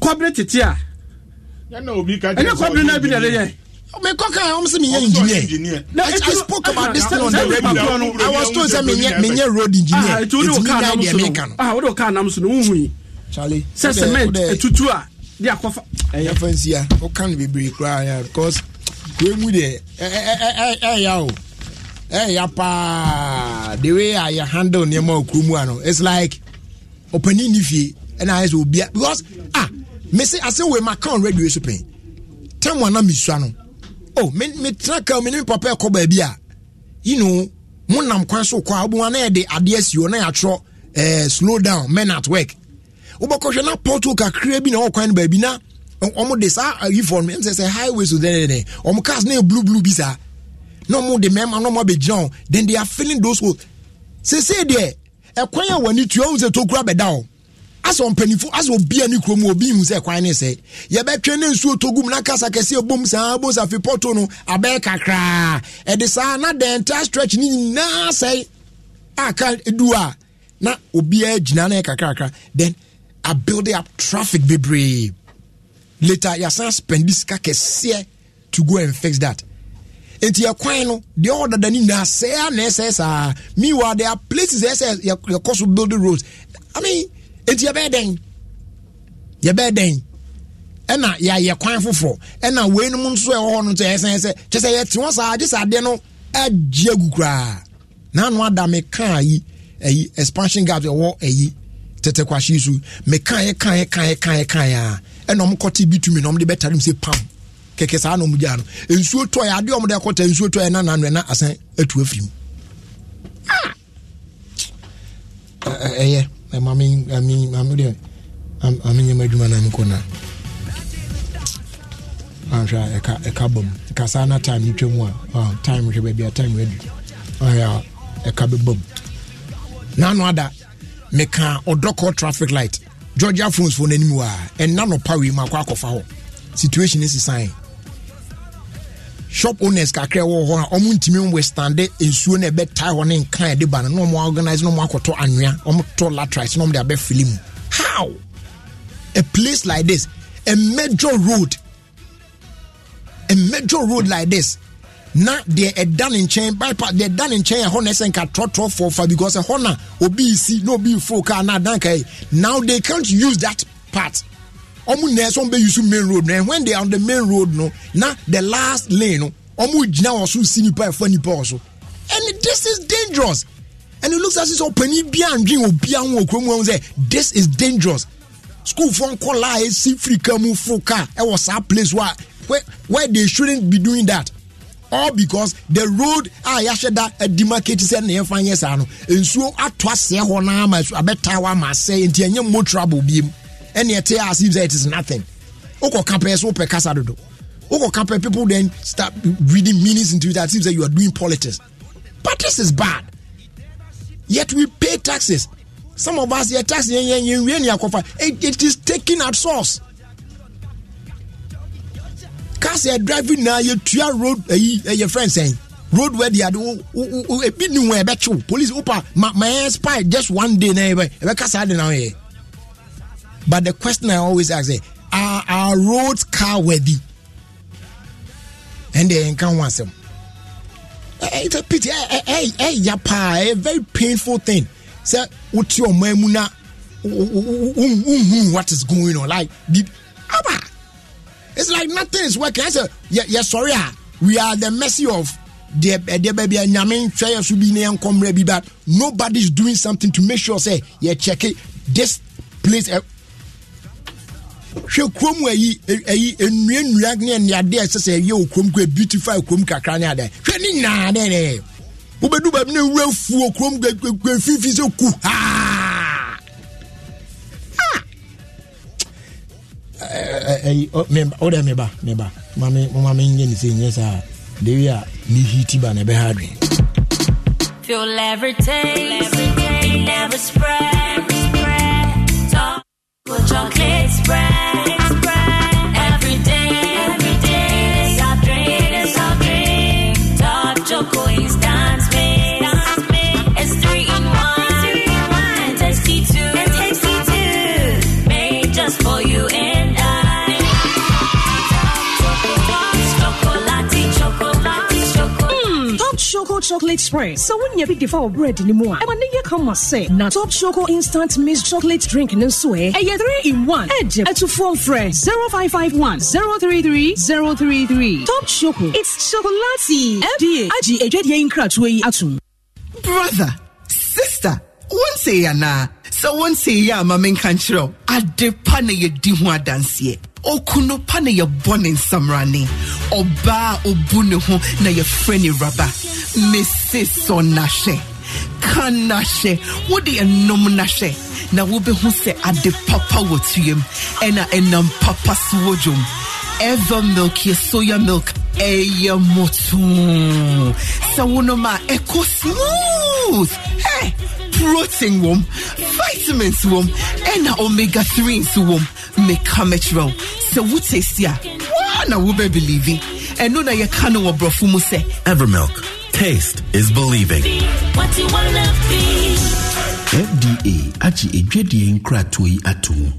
kọ́bìrì tètè a ẹ̀yẹ kọ́bìrì na bi na ẹ̀ yẹ
mi kɔ kan ɔmu sɛ mi engineer I, I spoke about this thing on the radio I was told sɛ mi yɛ road engineer ètò mi ká yɛ mi kan. o de o ká anam sunu n hun yi sɛ cement ɛtutu a de akɔfa ɛyɛ fa nsia woka no bebree koraa ya because wei mu deɛ ɛɛya o ɛɛya paa the way I yɛ handle nneɛma wɔ kurom a no it's like ɔpani ni fie ɛna ayɛ sɛ obia because ah mese ase wei ma kan radio so pɛn tam wa na mesua no oh me me tena ka me ne papa ɛkɔ baabi a you know mo nam kwan so kɔ a wobɛhu a na yɛde adeɛ si hɔ na yɛatwerɛ eh, slow down men at work wobɛkɔhwɛ na portal kakraa bi na wɔkwan no baabi na ɔmo de saa ayifoɔ no sɛ sɛ highway so dɛnɛdɛnɛ ɔmo cars na yɛ blue blue bi saa na ɔmo de mɛɛma na ɔmo abɛgyina hɔ then they are filling those holes sese deɛ ɛkwan a wɔn tua ohun sɛ tokura bɛda hɔ asɛ ɔmpanifo asɛ obia ne kurom obi hu sɛ kwan ne sɛ yɛbɛtwe ne nsuo to gum na kasa kɛseɛ bom saa bo safe pɔto no abɛɛ kakraa ɛde saa na the entire stretch ne nyinaa sɛe aka du a na obiaa gyina na ɛkakrakra then are build up traffic bebree later spend this sika kɛseɛ to go and fix that nti ɛkwan no deɛ ɔdada ni nyinaa sɛɛ na ɛsɛ saa meanwhile there are places ɛsɛ yɛkɔ so the roads i mean nti yɛbɛyɛ dɛn yɛbɛyɛ dɛn ɛna yɛayɛ kwan foforɔ ɛna wei no mu nso ɛwɔ hɔ no nso ɛsɛn sɛ kyɛ sɛ yɛte wɔn saa agye saa adeɛ no agye agu koraa n'ano ada mi kaa yi ɛyi expansion gap ɛwɔ ɛyi tete kwahye so mekaeɛ kaeɛ kaeɛ kaeɛ kaeɛ a ɛna ɔm kɔte bi tumi na ɔmde bɛtare m sɛ pam kɛkɛ saa na ɔmgyaa no nsuo tɔɛ adeɛ ɔmde ɛkɔta nsuo tɔɛ na nano ɛna asɛn atu afiri mu ɛyɛ mamede amenyɛma adwuma no mekɔ na ahwɛ ah, a ɛka bɔ mu kasa na time no twa mu a time hwɛ baabi a time adu ah, ɛka bɛbɔ mu na ada meka ɔdɔkɔ traffic light georgia phones fo n'anim wa ɛna nɔpa wei mu akɔ akɔfa hɔ situation is sign shop owners kakra wɔ hɔ a ɔmo ntumi wɛstande nsuo na ɛbɛtae hɔ ne nkan ɛde ba no na ɔmo organize na ɔmo akɔtɔ anwea ɔmo tɔ latrite na ɔmo de abɛ fili mu how a place like this a major road a major road like this na deɛ ɛda ne nkyɛn bypass deɛ ɛda ne nkyɛn ɛhɔ na ɛsɛ nka trɔtrɔ fɔfa because ɛhɔ na obi si na obi fo kaa na adan ka yi now they can't use that part wɔn nyinaa so wɔn bɛ use main road na when they are on the main road no na the last lane no wɔn gyina wɔ so si nipa ɛfɔ nipa wɔ so and this is dangerous and it looks as if ɔpanin bi andwin obi ahun okuro mu ahun sɛ this is dangerous school fɔ nkɔla a esi firi ka mu fo kaa ɛwɔ saa place wa where where they shouldn't be doing that. all because the road a yɛahyɛ da demarcate sɛ ne yɛmfa nyɛ saa no nsuo ato aseɛ hɔ no ama abɛtaa wɔ ama asɛe nti ɛnyɛ mo trouble biom ɛne ɛte a seems it is nothing wokɔka pɛɛ so wopɛ kasa dodo wokɔka pɛɛ people then start reading meanings into it it seems that you are doing politics but this is bad yet we pay taxes some of us yɛ tax yɛn yɛn yɛn wie ne akɔfa it is taken at source cars yɛ driving na yɛ tua road ɛyi eh, ɛyɛ eh, friend sɛn eh, road wɛ di adi wo wo wo ebi ni wɔn ɛbɛ tso police wopa ma ma yɛ spy just one day na ɛbɛ ɛbɛ kasa adi na yɛ but the question i always ask is are our roads car worthy and de yɛn kan wɔn asɛm it's a pity ɛ ɛ ɛ ya paa a very painful thing sɛ wotu ɔmo ɛmu na wo wo wo what is going on like bi aba. It's like nothing is working. I said, yeah, yeah, sorry, ah. we are the mercy of the eh, baby eh, but nobody's doing something to make sure say yeah check it this place eh, hwɛ kurom ayi ayi nnua nnua ne nneadeɛ ɛsɛ sɛ ɛyɛ wɔ kurom kɔ beautify kurom kakra ne adeɛ hwɛ ne nyinaa dɛ dɛ wobɛdu baabi ne wura fuo kurom kɔ fifi sɛ ku haa wode meba meba moma menyɛ ne sɛ nyɛ saa de wi a mehiti ba na ɛbɛha adwen
Feel every taste, never spread, spread. Talk with chocolate spread, spread. chocolate spread. So when you be the for bread anymore, I'm gonna come and say not top choco instant mixed chocolate drink ni so e. E ye 3 in 1. E je to phone friend 0551 033 033. Top choco. It's chocolatey. FDA agi ejedi in kra atum.
Brother, sister, won't say ya na. So won't say ya control. men kan chiro. Adepa na ye di ho okunu pa na yɛbɔ ne nsamrane ɔbaa obu ne ho na yɛfrɛ ne raba mese sɔ na hwɛ ka na wode ɛnom na na wobɛhu sɛ ade papa wɔ tuam ɛna ɛnam papa so wɔ dwom ever milk yɛ soya milk ɛyɛ mmɔtoo sɛ wonom a ɛkɔ smooth hey, protein wɔm vitamins wɔm ɛna omega 3 nso wɔm meka mɛkyerɛw sɛ wotesi a waa na wobɛbelieve ɛno na yɛka no wɔ borɔfo mu sɛ evermilk taste is believing
what you wanna be.
fda agye edwadie nkratoɔ yi ato mu.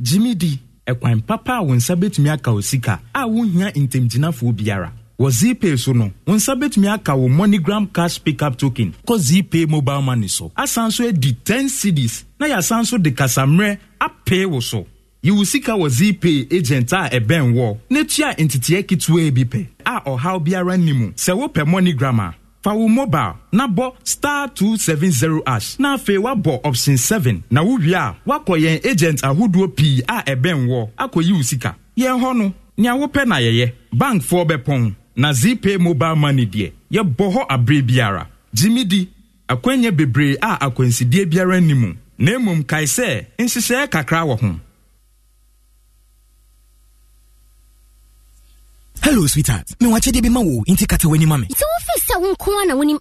gyimidi ɛkwan papa a wo nsa betumi aka o sika a wohia ntɛmgyinafoɔ biara wɔ zpay so no wo nsa betumi aka wo monogram cash pickup token kɔ zpay mobile money so asan nso adi 10 cities na yɛasan nso de kasammerɛ apee wo so yiwu sika wɔ zpay agent a ɛbɛn wɔ na tua nteteɛ ketewa bi pɛ a ɔhaw biara nni mu sɛ wopɛ monogram a fa wo mobile na bɔ star 270 ash na afei woabɔ option 7 na wowie a woakɔ yɛn agent ahodoɔ pii a ɛbɛn wɔ akɔyi wo sika yɛn hɔ no nea wopɛ na yɛyɛ bankfoɔ bɛpɔn na zpay mobile money deɛ yɛbɔ hɔ aberɛ biara gyimidi akwanya bebree a akwansideɛ biara nni mu na mmom kae sɛ nhyehyɛe kakra wɔ ho hello sweetheart mewakye deɛ bi ma wo inti kata w'anim ame
nti wofi sɛ wo
nko a na wonim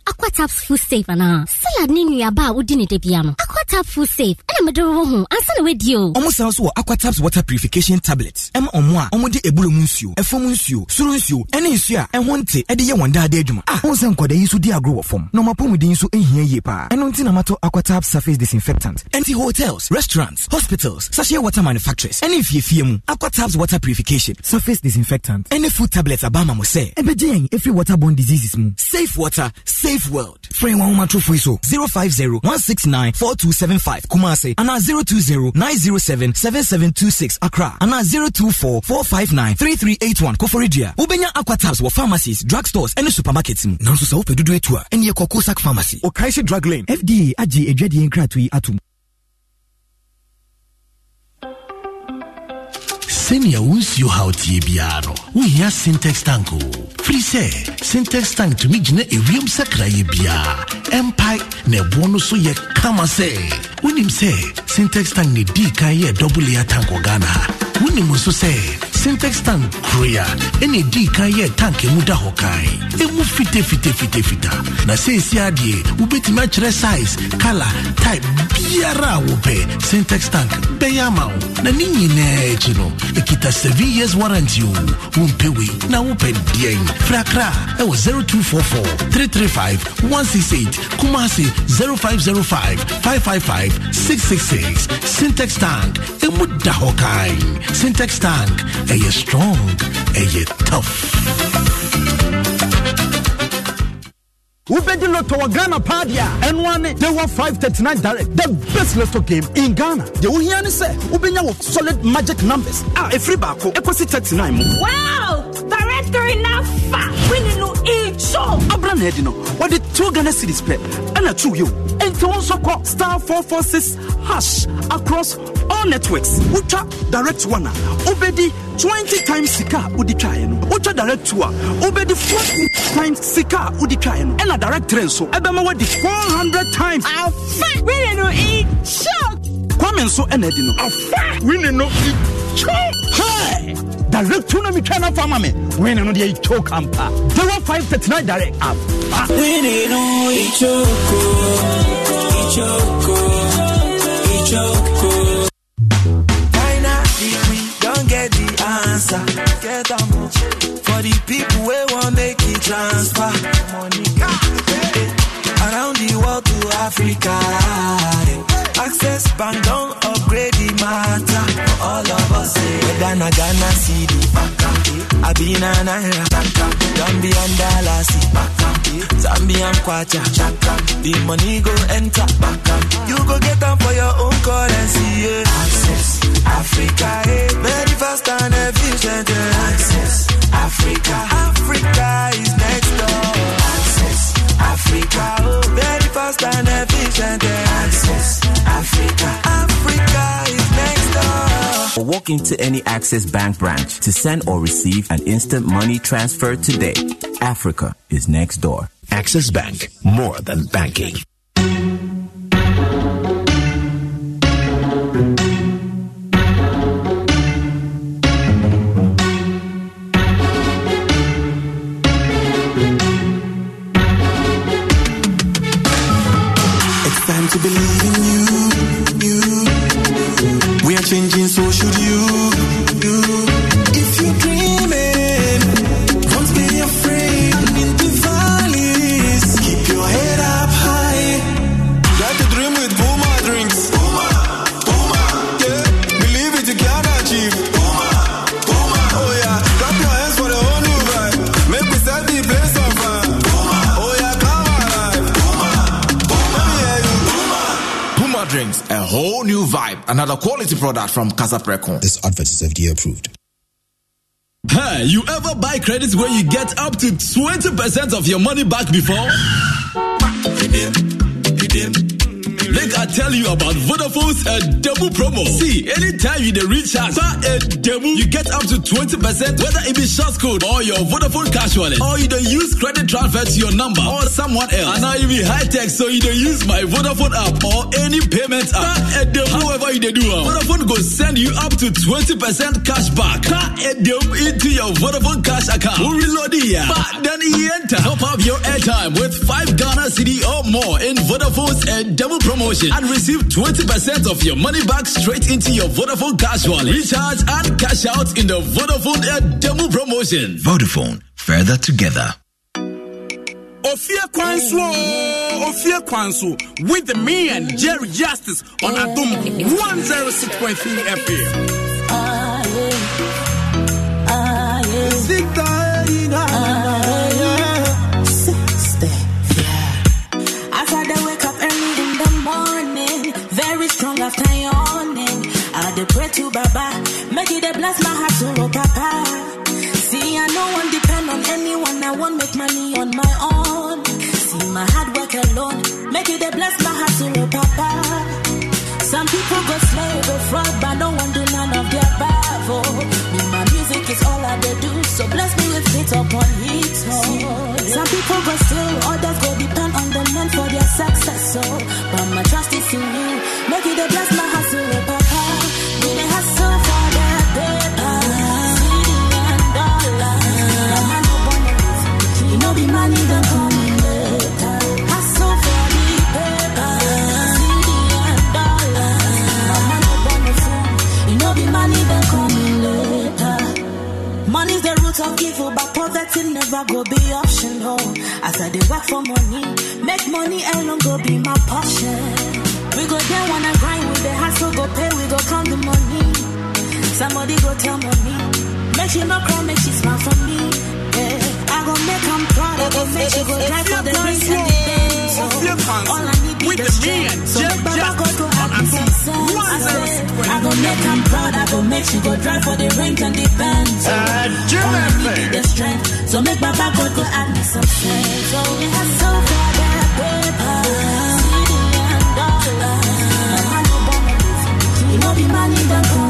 food safe na salad ne nnuaba a wodi ne da bia aqua tap food safe ɛna mɛde wɔwɔ ho ansa na wadie o. ɔmo san
so wɔ water purification tablets ɛma ɔmo a ɔmo de ebolo mu nsuo ɛfam nsuo soro nsuo ɛne nsuo a ɛho nte ɛde yɛ wɔn daade adwuma a wɔn sɛ nkɔda yi nso di agro wɔ fam na ɔmo apɔmuden nso ehia yie paa ɛno nti na matɔ aquatabs surface disinfectant ɛnti hotels restaurants hospitals sachet water manufacturers ɛne nfiefie mu aquatabs water purification surface disinfectant ɛne food tablets abama mo sɛ ɛbɛgye yɛn efiri waterborne diseases mu safe water safe world frɛ wɔn ahomatrofo yi so zero five zero one six nine four two 07075 Kumasi and 020-907-7726 Accra and 024-459-3381 Koforidia. Ubenya Aqua Tabs wɔ pharmacies, drugstores and supermarkets mu. Nanso sɛ wopɛ dodo etu a, ɛne yɛ kɔkɔ pharmacy. Okaisi Drug Lane. FDA agye adwadie nkratoyi atum. sɛnea wo nsuo haw tie biara no wohia sintex tank o firi sɛ sintex tank tumi gyina ewiem sakrayɛ biara ɛmpae na ɛboɔ no so yɛ kama sɛ wonim sɛ sintex tank ne dii kan yɛ double layer tank wɔ ghana ha wonim nso sɛ syntex tank kurea ɛne ɛdii kan yɛɛ tank ɛmu da hɔ kae ɛmu fitafitafitafita na seesia deɛ wobɛtumi akyerɛ size kala type biara a wopɛ syntex tank bɛyɛ ama wo na ne nyinaa akyi no ɛkita 7 years warranty o wompɛ wei na wopɛ deɛn frakra ɛwɔ 0244 335 168 kumase 0505 555 666 syntex tank ɛmu da hɔ kae Syntax Tank, Are you strong, Are you tough. wobɛgye lotɔ wɔ ghana paa deɛ a ɛno a ne dewa 539 direct the best lotto game in ghana deɛ wohia ne sɛ wobɛnya wɔ solid magic numbers ah, a ɛfiri barco, equasi 39 mu
wow now. enough winning no so abra na no,
what the two ghana series pɛ ɛna two you. o enti wɔn nso star four four hash across all networks Ucha direct one a ah. wobɛdi twenty times sika udi wode Ucha direct two a ah. wobɛdi forty times sika udi wode twaeɛ no direct three nso ɛbɛma wadi four hundred times. afa need no eat. Shock. kwame nso ɛna ɛdi no. afa e need no eat. Shock. Hey. direct na metwa no afa ma me wene no deɛ ɛto kampa 0539 direct app ah.
Get the answer. Get for the people we want make it transfer. Money. Around the world to Africa. Access bank down, upgrade the matter. All of us say, eh. whether na Ghana see the baka, I the road, naira, eh. Gambian dollar see eh. baka, Zambian kwacha, the money go enter baka. You go get them for your own currency. Yeah. Access Africa, yeah. very fast and efficient. Yeah. Access Africa, Africa is next door. Africa. Oh, very fast and efficient. Access Africa. Africa
is next door. Or walk into any Access Bank branch to send or receive an instant money transfer today. Africa is next door. Access Bank, more than banking. another quality product from Casa Precon. This advert is FDA approved. Hey, you ever buy credits where you get up to 20% of your money back before? Make I tell you about Vodafone's a double promo. See, anytime you recharge, buy a demo, you get up to 20% whether it be short code or your Vodafone cash wallet, or you don't use credit transfer to your number or someone else. And now you be high tech, so you don't use my Vodafone app or any payment app. Buy a demo, however you do. Um. Vodafone go send you up to 20% cash back. Buy a demo into your Vodafone cash account. Hurry, reload the app, but then enter. Top up your airtime with 5 Ghana City or more in Vodafone's a double promo promotion and receive 20% of your money back straight into your Vodafone cash wallet. Recharge and cash out in the Vodafone Air Demo promotion. Vodafone, further together. Ofia Kwanso, Kwanso, with me and Jerry Justice on Adum 106.3 FM.
He they bless my heart to oh papa. See, I no one depend on anyone. I won't make money on my own. See, my hard work alone. Make it they bless my heart to oh papa. Some people go slave or fraud, but no one do none of their above. Oh. my music is all I do, so bless me with hits upon hits. Some people go steal, other Nothing never go be optional. As I dey work for money, make money alone go be my passion. We go there when I grind with the hustle, go pay, we go count the money. Somebody go tell mommy, make she not cry, make she smile for me. Yeah. I go make them proud, I go make she go die for the reason. So all I need is the strength. So make Baba go to I am gonna make am proud, I am gonna make she go drive for the rank and the bench. Uh, Jimmy, the strength, so make my back go go and be success. So we have so far that paper, see the end of it. You know the money do that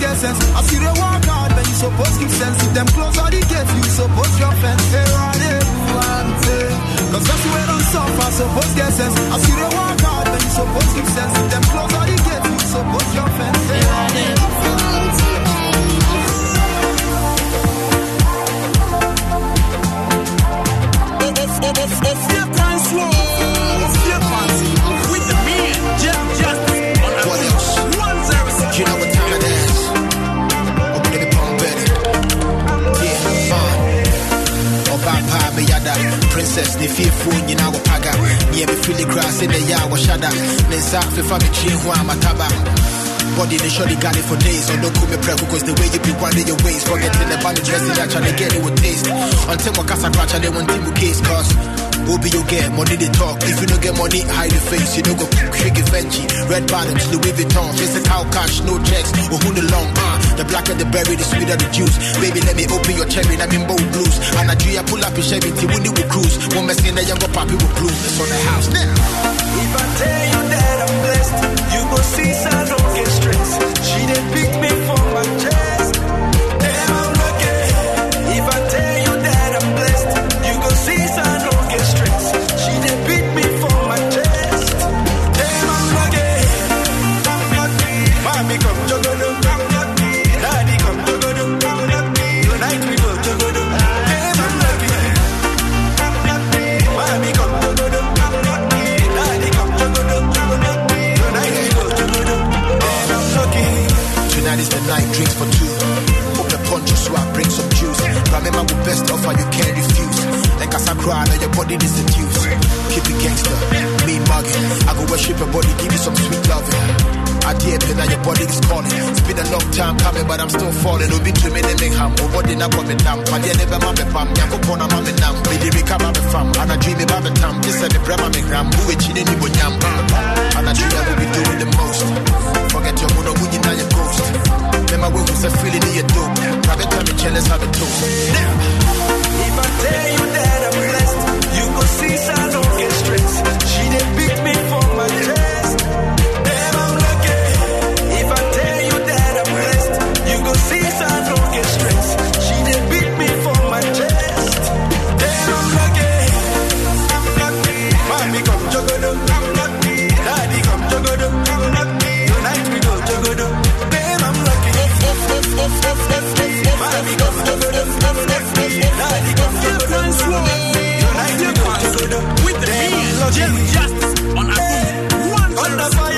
guesses. I see they walk out but you supposed to give sense. If them close all the gates, you supposed to offend. Hey, Cause that's where don't suffer, supposed get sense. I see they walk out but you supposed to give sense. If them close all the gates, you supposed to offend. Hey,
It's, it's, it's, it's the price war.
friends ne fearful nyinaa wɔpaga neɛ mefili koraa sɛ nɛyɛ a wɔhyada ne nsa fefa metwie ho a mataba body they surely got it for days. Or don't call me prep because the way you be one of your ways. Forgetting about the dressing i trying to get it with taste. Until my casa crash, I don't want to case cause. Will be your get money they talk. If you don't get money, hide your face. You don't go shake it Fenty. Red bottoms, Louis Vuitton. Chasing cow cash, no checks. Or who the long ah. Uh, the blacker the berry, the sweeter the juice. Baby, let me open your cherry. I'm in bold blues. And ya pull up in Chevy. Till we will cruise. One mess in the younger pop, will blue. It's on the
house now. If I tell you that I'm blessed, you go see some orchestrates. She did not pick me for my
I the best offer you can't refuse. Like as I cry, now your body is seduced. Keep it gangster, me mugging. I go worship your body, give you some sweet loving. I did it, that your body is calling. It's been a long time coming, but I'm still falling. Obi to me, they ham. Oh, what did I come in down? My dear, never mammy pam. Yanko corner, mammy nam. Me, they become mammy fam. And I dream about the time. This is the brother mammy gram. Who is cheating, you would yam. And will be doing the most. Forget your mother when you your ghost. Remember when we said feeling in your dope. Grab it, jealous, have a toast. Now,
if I tell you that I'm blessed, you go see I don't get stressed. She didn't pick me for my chest.
Just Justice on Akun. One the fire.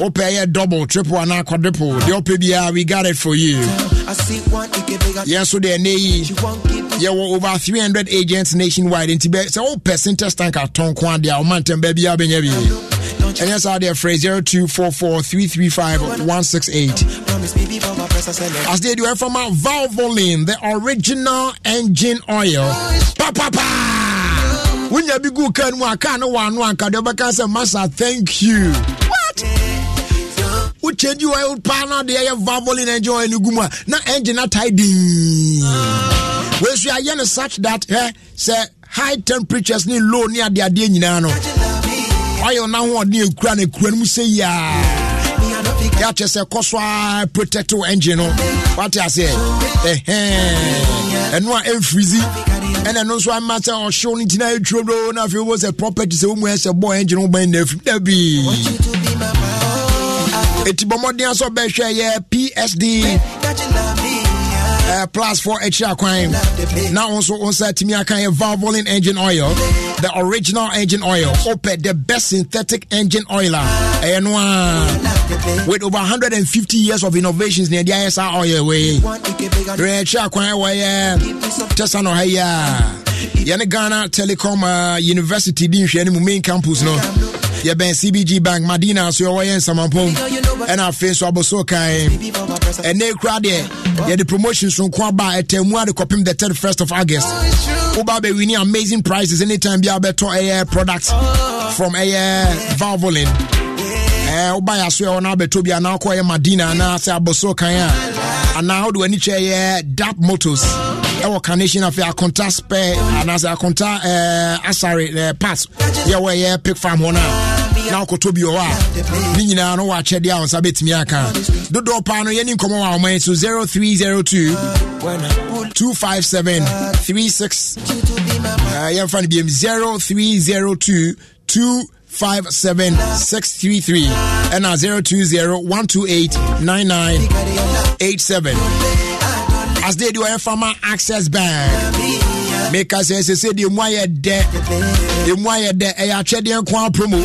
Open yɛ double triple anaa quadruple The open biara we got it for you yɛ so deɛ ɛnɛ yi yɛwɔ over 300 agents nationwide nti bɛ sɛ wopɛ sintes tank atɔn ko adeɛ a woma ntɛm baa biara wobɛnya 0244335168 as they do from our valvoline the original engine oil pa pa pa wonya bi gu kaa no mu a kaa thank you change your old na de ɛyɛ vavolin engine oil no gu mu a na engine atae dii wɔsu ayɛ no such that ɛ eh, sɛ high temperatures near low near ne adeadeɛ nyinaa no ɔyɛ na hoɔden ɛkura no ɛkura no mu sɛ yiaa yɛakyɛ sɛ kɔ so a protective engine no wate aseɛ ɛhɛn ɛno a ɛmfirizi ɛna ɛno nso ama sɛ ɔhyew no ntina ɛtwuro do na afei wobɔ sɛ property sɛ wo a boy engine wo bɛn na afiri da eti bɔmmɔden asɔ bɛhwɛ yɛ psd uh, plus four extra crime. Now also also Timia Kanye engine oil, the original engine oil, Opet, the best synthetic engine oiler. And one with over 150 years of innovations near the ISR oil way. Extra crime way, just an Ohio. Yana Ghana Telecom uh, University, the main campus no. yɛbɛn cbg bank madina nso yɛwɔ yɛ nsamampɔm ɛna afei nso abɔso kan ɛnɛ kura deɛ yɛde promotion so nko aba ɛtɛmu ade kɔpem the 31st of august woba bɛwini amazing prices anytime bi a wobɛtɔ ɛyɛ product from ɛyɛ valvolin woba eh, yɛ aso ɛwɔ no abɛtɔ bi anaa wokɔ madina anaa sɛ abɔso kan a anaa wode w'ani kyerɛ yɛ dap motos ɛwɔ carnation afei akonta spare eh, anaasɛ akonta asare eh, part yɛwɔ ɛyɛ pig farm hɔ no a na wokɔtɔ bi ɔwɔ a ne nyinaa no wɔakyɛdeɛ a wo nsa bɛtumi aka dodoɔ paa no yɛne nkɔmmɔ wɔ awoma yi so 0302 257 36 yɛmfa no biom 0302 257 ɛna 020 128 9987 as they do I ɛmfa access bank meka sɛ ɛsɛ sɛ deɛ mu ayɛ dɛ ɛmu ayɛ dɛ ɛyɛ akyɛdeɛ nko a promo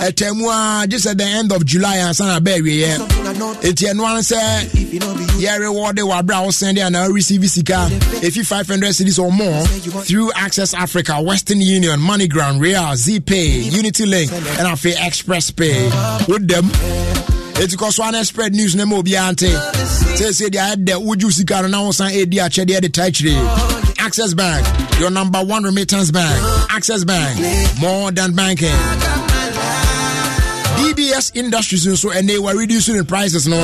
ɛtɛmu a gye the end of july ansa na bɛɛ wieɛ eti ɛnu an sɛ yɛrewɔde wabra a wɔsɛn de ana receive sika efi five hundred cedis or more through access africa western union moneygram real zpay unity link ɛna afei express pay wodɛm eti kɔ so ana spread news ne ma obiara nte seesei deɛ ayɛ dɛ woju sika no na wɔsan edi akyɛdeɛ de taa akyire. Access Bank, your number one remittance bank. Access Bank, more than banking. various industries nso and they were reducing the prices no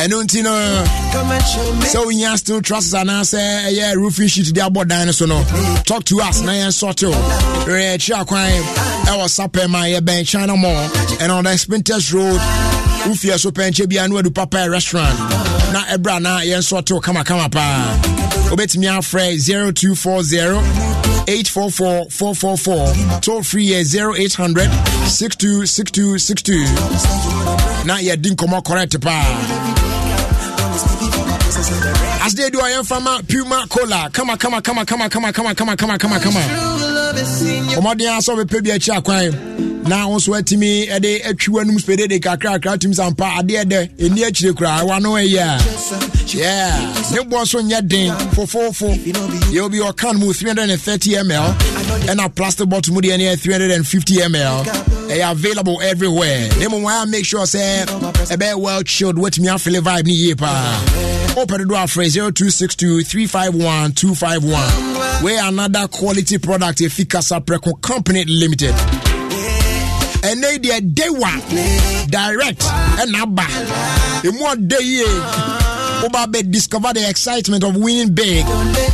ɛno nti no sɛ wonya still trust anaasɛ ɛyɛ roofing sheet de abɔ dan no so no talk to us na yɛnsɔte o yɛkyerɛ akwan ɛwɔ sapɛm a yɛbɛn china mall and on the spinters road wofie so pɛnkyɛ biara ne wadu papa restaurant na ɛbrɛ na yɛnsɔte o kamakama paa wobɛtumi afrɛ 0240 toll free yɛ 0800 626262 na yɛdi nkɔmmɔ correct paa asde du ɔyɛmfa ma puma cola kama kama kama kama kama kama kama kama kama kama ɔmɔden asɔ bɛpɛ bi akyi akwan na wo nso atumi de atwi w'anom spedede kakrakra tumi sa mpa adeɛ dɛ ɛni akyire koraa wano ɛyɛ
a
ne boɔ so nyɛ den fofofo yɛwɔ bi ɔkan mu 330 ml ɛna plastic bottle mu deɛ ne 350 ml ɛyɛ available everywhere na mmom wayɛ make sure sɛ ɛbɛyɛ well chilled woatumi afele vibe ne yie paa wopɛ dodo afrɛ 0262 351 251 wei another quality product ɛfi kasa prɛko Tobacco Company Limited. And they dear day one direct and abba. In one day, Obabe discover the excitement of winning big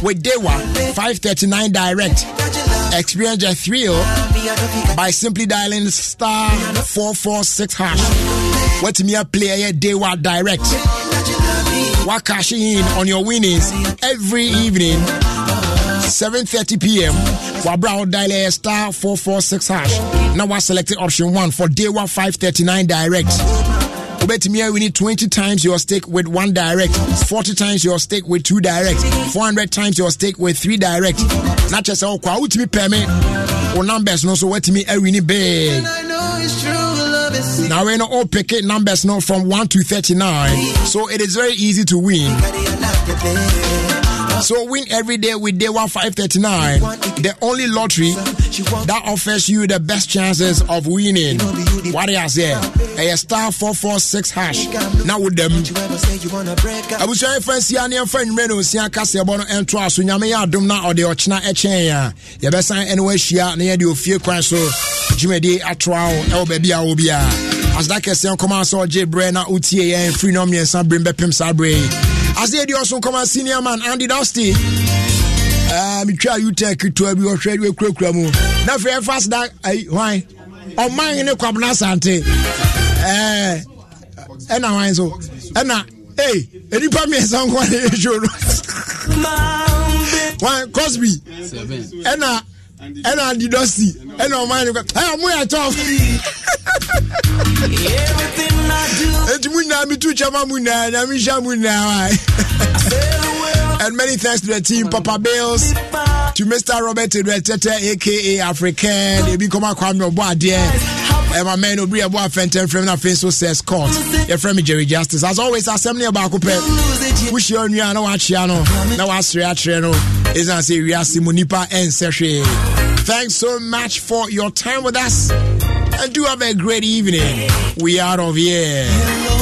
with Dewa 539 direct. Experience a thrill by simply dialing star 446 hash. What's me a player Dewa direct. What cashing in on your winnings every evening 7:30 p.m wabra wo dial star 446 hash Now I selected option 1 for day 1 539 direct We bet me we need 20 times your stake with 1 direct 40 times your stake with 2 direct 400 times your stake with 3 direct Not just all. wokɔ a wotumi pɛ numbers no so woatumi awini eh, big now we know all picket numbers now from 1 to 39 so it is very easy to win so win every day with day one five thirty nine. The only lottery that offers you the best chances of winning. What do you say? A star four four six hash. Now with them.
I
was trying friends here and friend Reno Siaka Sebono and Twas. So Yame Adum na or the Ochna Echenya. Yabesan anyway Shia near the Ophir Cranso. Jimmy D. Atrao El Baby Aobia. As that question come out, so Jay Brenner, UTA, and free no me and some bring back him aseɛ deɛ ɔso nkɔma senior man andy dusty metwaa utek toa bi ɔhwɛ wekurakura mu na afei ɛfas da hwan ɔman ne kwabena asante ɛna eh, hwan so ɛna ei nnipa mmiɛnsa nkɔ ne ɛsuo no wan cosby ɛna ɛna adidɔsi ɛna ɔmo ayɛ nìkan ɛna ɔmo yɛ tɔf eti mu nyinaa mi tu kyɛma mu nyinaa na mi hyɛ mu nyinaa and many thanks to the team papa bills to mr robert edward tete aka african ebi kɔma kwame ɔbɔ adeɛ. ɛma mɛn no obiri ɛbɔ afɛntɛn fɛm na afei says court your friend me jerry justice as always assembly asɛm ne yɛ baako pɛ wohyia onua na wakyea no na wasere akyerɛ no ɛsiane say we are Simonipa and hwee thanks so much for your time with us and
do have a great evening we out of here